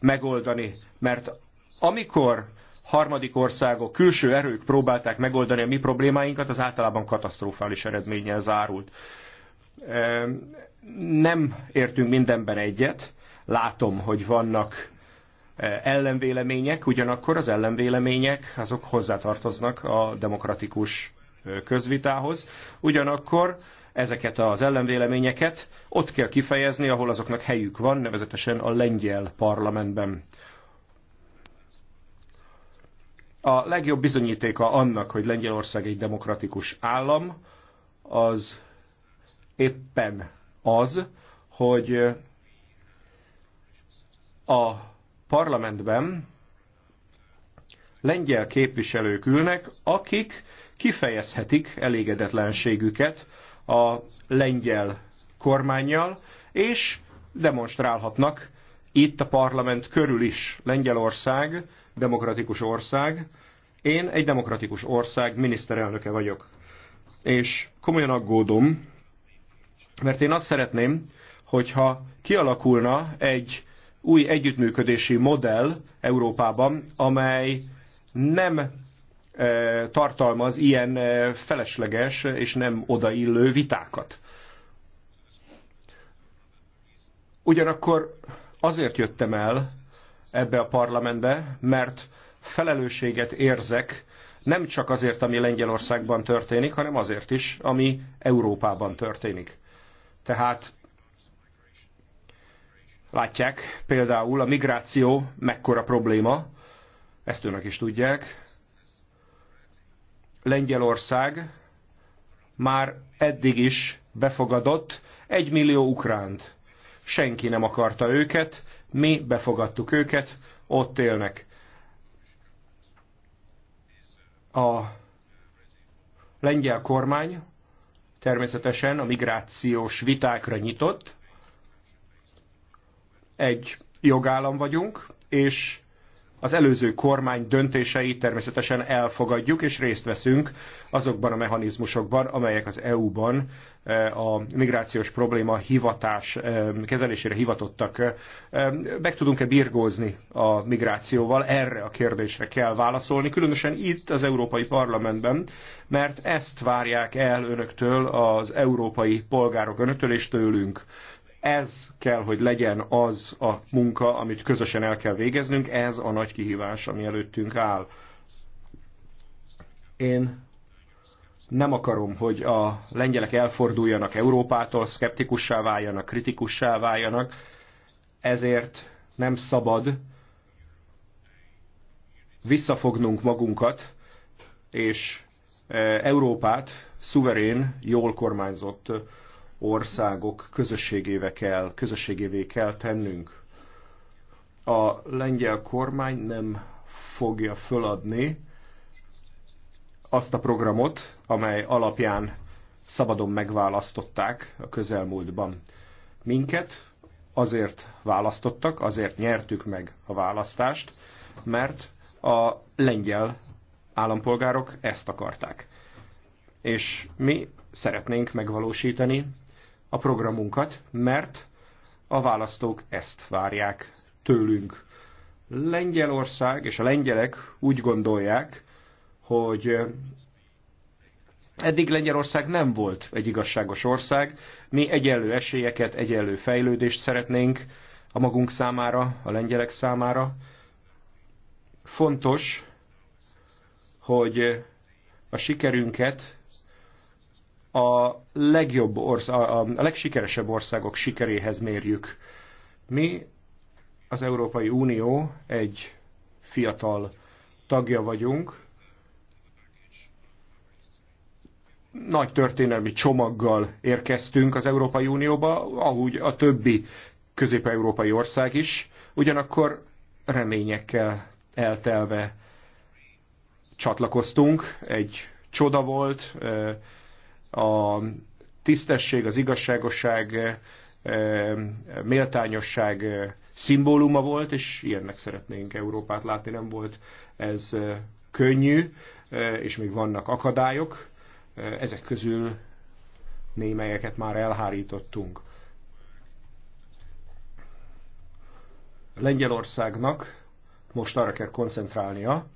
megoldani, mert amikor harmadik országok, külső erők próbálták megoldani a mi problémáinkat, az általában katasztrofális eredménnyel zárult. Nem értünk mindenben egyet, látom, hogy vannak eh, ellenvélemények, ugyanakkor az ellenvélemények azok hozzátartoznak a demokratikus eh, közvitához. Ugyanakkor ezeket az ellenvéleményeket ott kell kifejezni, ahol azoknak helyük van, nevezetesen a lengyel parlamentben. A legjobb bizonyítéka annak, hogy Lengyelország egy demokratikus állam, az éppen az, hogy a parlamentben lengyel képviselők ülnek, akik kifejezhetik elégedetlenségüket a lengyel kormányjal, és demonstrálhatnak itt a parlament körül is. Lengyelország demokratikus ország, én egy demokratikus ország miniszterelnöke vagyok. És komolyan aggódom, mert én azt szeretném, hogyha kialakulna egy új együttműködési modell Európában, amely nem e, tartalmaz ilyen e, felesleges és nem odaillő vitákat. Ugyanakkor azért jöttem el ebbe a parlamentbe, mert felelősséget érzek nem csak azért, ami Lengyelországban történik, hanem azért is, ami Európában történik. Tehát látják például a migráció mekkora probléma, ezt önök is tudják. Lengyelország már eddig is befogadott egy millió ukránt. Senki nem akarta őket, mi befogadtuk őket, ott élnek. A lengyel kormány természetesen a migrációs vitákra nyitott. Egy jogállam vagyunk, és az előző kormány döntéseit természetesen elfogadjuk, és részt veszünk azokban a mechanizmusokban, amelyek az EU-ban eh, a migrációs probléma hivatás eh, kezelésére hivatottak. Eh, meg tudunk-e birgózni a migrációval? Erre a kérdésre kell válaszolni, különösen itt az Európai Parlamentben, mert ezt várják el önöktől az európai polgárok, önöktől és tőlünk. Ez kell, hogy legyen az a munka, amit közösen el kell végeznünk, ez a nagy kihívás, ami előttünk áll. Én nem akarom, hogy a lengyelek elforduljanak Európától, szkeptikussá váljanak, kritikussá váljanak, ezért nem szabad visszafognunk magunkat, és e, Európát szuverén, jól kormányzott országok közösségévé kell, közösségévé kell tennünk. A lengyel kormány nem fogja föladni azt a programot, amely alapján szabadon megválasztották a közelmúltban minket, azért választottak, azért nyertük meg a választást, mert a lengyel állampolgárok ezt akarták. És mi szeretnénk megvalósítani a programunkat, mert a választók ezt várják tőlünk. Lengyelország és a lengyelek úgy gondolják, hogy eddig Lengyelország nem volt egy igazságos ország, mi egyenlő esélyeket, egyenlő fejlődést szeretnénk a magunk számára, a lengyelek számára. Fontos, hogy a sikerünket a legjobb orsz- a, a legsikeresebb országok sikeréhez mérjük. Mi, az Európai Unió egy fiatal tagja vagyunk, nagy történelmi csomaggal érkeztünk az Európai Unióba, ahogy a többi közép-európai ország is, ugyanakkor reményekkel eltelve csatlakoztunk, egy csoda volt, a tisztesség, az igazságosság, e, e, méltányosság e, szimbóluma volt, és ilyennek szeretnénk Európát látni. Nem volt ez könnyű, és még vannak akadályok. Ezek közül némelyeket már elhárítottunk. Lengyelországnak most arra kell koncentrálnia,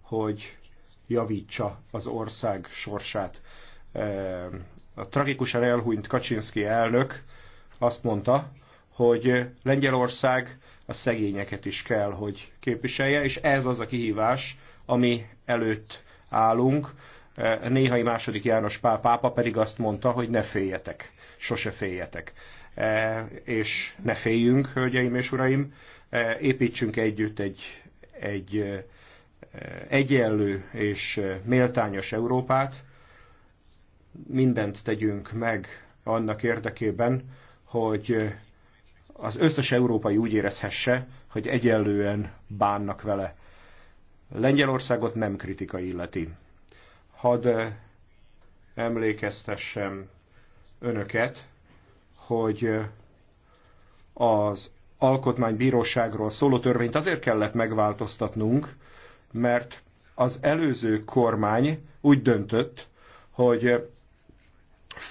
hogy javítsa az ország sorsát a tragikusan elhunyt Kaczynszki elnök azt mondta, hogy Lengyelország a szegényeket is kell, hogy képviselje, és ez az a kihívás, ami előtt állunk. Néhai második János Pál pápa pedig azt mondta, hogy ne féljetek, sose féljetek. És ne féljünk, hölgyeim és uraim, építsünk együtt egy, egy egyenlő és méltányos Európát, mindent tegyünk meg annak érdekében, hogy az összes európai úgy érezhesse, hogy egyenlően bánnak vele. Lengyelországot nem kritika illeti. Hadd eh, emlékeztessem önöket, hogy eh, az alkotmánybíróságról szóló törvényt azért kellett megváltoztatnunk, mert az előző kormány úgy döntött, hogy eh,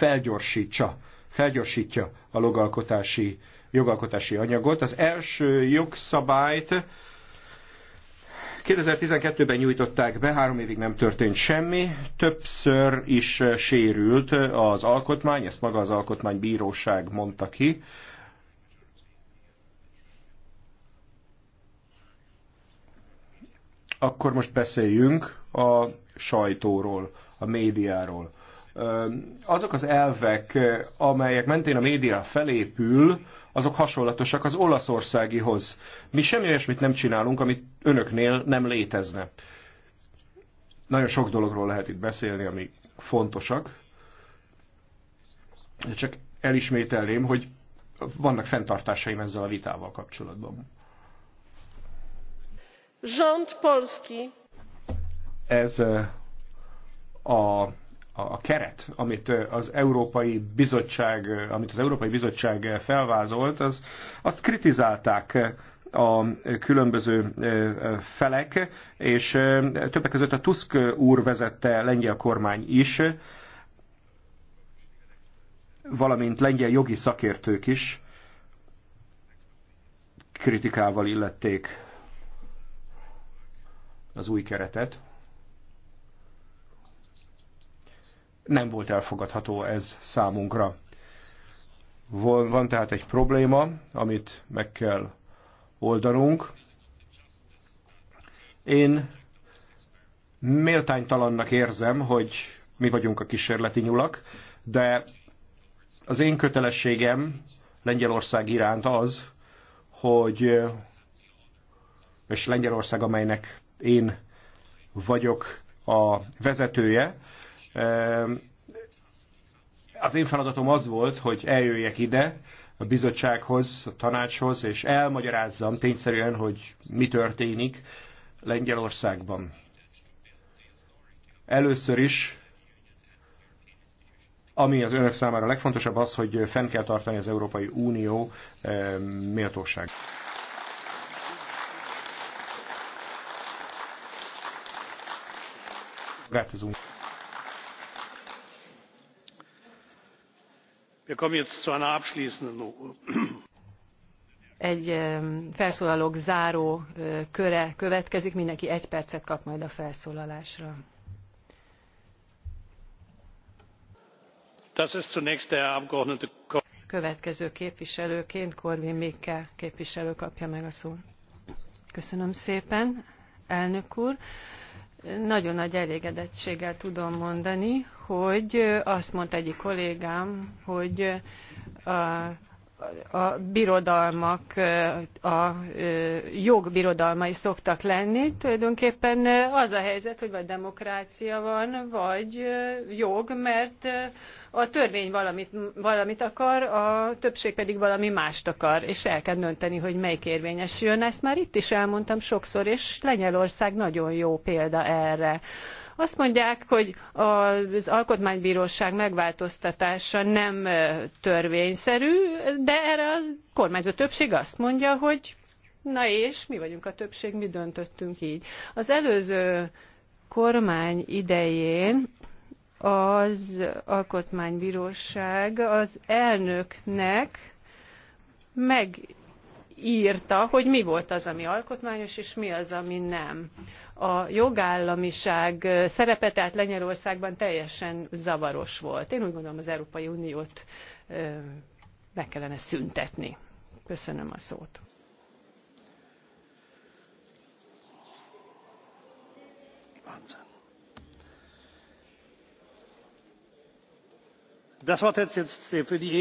felgyorsítsa, felgyorsítja a logalkotási, jogalkotási anyagot. Az első jogszabályt 2012-ben nyújtották be, három évig nem történt semmi, többször is sérült az alkotmány, ezt maga az alkotmánybíróság mondta ki. Akkor most beszéljünk a sajtóról, a médiáról azok az elvek, amelyek mentén a média felépül, azok hasonlatosak az olaszországihoz. Mi semmi olyasmit nem csinálunk, amit önöknél nem létezne. Nagyon sok dologról lehet itt beszélni, ami fontosak. Csak elismételném, hogy vannak fenntartásaim ezzel a vitával kapcsolatban. Rząd Polski. Ez a a keret, amit az Európai Bizottság, amit az Európai Bizottság felvázolt, az, azt kritizálták a különböző felek, és többek között a Tusk úr vezette lengyel kormány is, valamint lengyel jogi szakértők is kritikával illették az új keretet. nem volt elfogadható ez számunkra. Van, van tehát egy probléma, amit meg kell oldanunk. Én méltánytalannak érzem, hogy mi vagyunk a kísérleti nyulak, de az én kötelességem Lengyelország iránt az, hogy és Lengyelország, amelynek én vagyok a vezetője, Ehm, az én feladatom az volt, hogy eljöjjek ide, a bizottsághoz, a tanácshoz, és elmagyarázzam tényszerűen, hogy mi történik Lengyelországban. Először is, ami az önök számára legfontosabb, az, hogy fenn kell tartani az Európai Unió ehm, méltóság. Gátizunk. egy felszólalók záró köre következik mindenki egy percet kap majd a felszólalásra. következő képviselőként korwin mikke képviselő kapja meg a szót. köszönöm szépen elnök nagyon nagy elégedettséggel tudom mondani, hogy azt mondta egyik kollégám, hogy a a birodalmak, a jog szoktak lenni. Tulajdonképpen az a helyzet, hogy vagy demokrácia van, vagy jog, mert a törvény valamit, valamit akar, a többség pedig valami mást akar, és el kell dönteni, hogy melyik jön. Ezt már itt is elmondtam sokszor, és Lengyelország nagyon jó példa erre azt mondják, hogy az alkotmánybíróság megváltoztatása nem törvényszerű, de erre a kormányzó többség azt mondja, hogy na és, mi vagyunk a többség, mi döntöttünk így. Az előző kormány idején az alkotmánybíróság az elnöknek megírta, hogy mi volt az, ami alkotmányos, és mi az, ami nem a jogállamiság szerepe, tehát Lengyelországban teljesen zavaros volt. Én úgy gondolom az Európai Uniót meg kellene szüntetni. Köszönöm a szót. Äh,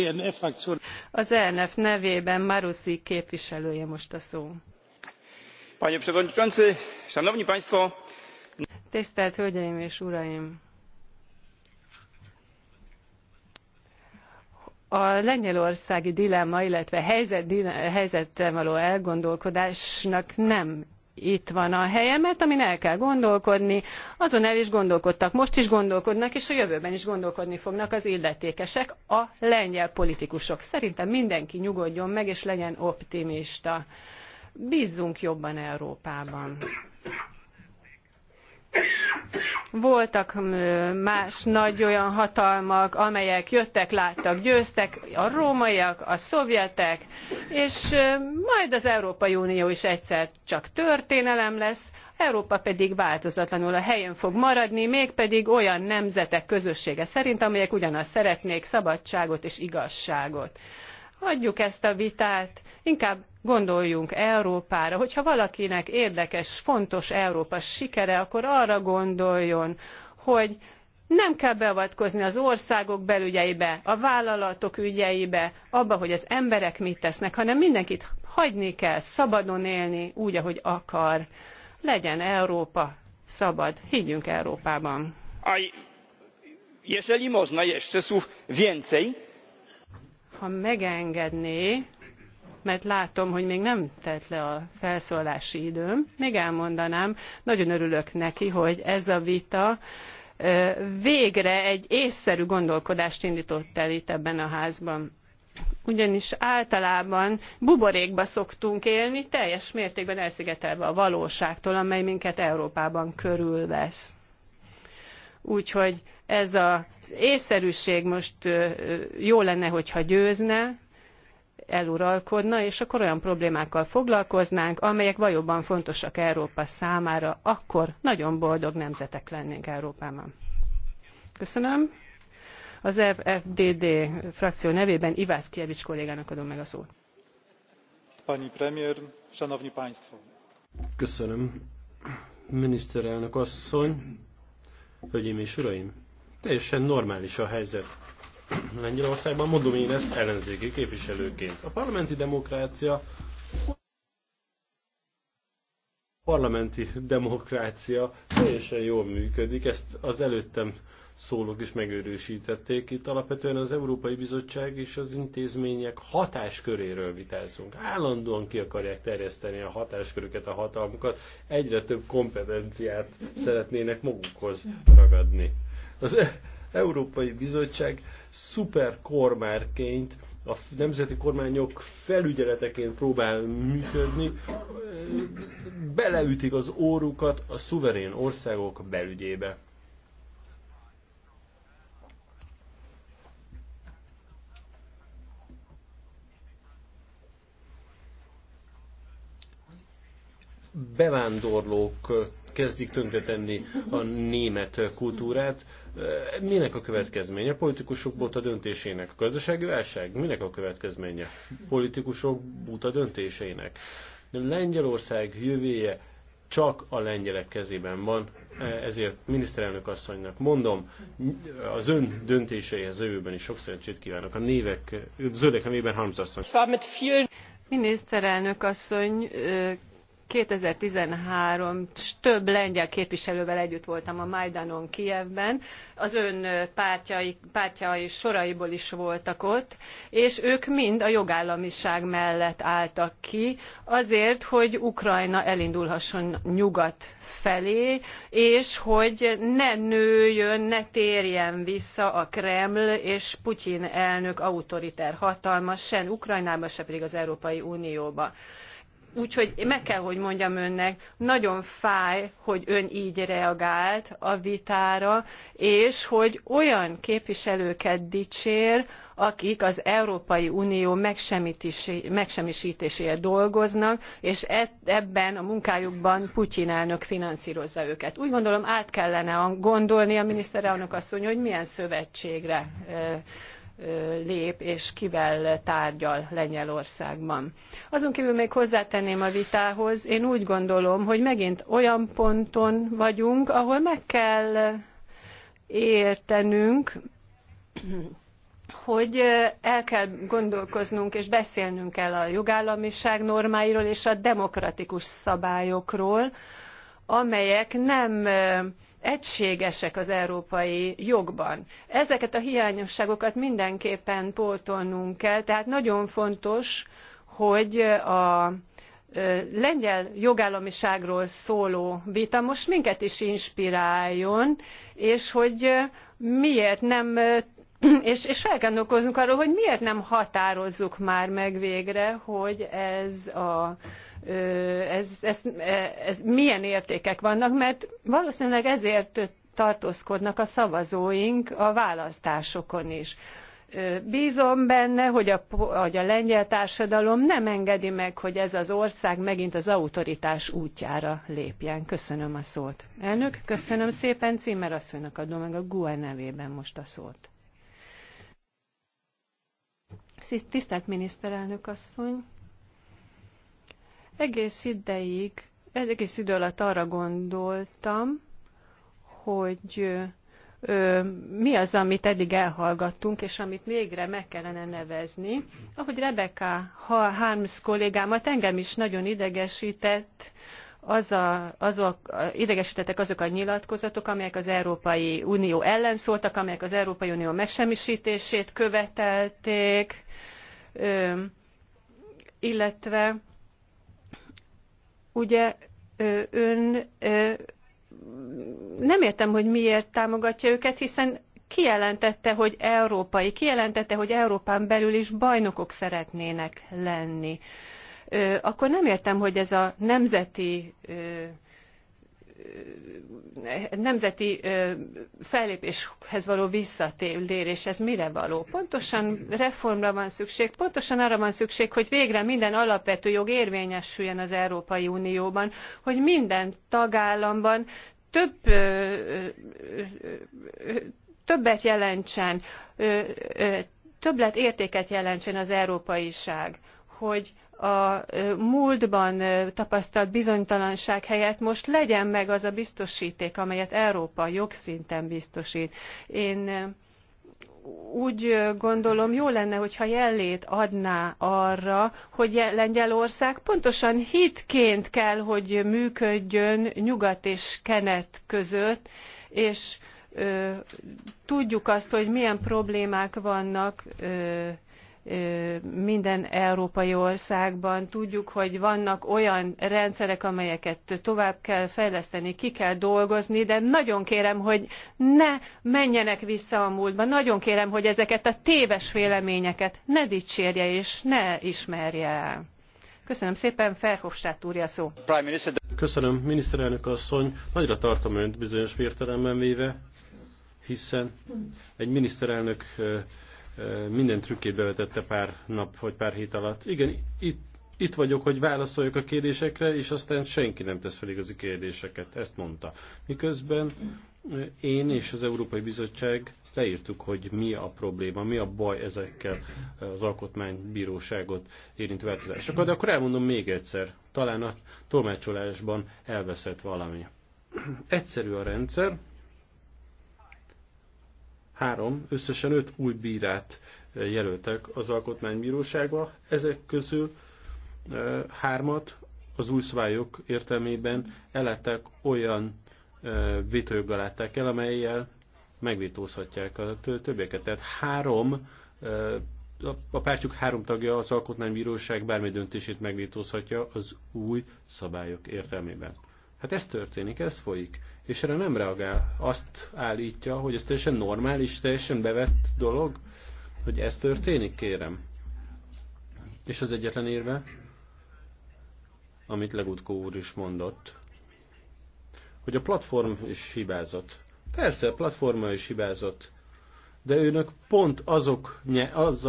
e az enf nevében marusi képviselője most a szó panie przewodniczący! szanowni państwo! tisztelt hölgyeim és uraim! a lengyelországi dilemma illetve helyzet, való elgondolkodásnak nem itt van a helye mert amin el kell gondolkodni azon el is gondolkodtak most is gondolkodnak és a jövőben is gondolkodni fognak az illetékesek a lengyel politikusok. szerintem mindenki nyugodjon meg és legyen optimista bízzunk jobban Európában. Voltak más nagy olyan hatalmak, amelyek jöttek, láttak, győztek, a rómaiak, a szovjetek, és majd az Európai Unió is egyszer csak történelem lesz, Európa pedig változatlanul a helyén fog maradni, mégpedig olyan nemzetek közössége szerint, amelyek ugyanazt szeretnék, szabadságot és igazságot hagyjuk ezt a vitát, inkább gondoljunk Európára. Hogyha valakinek érdekes, fontos Európa sikere, akkor arra gondoljon, hogy nem kell beavatkozni az országok belügyeibe, a vállalatok ügyeibe, abba, hogy az emberek mit tesznek, hanem mindenkit hagyni kell szabadon élni úgy, ahogy akar. Legyen Európa szabad, higgyünk Európában. A jeżeli można jeszcze słów więcej, ha megengedné, mert látom, hogy még nem telt le a felszólási időm, még elmondanám, nagyon örülök neki, hogy ez a vita végre egy észszerű gondolkodást indított el itt ebben a házban ugyanis általában buborékba szoktunk élni, teljes mértékben elszigetelve a valóságtól, amely minket Európában körülvesz. Úgyhogy ez az észszerűség most jó lenne, hogyha győzne, eluralkodna, és akkor olyan problémákkal foglalkoznánk, amelyek valóban fontosak Európa számára, akkor nagyon boldog nemzetek lennénk Európában. Köszönöm. Az FDD frakció nevében Ivász Kievics kollégának adom meg a szót. Pani premier, szanowni państwo. Köszönöm. Miniszterelnök asszony, hölgyeim és uraim! Teljesen normális a helyzet. (clears throat) Lengyelországban mondom én ezt ellenzéki képviselőként. A parlamenti demokrácia parlamenti demokrácia teljesen jól működik, ezt az előttem szólók is megőrősítették. Itt alapvetően az Európai Bizottság és az intézmények hatásköréről vitázunk. Állandóan ki akarják terjeszteni a hatásköröket, a hatalmukat, egyre több kompetenciát szeretnének magukhoz ragadni. Az e- Európai Bizottság szuper kormárként, a nemzeti kormányok felügyeleteként próbál működni, beleütik az órukat a szuverén országok belügyébe. bevándorlók kezdik tönkretenni a német kultúrát, Minek a következménye? Politikusok buta döntésének. A gazdasági válság? Minek a következménye? Politikusok buta döntéseinek. Lengyelország jövője csak a lengyelek kezében van, e, ezért miniszterelnök asszonynak mondom, az ön az jövőben is sok szerencsét kívánok. A névek, zöldek nevében Harms asszony. Miniszterelnök asszony 2013 több lengyel képviselővel együtt voltam a Majdanon Kijevben, az ön pártjai, pártjai soraiból is voltak ott, és ők mind a jogállamiság mellett álltak ki, azért, hogy Ukrajna elindulhasson nyugat felé, és hogy ne nőjön, ne térjen vissza a Kreml és Putyin elnök autoriter hatalma, sen Ukrajnába, se pedig az Európai Unióba. Úgyhogy meg kell, hogy mondjam önnek, nagyon fáj, hogy ön így reagált a vitára, és hogy olyan képviselőket dicsér, akik az Európai Unió megsemmisítéséért dolgoznak, és e-, ebben a munkájukban Putyin elnök finanszírozza őket. Úgy gondolom át kellene gondolni a miniszterelnök asszony, hogy milyen szövetségre lép és kivel tárgyal Lengyelországban. Azon kívül még hozzátenném a vitához, én úgy gondolom, hogy megint olyan ponton vagyunk, ahol meg kell értenünk, hogy el kell gondolkoznunk és beszélnünk kell a jogállamiság normáiról és a demokratikus szabályokról, amelyek nem egységesek az európai jogban. Ezeket a hiányosságokat mindenképpen pótolnunk kell, tehát nagyon fontos, hogy a lengyel jogállamiságról szóló vita most minket is inspiráljon, és hogy miért nem (clears throat) és, és felgondolkozzunk arról, hogy miért nem határozzuk már meg végre, hogy ez a ez, ez, e, ez milyen értékek vannak, mert valószínűleg ezért tartózkodnak a szavazóink a választásokon is. Bízom benne, hogy a, hogy a lengyel társadalom nem engedi meg, hogy ez az ország megint az autoritás útjára lépjen. Köszönöm a szót. Elnök, köszönöm szépen. Címer asszonynak adom meg a GUE nevében most a szót. Tisztelt miniszterelnök asszony, egész ideig, egész idő alatt arra gondoltam, hogy ö, mi az, amit eddig elhallgattunk, és amit mégre meg kellene nevezni. Ahogy Rebecca Harms kollégámat engem is nagyon idegesített, az a, azok, idegesítettek azok a nyilatkozatok, amelyek az Európai Unió ellen szóltak, amelyek az Európai Unió megsemmisítését követelték, ö, illetve ugye ön nem értem, hogy miért támogatja őket, hiszen kijelentette, hogy európai, kijelentette, hogy Európán belül is bajnokok szeretnének lenni. Akkor nem értem, hogy ez a nemzeti nemzeti fellépéshez való visszatérés, ez mire való? Pontosan reformra van szükség, pontosan arra van szükség, hogy végre minden alapvető jog érvényesüljön az Európai Unióban, hogy minden tagállamban több többet jelentsen, többlet értéket jelentsen az európaiság, hogy a múltban tapasztalt bizonytalanság helyett most legyen meg az a biztosíték, amelyet Európa jogszinten biztosít. Én úgy gondolom, jó lenne, hogyha jellét adná arra, hogy Lengyelország pontosan hitként kell, hogy működjön nyugat és kenet között, és ö, tudjuk azt, hogy milyen problémák vannak ö, minden európai országban. Tudjuk, hogy vannak olyan rendszerek, amelyeket tovább kell fejleszteni, ki kell dolgozni, de nagyon kérem, hogy ne menjenek vissza a múltba. Nagyon kérem, hogy ezeket a téves véleményeket ne dicsérje és ne ismerje el. Köszönöm szépen, Ferhofstadt úr a szó. Köszönöm, miniszterelnök asszony. Nagyra tartom önt bizonyos értelemben véve, hiszen egy miniszterelnök minden trükkét bevetette pár nap vagy pár hét alatt. Igen, itt, itt vagyok, hogy válaszoljak a kérdésekre, és aztán senki nem tesz fel igazi kérdéseket, ezt mondta. Miközben én és az Európai Bizottság leírtuk, hogy mi a probléma, mi a baj ezekkel az alkotmánybíróságot érintő változásokkal, de akkor elmondom még egyszer, talán a tolmácsolásban elveszett valami. Egyszerű a rendszer, Három, összesen öt új bírát eh, jelöltek az alkotmánybíróságba, ezek közül eh, hármat az új szabályok értelmében elettek olyan eh, vétójoggal látták el, amelyel megvétózhatják a többieket. Tehát három, a pártjuk három tagja az alkotmánybíróság bármi döntését megvétózhatja az új szabályok értelmében. Hát ez történik, ez folyik és erre nem reagál. Azt állítja, hogy ez teljesen normális, teljesen bevett dolog, hogy ez történik, kérem. És az egyetlen érve, amit Legutko úr is mondott, hogy a platform is hibázott. Persze, a platforma is hibázott de önök pont azok, az,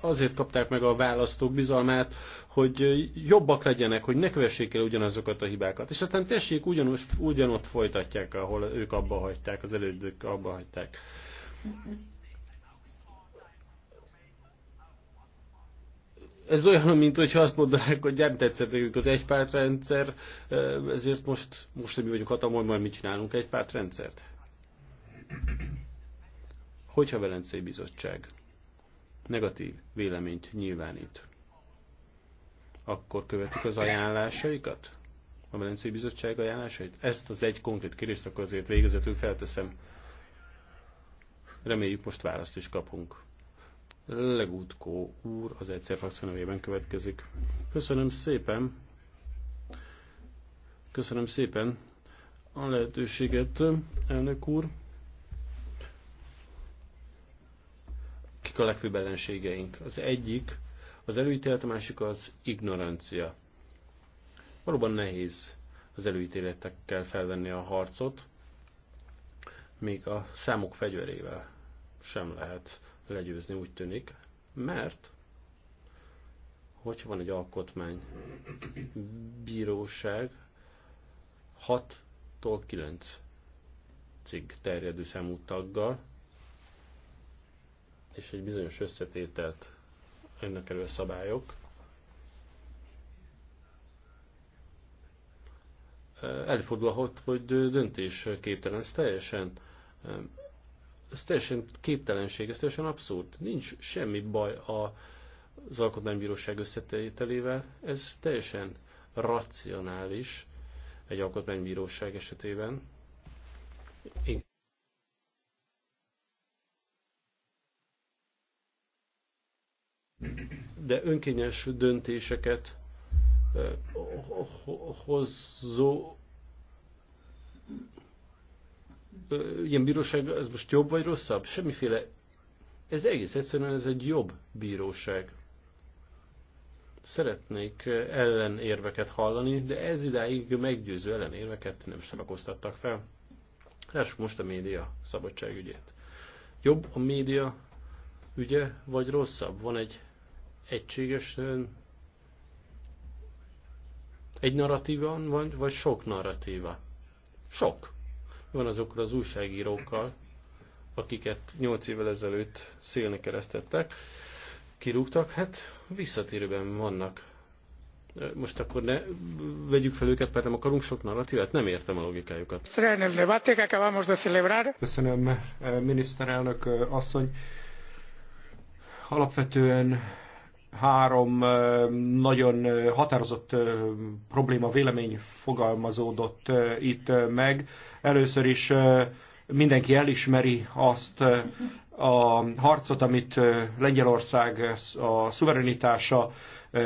azért kapták meg a választók bizalmát, hogy jobbak legyenek, hogy ne kövessék el ugyanazokat a hibákat. És aztán tessék, ugyanúgy, ugyanott folytatják, ahol ők abba hagyták, az elődök abba hagyták. Ez olyan, mint hogyha azt mondanák, hogy nem tetszett nekünk az egypártrendszer, ezért most, most hogy mi vagyunk hatalmon, majd mit csinálunk egypártrendszert? Hogyha a Velencei Bizottság negatív véleményt nyilvánít, akkor követik az ajánlásaikat? A Velencei Bizottság ajánlásait? Ezt az egy konkrét kérdést akkor azért végezetül felteszem. Reméljük most választ is kapunk. Legutkó úr az egyszer frakció nevében következik. Köszönöm szépen. Köszönöm szépen a lehetőséget, elnök úr. kik a legfőbb ellenségeink. Az egyik az előítélet, a másik az ignorancia. Valóban nehéz az előítéletekkel felvenni a harcot, még a számok fegyverével sem lehet legyőzni, úgy tűnik, mert hogyha van egy alkotmány bíróság 6-tól 9 cikk terjedő számú taggal, és egy bizonyos összetételt ennek elő szabályok, Elfordulhat, hogy döntés képtelen, ez teljesen, ez teljesen képtelenség, ez teljesen abszurd. Nincs semmi baj a, az alkotmánybíróság összetételével, ez teljesen racionális egy alkotmánybíróság esetében. Én de önkényes döntéseket hozzó ilyen bíróság, ez most jobb vagy rosszabb? Semmiféle. Ez egész egyszerűen ez egy jobb bíróság. Szeretnék ellenérveket hallani, de ez idáig meggyőző ellenérveket nem sorakoztattak fel. Lássuk most a média szabadságügyét. Jobb a média ügye, vagy rosszabb? Van egy egységesen egy narratívan van, vagy sok narratíva? Sok. Van azokkal az újságírókkal, akiket 8 évvel ezelőtt szélne keresztettek, kirúgtak, hát visszatérőben vannak. Most akkor ne vegyük fel őket, mert nem akarunk sok narratívát, nem értem a logikájukat. Köszönöm, eh, miniszterelnök eh, asszony. Alapvetően három nagyon határozott probléma vélemény fogalmazódott itt meg. Először is mindenki elismeri azt a harcot, amit Lengyelország a szuverenitása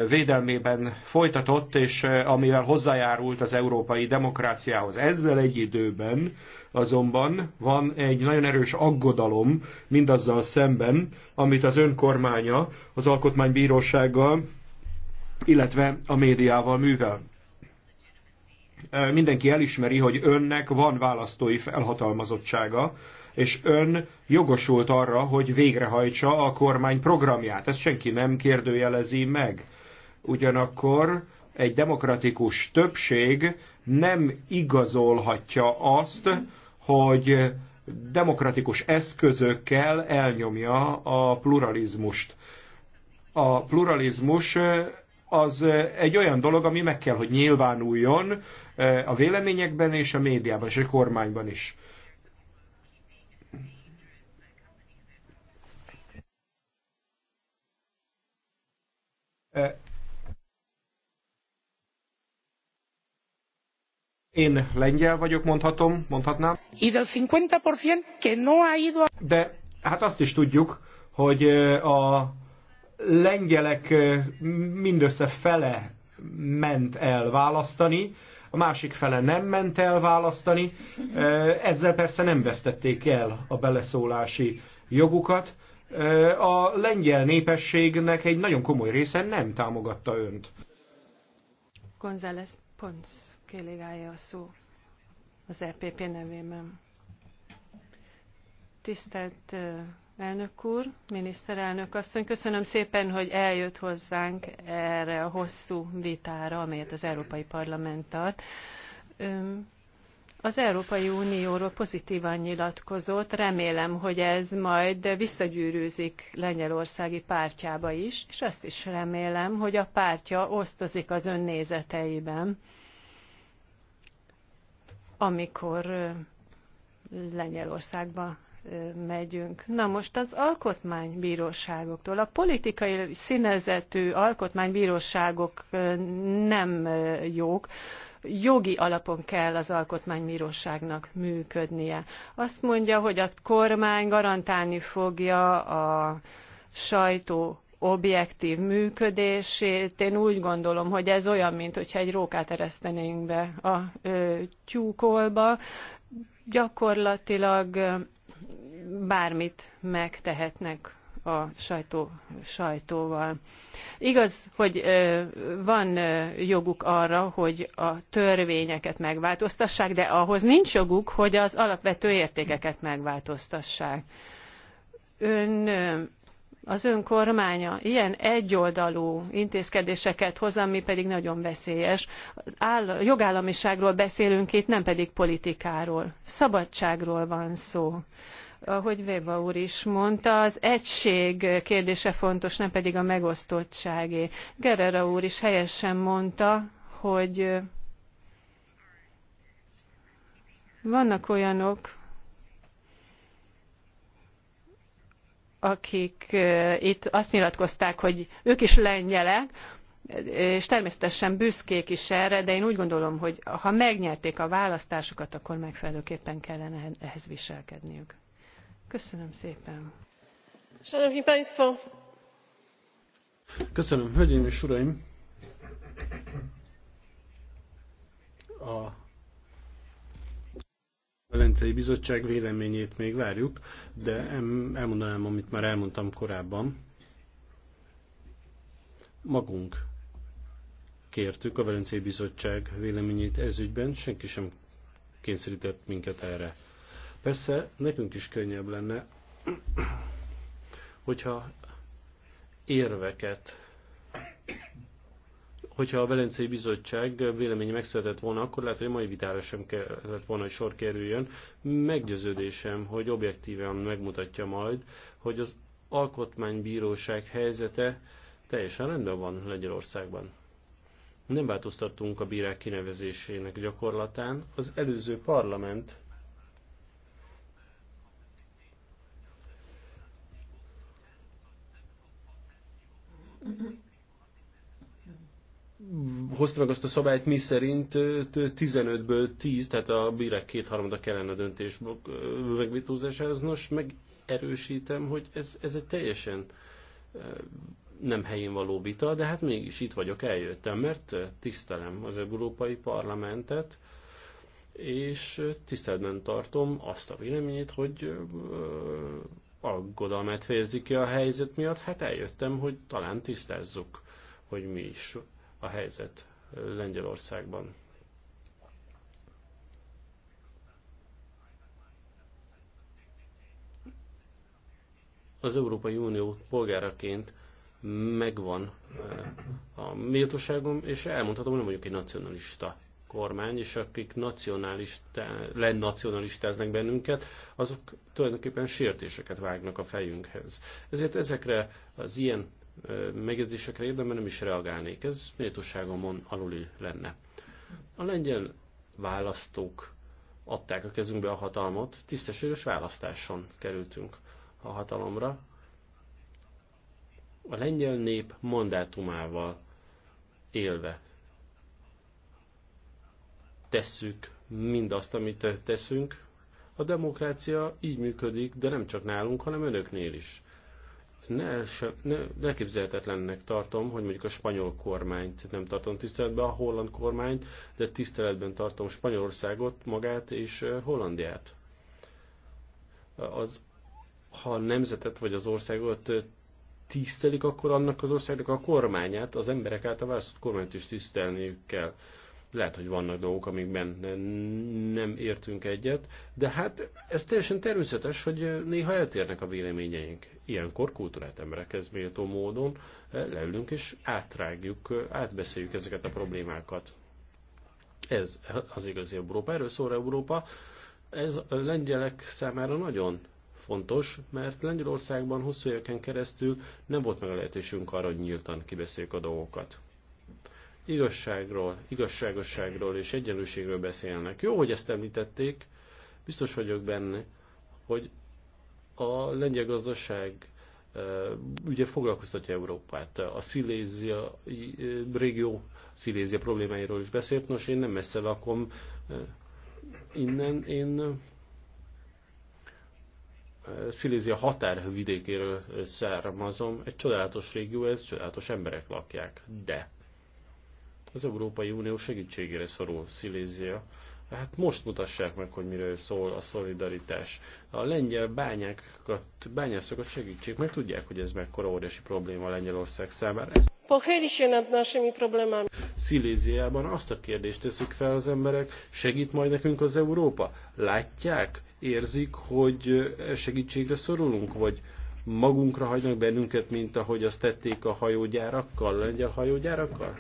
védelmében folytatott, és eh, amivel hozzájárult az európai demokráciához. Ezzel egy időben azonban van egy nagyon erős aggodalom mindazzal szemben, amit az önkormánya az alkotmánybírósággal, illetve a médiával művel eh, mindenki elismeri, hogy önnek van választói felhatalmazottsága, és ön jogosult arra, hogy végrehajtsa a kormány programját. Ezt senki nem kérdőjelezi meg. Ugyanakkor egy demokratikus többség nem igazolhatja azt, hogy demokratikus eszközökkel elnyomja a pluralizmust. A pluralizmus az egy olyan dolog, ami meg kell, hogy nyilvánuljon a véleményekben és a médiában, és a kormányban is. Én lengyel vagyok, mondhatom, mondhatnám. Y del 50% que no ha ido a... De hát azt is tudjuk, hogy a lengyelek mindössze fele ment el választani, a másik fele nem ment el választani, ezzel persze nem vesztették el a beleszólási jogukat. A lengyel népességnek egy nagyon komoly része nem támogatta önt. González Pons Kéligája a szó az EPP nevében. Tisztelt elnök úr, miniszterelnök asszony, köszönöm szépen, hogy eljött hozzánk erre a hosszú vitára, amelyet az Európai Parlament tart. Az Európai Unióról pozitívan nyilatkozott, remélem, hogy ez majd visszagyűrűzik lengyelországi pártjába is, és azt is remélem, hogy a pártja osztozik az ön nézeteiben amikor Lengyelországba megyünk. Na most az alkotmánybíróságoktól, a politikai színezetű alkotmánybíróságok nem jók, jogi alapon kell az alkotmánybíróságnak működnie. Azt mondja, hogy a kormány garantálni fogja a sajtó objektív működését. Én úgy gondolom, hogy ez olyan, mint hogyha egy rókát eresztenénk be a ö, tyúkolba. Gyakorlatilag ö, bármit megtehetnek a sajtó, sajtóval. Igaz, hogy van joguk arra, hogy a törvényeket megváltoztassák, de ahhoz nincs joguk, hogy az alapvető értékeket megváltoztassák. Ön az ön kormánya ilyen egyoldalú intézkedéseket hoz ami pedig nagyon veszélyes. Áll, jogállamiságról beszélünk itt nem pedig politikáról. szabadságról van szó. ahogy weber úr is mondta az egység kérdése fontos nem pedig a megosztottságé. guerrero úr is helyesen mondta hogy vannak olyanok akik itt azt nyilatkozták, hogy ők is lengyelek, és természetesen büszkék is erre, de én úgy gondolom, hogy ha megnyerték a választásokat, akkor megfelelőképpen kellene ehhez viselkedniük. Köszönöm szépen. Köszönöm, hölgyeim és uraim! A Velencei Bizottság véleményét még várjuk, de elmondanám, amit már elmondtam korábban. Magunk kértük a Velencei Bizottság véleményét ügyben, senki sem kényszerített minket erre. Persze nekünk is könnyebb lenne, hogyha érveket hogyha a Velencei Bizottság véleménye megszületett volna, akkor lehet, hogy a mai vitára sem kellett volna, hogy sor kerüljön. Meggyőződésem, hogy objektíven megmutatja majd, hogy az alkotmánybíróság helyzete teljesen rendben van Lengyelországban. Nem változtattunk a bírák kinevezésének gyakorlatán. Az előző parlament hozta meg azt a szabályt, mi szerint 15-ből 10, tehát a bírek kétharmada kellene a döntés megvitózásához. Nos, megerősítem, hogy ez, ez egy teljesen nem helyén való vita, de hát mégis itt vagyok, eljöttem, mert tisztelem az Európai Parlamentet, és tiszteletben tartom azt a véleményét, hogy aggodalmát fejezik ki a helyzet miatt, hát eljöttem, hogy talán tisztázzuk, hogy mi is a helyzet Lengyelországban. Az Európai Unió polgáraként megvan eh, a méltóságom, és elmondhatom, hogy nem vagyok egy nacionalista kormány, és akik nacionalista, lenacionalistáznak bennünket, azok tulajdonképpen sértéseket vágnak a fejünkhez. Ezért ezekre az ilyen megjegyzésekre érdemben nem is reagálnék. Ez méltóságomon aluli lenne. A lengyel választók adták a kezünkbe a hatalmat, tisztességes választáson kerültünk a hatalomra. A lengyel nép mandátumával élve tesszük mindazt, amit teszünk. A demokrácia így működik, de nem csak nálunk, hanem önöknél is ne, se, ne, ne képzelhetetlennek tartom, hogy mondjuk a spanyol kormányt nem tartom tiszteletben, a holland kormányt, de tiszteletben tartom Spanyolországot, magát és Hollandiát. Az, ha a nemzetet vagy az országot tisztelik, akkor annak az országnak a kormányát, az emberek által választott kormányt is tisztelniük kell. Lehet, hogy vannak dolgok, amikben nem értünk egyet, de hát ez teljesen természetes, hogy néha eltérnek a véleményeink. Ilyenkor kultúrát emberekhez méltó módon leülünk és átrágjuk, átbeszéljük ezeket a problémákat. Ez az igazi Európa, erről szól Európa. Ez a lengyelek számára nagyon fontos, mert Lengyelországban hosszú éveken keresztül nem volt meg a lehetőségünk arra, hogy nyíltan kibeszéljük a dolgokat igazságról, igazságosságról és egyenlőségről beszélnek. Jó, hogy ezt említették, biztos vagyok benne, hogy a lengyel gazdaság e, ugye foglalkoztatja Európát. A Szilézia e, régió Szilézia problémáiról is beszélt, nos én nem messze lakom e, innen, én Szilézia határvidékéről származom, egy csodálatos régió, ez csodálatos emberek lakják, de az Európai Unió segítségére szorul Szilézia. Hát most mutassák meg, hogy miről szól a szolidaritás. A lengyel bányákat, bányászokat segítsék, meg tudják, hogy ez mekkora óriási probléma Lengyelország számára. Sziléziában azt a kérdést teszik fel az emberek, segít majd nekünk az Európa? Látják, érzik, hogy eh, segítségre szorulunk, vagy magunkra hagynak bennünket, mint ahogy azt tették a hajógyárakkal, lengyel hajógyárakkal?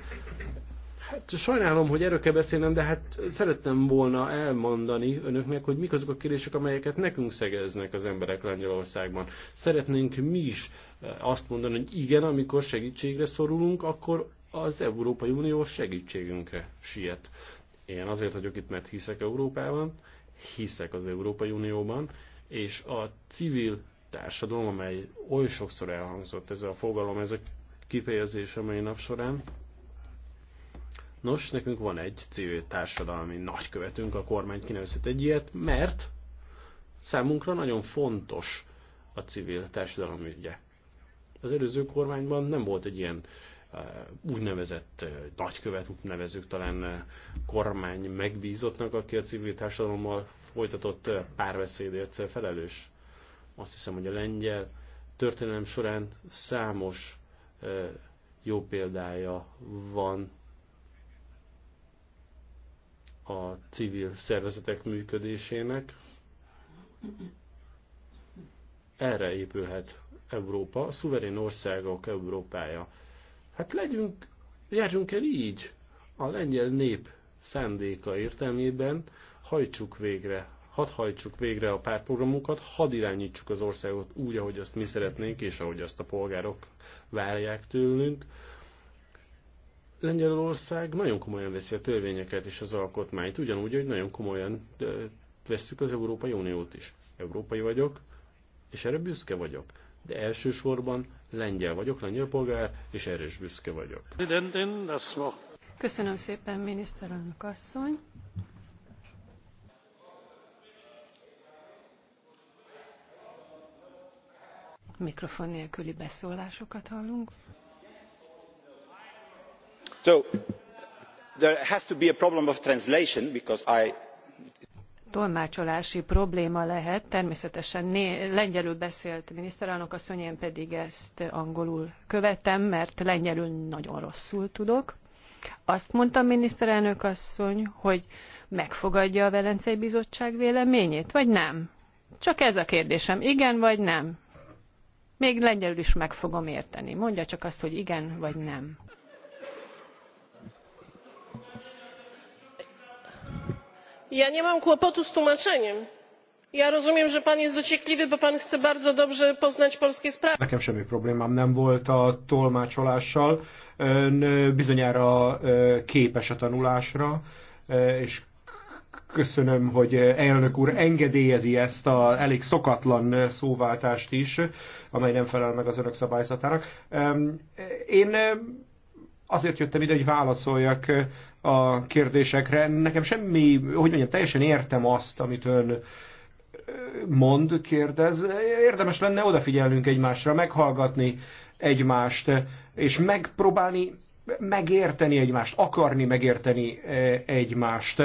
Hát sajnálom, hogy erről kell beszélnem, de hát szerettem volna elmondani önöknek, hogy mik azok a kérdések, amelyeket nekünk szegeznek az emberek Lengyelországban. Szeretnénk mi is eh, azt mondani, hogy igen, amikor segítségre szorulunk, akkor az Európai Unió segítségünkre siet. Én azért vagyok itt, mert hiszek Európában, hiszek az Európai Unióban, és a civil társadalom, amely oly sokszor elhangzott ez a fogalom, ez a kifejezés a mai nap során, Nos, nekünk van egy civil társadalmi nagykövetünk, a kormány kinevezett egy ilyet, mert számunkra nagyon fontos a civil társadalom ügye. Az előző kormányban nem volt egy ilyen eh, úgynevezett eh, nagykövet, úgy nevezük talán eh, kormány megbízottnak, aki a civil társadalommal folytatott párbeszédért felelős. Azt hiszem, hogy a lengyel történelem során számos jó példája van a civil szervezetek működésének. Erre épülhet Európa, a szuverén országok Európája. Hát legyünk, járjunk el így, a lengyel nép szándéka értelmében hajtsuk végre, hadd hajtsuk végre a pártprogramunkat, hadd irányítsuk az országot úgy, ahogy azt mi szeretnénk, és ahogy azt a polgárok várják tőlünk, Lengyelország nagyon komolyan veszi a törvényeket és az alkotmányt, ugyanúgy, hogy nagyon komolyan veszük az Európai Uniót is. Európai vagyok, és erre büszke vagyok. De elsősorban lengyel vagyok, lengyel polgár, és erre is büszke vagyok. Köszönöm szépen, miniszterelnök asszony. Mikrofon nélküli beszólásokat hallunk so there has to be a problem of translation because i tolmácsolási probléma lehet. Természetesen lengyelül beszélt miniszterelnök asszony, én pedig ezt angolul követem, mert lengyelül nagyon rosszul tudok. Azt mondta miniszterelnök asszony, hogy megfogadja a Velencei Bizottság véleményét, vagy nem? Csak ez a kérdésem, igen vagy nem? Még lengyelül is meg fogom érteni. Mondja csak azt, hogy igen vagy nem. ja nie mam kłopotu z tłumaczeniem. ja rozumiem że pan jest dociekliwy bo pan chce bardzo dobrze poznać polskie sprawy. nekem semmi problémám nem volt a tolmácsolással ön bizonyára képes a tanulásra és köszönöm, hogy elnök úr engedélyezi ezt a elég szokatlan szóváltást is, amely nem felel meg az önök szabályzatának. Én azért jöttem ide, hogy válaszoljak a kérdésekre. Nekem semmi, hogy mondjam, teljesen értem azt, amit ön mond, kérdez. Érdemes lenne odafigyelnünk egymásra, meghallgatni egymást, és megpróbálni megérteni egymást, akarni megérteni egymást.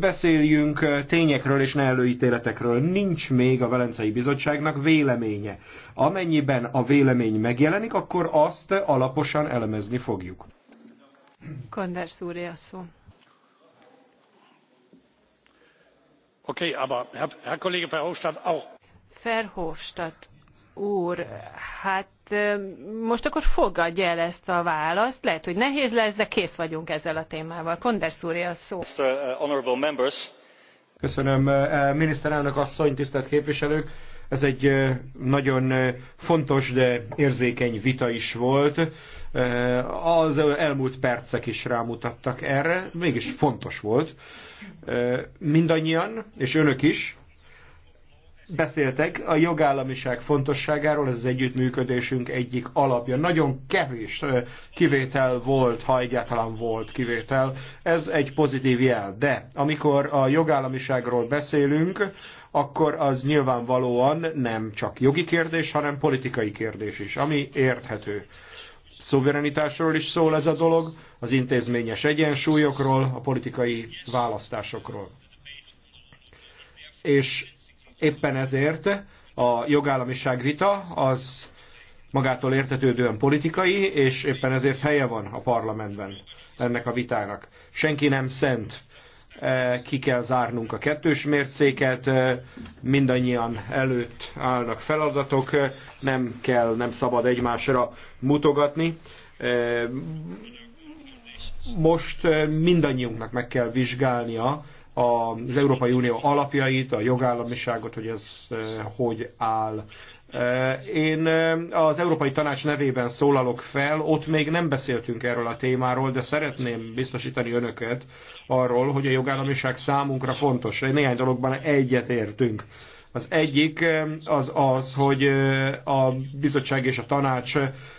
Beszéljünk tényekről és ne előítéletekről. Nincs még a Velencei Bizottságnak véleménye. Amennyiben a vélemény megjelenik, akkor azt alaposan elemezni fogjuk. Kanders úr, szó. Oké, aber Herr, Kollege Verhofstadt auch. Verhofstadt úr, hát most akkor fogadja el ezt a választ. Lehet, hogy nehéz lesz, de kész vagyunk ezzel a témával. Konders úr, a szó. Uh, Köszönöm, miniszterelnök asszony, tisztelt képviselők! Ez egy nagyon fontos, de érzékeny vita is volt. Eh, az elmúlt percek is rámutattak erre, mégis fontos volt. Eh, mindannyian, és önök is, beszéltek a jogállamiság fontosságáról, ez az együttműködésünk egyik alapja. Nagyon kevés eh, kivétel volt, ha egyáltalán volt kivétel. Ez egy pozitív jel. De amikor a jogállamiságról beszélünk, akkor az nyilvánvalóan nem csak jogi kérdés, hanem politikai kérdés is, ami érthető szuverenitásról is szól ez a dolog, az intézményes egyensúlyokról, a politikai választásokról. És éppen ezért a jogállamiság vita az magától értetődően politikai, és éppen ezért helye van a parlamentben ennek a vitának. Senki nem szent Eh, ki kell zárnunk a kettős mércéket, eh, mindannyian előtt állnak feladatok, eh, nem kell, nem szabad egymásra mutogatni. Most mindannyiunknak meg kell vizsgálnia az Európai Unió alapjait, a jogállamiságot, hogy ez hogy áll. Eh, én eh, az Európai Tanács nevében szólalok fel, ott még nem beszéltünk erről a témáról, de szeretném biztosítani önöket arról, hogy a jogállamiság számunkra fontos. Néhány dologban egyet értünk. Az egyik eh, az az, hogy a bizottság és a tanács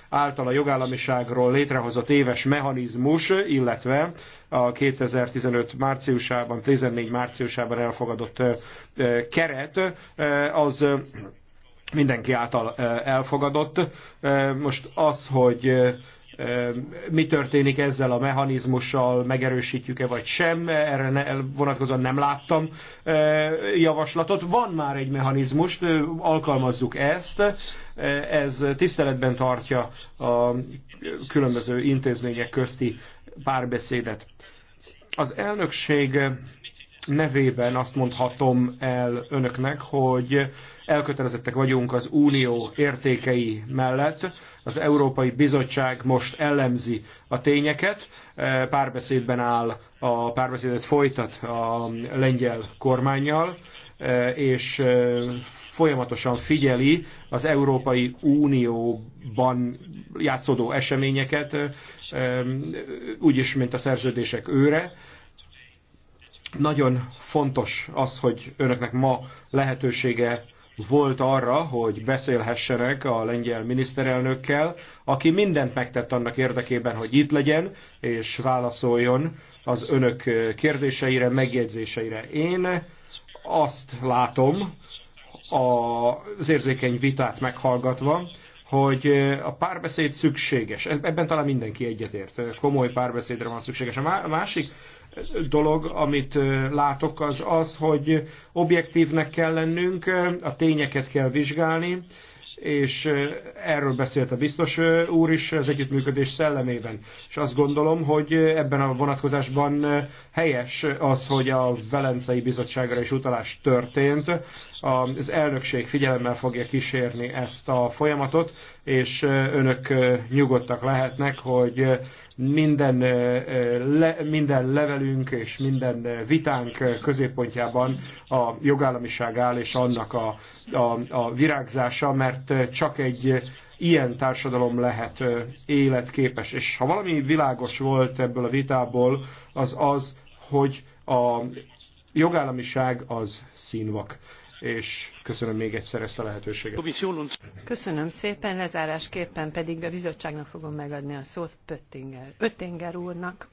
által a jogállamiságról létrehozott éves mechanizmus, illetve a 2015 márciusában, 14 márciusában elfogadott keret, az mindenki által elfogadott. Most az, hogy mi történik ezzel a mechanizmussal, megerősítjük-e vagy sem, erre ne, vonatkozóan nem láttam javaslatot. Van már egy mechanizmus, alkalmazzuk ezt, ez tiszteletben tartja a különböző intézmények közti párbeszédet. Az elnökség nevében azt mondhatom el önöknek, hogy elkötelezettek vagyunk az unió értékei mellett. Az Európai Bizottság most elemzi a tényeket, e, párbeszédben áll, a párbeszédet folytat a lengyel kormányjal, e, és e, folyamatosan figyeli az Európai Unióban játszódó eseményeket, úgyis, mint a szerződések őre. Nagyon fontos az, hogy önöknek ma lehetősége volt arra, hogy beszélhessenek a lengyel miniszterelnökkel, aki mindent megtett annak érdekében, hogy itt legyen és válaszoljon az önök kérdéseire, megjegyzéseire. Én azt látom, az érzékeny vitát meghallgatva, hogy a párbeszéd szükséges. Ebben talán mindenki egyetért. Komoly párbeszédre van szükséges. A másik dolog, amit látok, az az, hogy objektívnek kell lennünk, a tényeket kell vizsgálni, és erről beszélt a biztos úr is az együttműködés szellemében. És azt gondolom, hogy ebben a vonatkozásban helyes az, hogy a Velencei Bizottságra is utalás történt. Az elnökség figyelemmel fogja kísérni ezt a folyamatot, és önök nyugodtak lehetnek, hogy minden, le, minden levelünk és minden vitánk középpontjában a jogállamiság áll és annak a, a, a virágzása, mert csak egy ilyen társadalom lehet életképes. És ha valami világos volt ebből a vitából, az az, hogy a jogállamiság az színvak. És Köszönöm még egyszer ezt a lehetőséget. Köszönöm szépen, lezárásképpen pedig a bizottságnak fogom megadni a szót Pöttinger, Öttinger úrnak.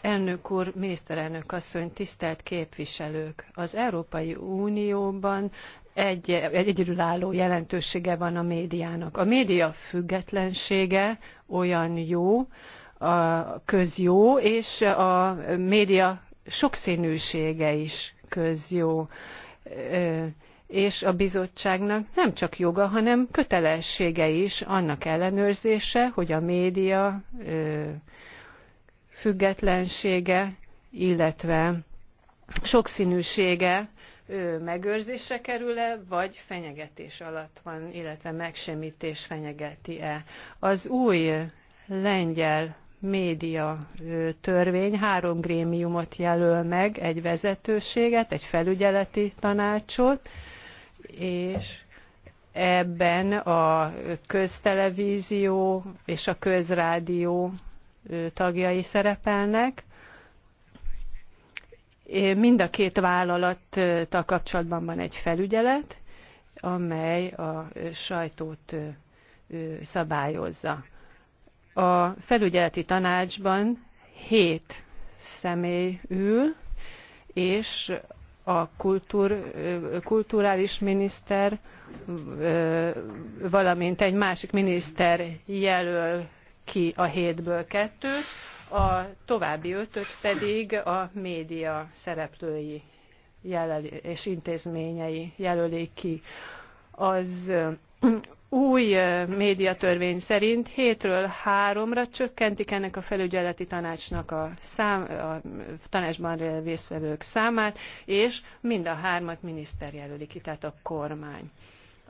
Elnök úr, miniszterelnök asszony, tisztelt képviselők! Az Európai Unióban egy, egyedülálló jelentősége van a médiának. A média függetlensége olyan jó, a közjó, és a média sokszínűsége is közjó. Ö, és a bizottságnak nem csak joga, hanem kötelessége is annak ellenőrzése, hogy a média függetlensége, illetve sokszínűsége megőrzésre kerül-e, vagy fenyegetés alatt van, illetve megsemmités fenyegeti-e. Az új lengyel média törvény három grémiumot jelöl meg, egy vezetőséget, egy felügyeleti tanácsot, és ebben a köztelevízió és a közrádió tagjai szerepelnek. Mind a két vállalattal kapcsolatban van egy felügyelet, amely a sajtót szabályozza. A felügyeleti tanácsban hét személy ül, és a kultúr, kulturális miniszter, valamint egy másik miniszter jelöl ki a hétből kettőt, a további ötöt pedig a média szereplői jelöl és intézményei jelölik ki. Az új médiatörvény szerint hétről háromra csökkentik ennek a felügyeleti tanácsnak a, szám, a tanácsban résztvevők számát, és mind a hármat miniszter jelöli ki, tehát a kormány.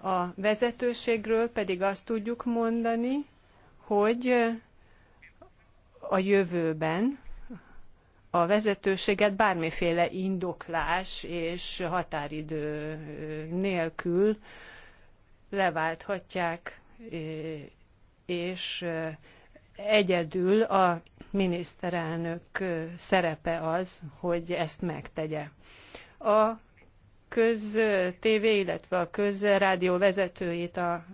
A vezetőségről pedig azt tudjuk mondani, hogy a jövőben a vezetőséget bármiféle indoklás és határidő nélkül leválthatják, és egyedül a miniszterelnök szerepe az, hogy ezt megtegye. A köz tv illetve a közrádió vezetőjét a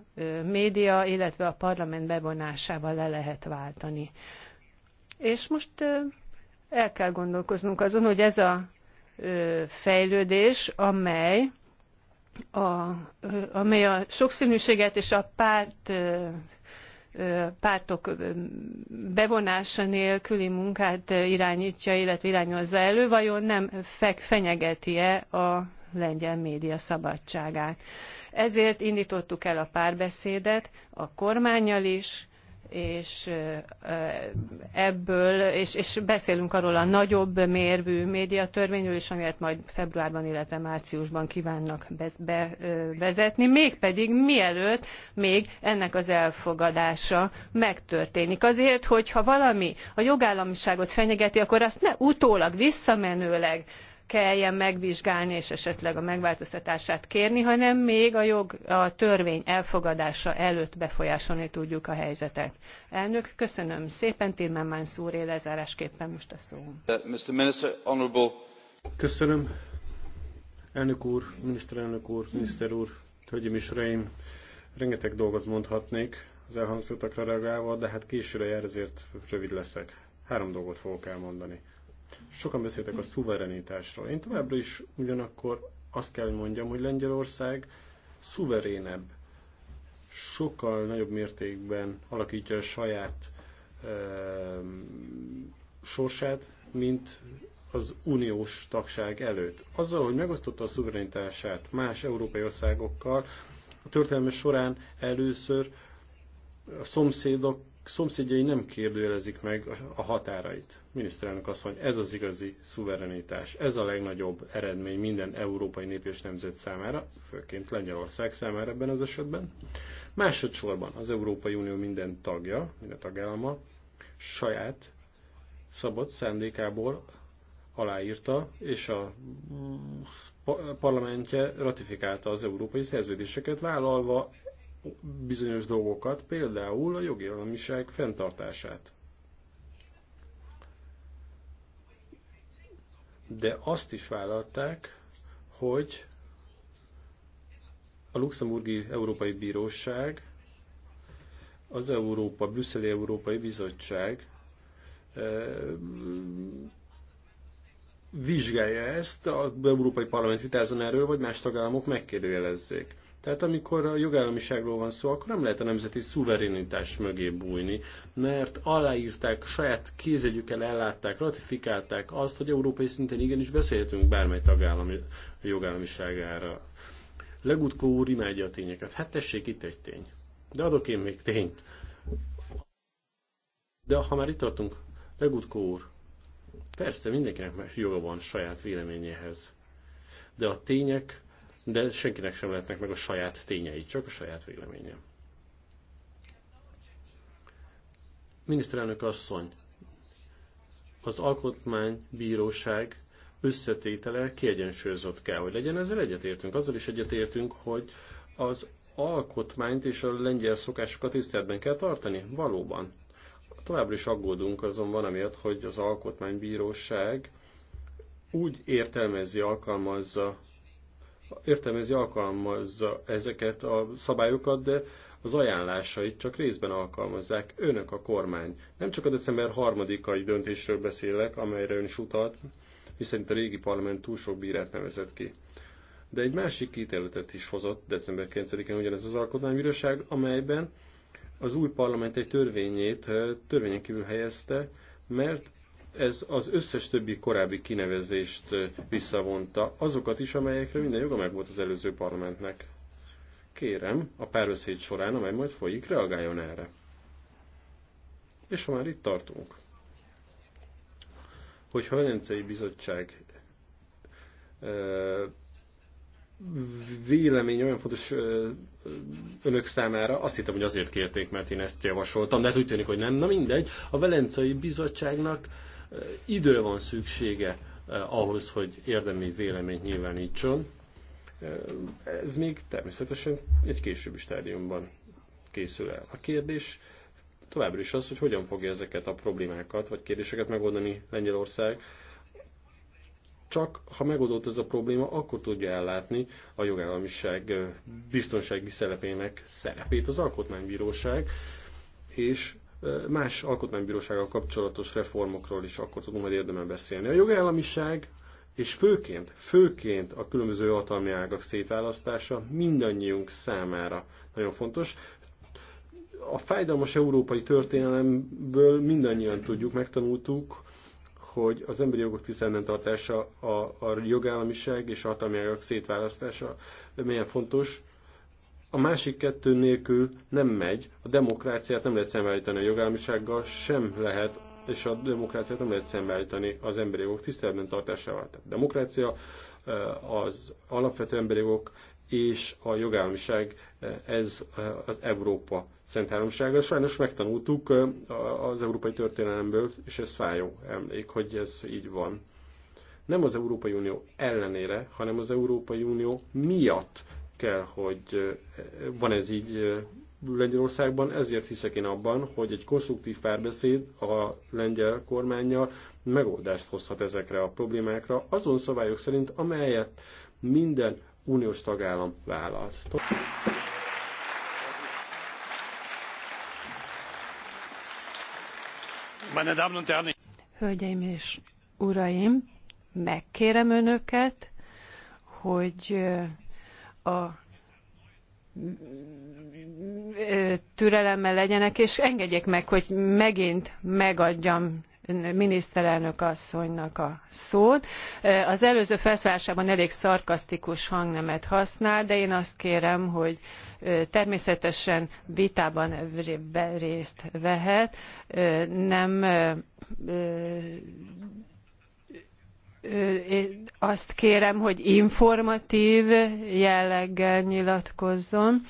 média, illetve a parlament bevonásával le lehet váltani. És most el kell gondolkoznunk azon, hogy ez a fejlődés, amely a, amely a sokszínűséget és a párt pártok bevonása nélküli munkát irányítja, illetve irányozza elő, vajon nem fenyegeti-e a lengyel média szabadságát. Ezért indítottuk el a párbeszédet a kormányjal is, és ebből, és, és beszélünk arról a nagyobb mérvű médiatörvényről is, amelyet majd februárban, illetve márciusban kívánnak bevezetni, mégpedig mielőtt még ennek az elfogadása megtörténik. Azért, hogyha valami a jogállamiságot fenyegeti, akkor azt ne utólag, visszamenőleg kelljen megvizsgálni és esetleg a megváltoztatását kérni, hanem még a, jog, a törvény elfogadása előtt befolyásolni tudjuk a helyzetet. Elnök, köszönöm szépen, Timmermans úr, lezárásképpen most a szó. Uh, Mr. Minister, Köszönöm. Elnök úr, miniszterelnök úr, miniszter úr, hölgyeim és uraim, rengeteg dolgot mondhatnék az elhangzottakra reagálva, de hát későre jár, ezért rövid leszek. Három dolgot fogok elmondani. Sokan beszéltek a szuverenitásról. Én továbbra is ugyanakkor azt kell, mondjam, hogy Lengyelország szuverénebb, sokkal nagyobb mértékben alakítja a saját e, sorsát, mint az uniós tagság előtt. Azzal, hogy megosztotta a szuverenitását más európai országokkal, a történelme során először a szomszédok szomszédjai nem kérdőjelezik meg a határait. Miniszterelnök mondja, ez az igazi szuverenitás, ez a legnagyobb eredmény minden európai nép és nemzet számára, főként Lengyelország számára ebben az esetben. Másodszorban az Európai Unió minden tagja, minden tagállama saját szabad szándékából aláírta, és a mm, parlamentje ratifikálta az európai szerződéseket, vállalva bizonyos dolgokat, például a jogi államiság fenntartását. De azt is vállalták, hogy a Luxemburgi Európai Bíróság, az Európa, Brüsszeli Európai Bizottság eh, vizsgálja ezt, az Európai Parlament vitázon erről, vagy más tagállamok megkérdőjelezzék. Tehát amikor a jogállamiságról van szó, akkor nem lehet a nemzeti szuverenitás mögé bújni, mert aláírták, saját kézegyükkel ellátták, ratifikálták azt, hogy európai szinten igenis beszélhetünk bármely tagállami jogállamiságára. Legutkó úr imádja a tényeket. Hát tessék, itt egy tény. De adok én még tényt. De ha már itt tartunk, Legutkó úr, persze mindenkinek más joga van saját véleményéhez. De a tények de senkinek sem lehetnek meg a saját tényei, csak a saját véleménye. Miniszterelnök asszony, az alkotmánybíróság összetétele kiegyensúlyozott kell, hogy legyen. Ezzel egyetértünk. Azzal is egyetértünk, hogy az alkotmányt és a lengyel szokásokat tiszteletben kell tartani. Valóban. Továbbra is aggódunk van amiatt, hogy az alkotmánybíróság úgy értelmezi, alkalmazza értelmezi, alkalmazza ezeket a szabályokat, de az ajánlásait csak részben alkalmazzák önök a kormány. Nem csak a december harmadikai döntésről beszélek, amelyre ön is utalt, hiszen a régi parlament túl sok bírát nevezett ki. De egy másik ítéletet is hozott december 9-én ugyanez az alkotmánybíróság, amelyben az új parlament egy törvényét törvényen kívül helyezte, mert ez az összes többi korábbi kinevezést visszavonta, azokat is, amelyekre minden joga megvolt az előző parlamentnek. Kérem, a párbeszéd során, amely majd folyik, reagáljon erre. És ha már itt tartunk, hogyha a Velencei Bizottság vélemény olyan fontos önök számára, azt hittem, hogy azért kérték, mert én ezt javasoltam, de hát úgy tűnik, hogy nem. Na mindegy, a Velencei Bizottságnak Időre van szüksége ahhoz, hogy érdemi véleményt nyilvánítson. Ez még természetesen egy későbbi stádiumban készül el. A kérdés továbbra is az, hogy hogyan fogja ezeket a problémákat vagy kérdéseket megoldani Lengyelország. Csak ha megoldott ez a probléma, akkor tudja ellátni a jogállamiság biztonsági szerepének szerepét az Alkotmánybíróság, és más alkotmánybírósággal kapcsolatos reformokról is akkor tudunk majd érdemben beszélni. A jogállamiság és főként, főként a különböző hatalmi ágak szétválasztása mindannyiunk számára nagyon fontos. A fájdalmas európai történelemből mindannyian tudjuk, megtanultuk, hogy az emberi jogok tiszteletben tartása, a, a jogállamiság és a hatalmi ágak szétválasztása milyen fontos, a másik kettő nélkül nem megy, a demokráciát nem lehet szembeállítani a jogállamisággal, sem lehet, és a demokráciát nem lehet szembeállítani az emberi jogok tiszteletben tartásával. Tehát a demokrácia eh, az alapvető emberi jogok és a jogállamiság, eh, ez eh, az Európa szent háromsága. Sajnos megtanultuk az európai történelemből, és ez fájó emlék, hogy ez így van. Nem az Európai Unió ellenére, hanem az Európai Unió miatt kell, hogy eh, van ez így eh, Lengyelországban, ezért hiszek én abban, hogy egy konstruktív párbeszéd a lengyel kormányjal megoldást hozhat ezekre a problémákra, azon szabályok szerint, amelyet minden uniós tagállam vállalt. Hölgyeim és uraim, megkérem önöket, hogy eh, a türelemmel legyenek, és engedjék meg, hogy megint megadjam miniszterelnök asszonynak a szót. Az előző felszállásában elég szarkasztikus hangnemet használ, de én azt kérem, hogy természetesen vitában részt vehet, nem azt kérem, hogy informatív jelleggel nyilatkozzon,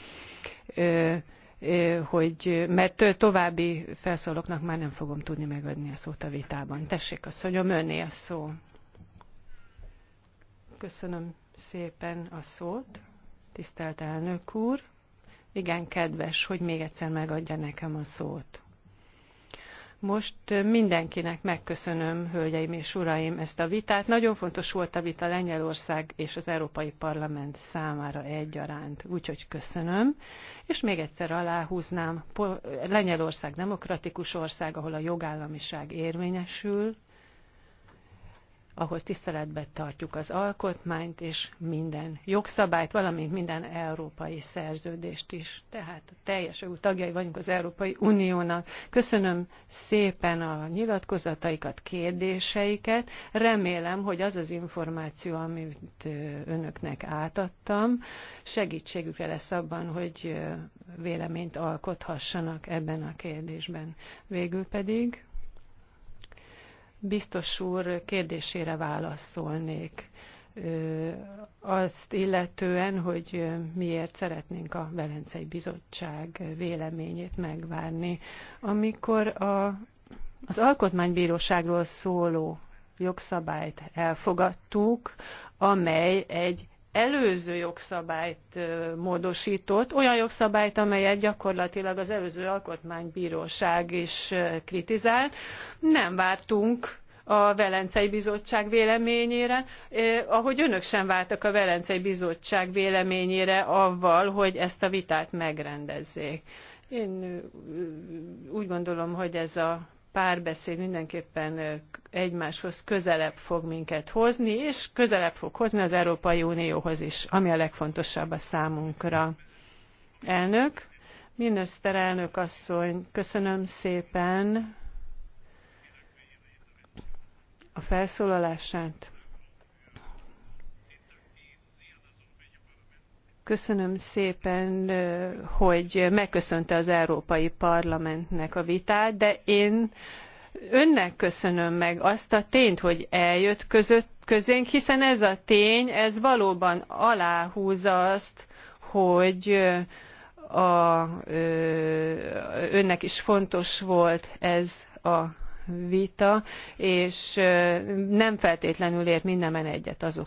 hogy, mert további felszólóknak már nem fogom tudni megadni a szót a vitában. Tessék asszonyom, önné a szó. Köszönöm szépen a szót, tisztelt elnök úr. Igen, kedves, hogy még egyszer megadja nekem a szót. Most mindenkinek megköszönöm, hölgyeim és uraim, ezt a vitát. Nagyon fontos volt a vita Lengyelország és az Európai Parlament számára egyaránt, úgyhogy köszönöm. És még egyszer aláhúznám, Lengyelország demokratikus ország, ahol a jogállamiság érvényesül, ahol tiszteletbe tartjuk az alkotmányt és minden jogszabályt, valamint minden európai szerződést is. Tehát teljes jogú tagjai vagyunk az Európai Uniónak. Köszönöm szépen a nyilatkozataikat, kérdéseiket. Remélem, hogy az az információ, amit önöknek átadtam, segítségükre lesz abban, hogy véleményt alkothassanak ebben a kérdésben. Végül pedig biztos úr kérdésére válaszolnék azt illetően, hogy miért szeretnénk a Velencei Bizottság véleményét megvárni. Amikor a, az Alkotmánybíróságról szóló jogszabályt elfogadtuk, amely egy előző jogszabályt módosított, olyan jogszabályt, amelyet gyakorlatilag az előző alkotmánybíróság is kritizált. Nem vártunk a Velencei Bizottság véleményére, ahogy önök sem váltak a Velencei Bizottság véleményére avval, hogy ezt a vitát megrendezzék. Én úgy gondolom, hogy ez a párbeszéd mindenképpen egymáshoz közelebb fog minket hozni, és közelebb fog hozni az Európai Unióhoz is, ami a legfontosabb a számunkra. Elnök, miniszterelnök asszony, köszönöm szépen a felszólalását. Köszönöm szépen, hogy megköszönte az Európai Parlamentnek a vitát, de én önnek köszönöm meg azt a tényt, hogy eljött között, közénk, hiszen ez a tény, ez valóban aláhúzza azt, hogy a, önnek is fontos volt ez a vita, és nem feltétlenül ért mindenben egyet azok.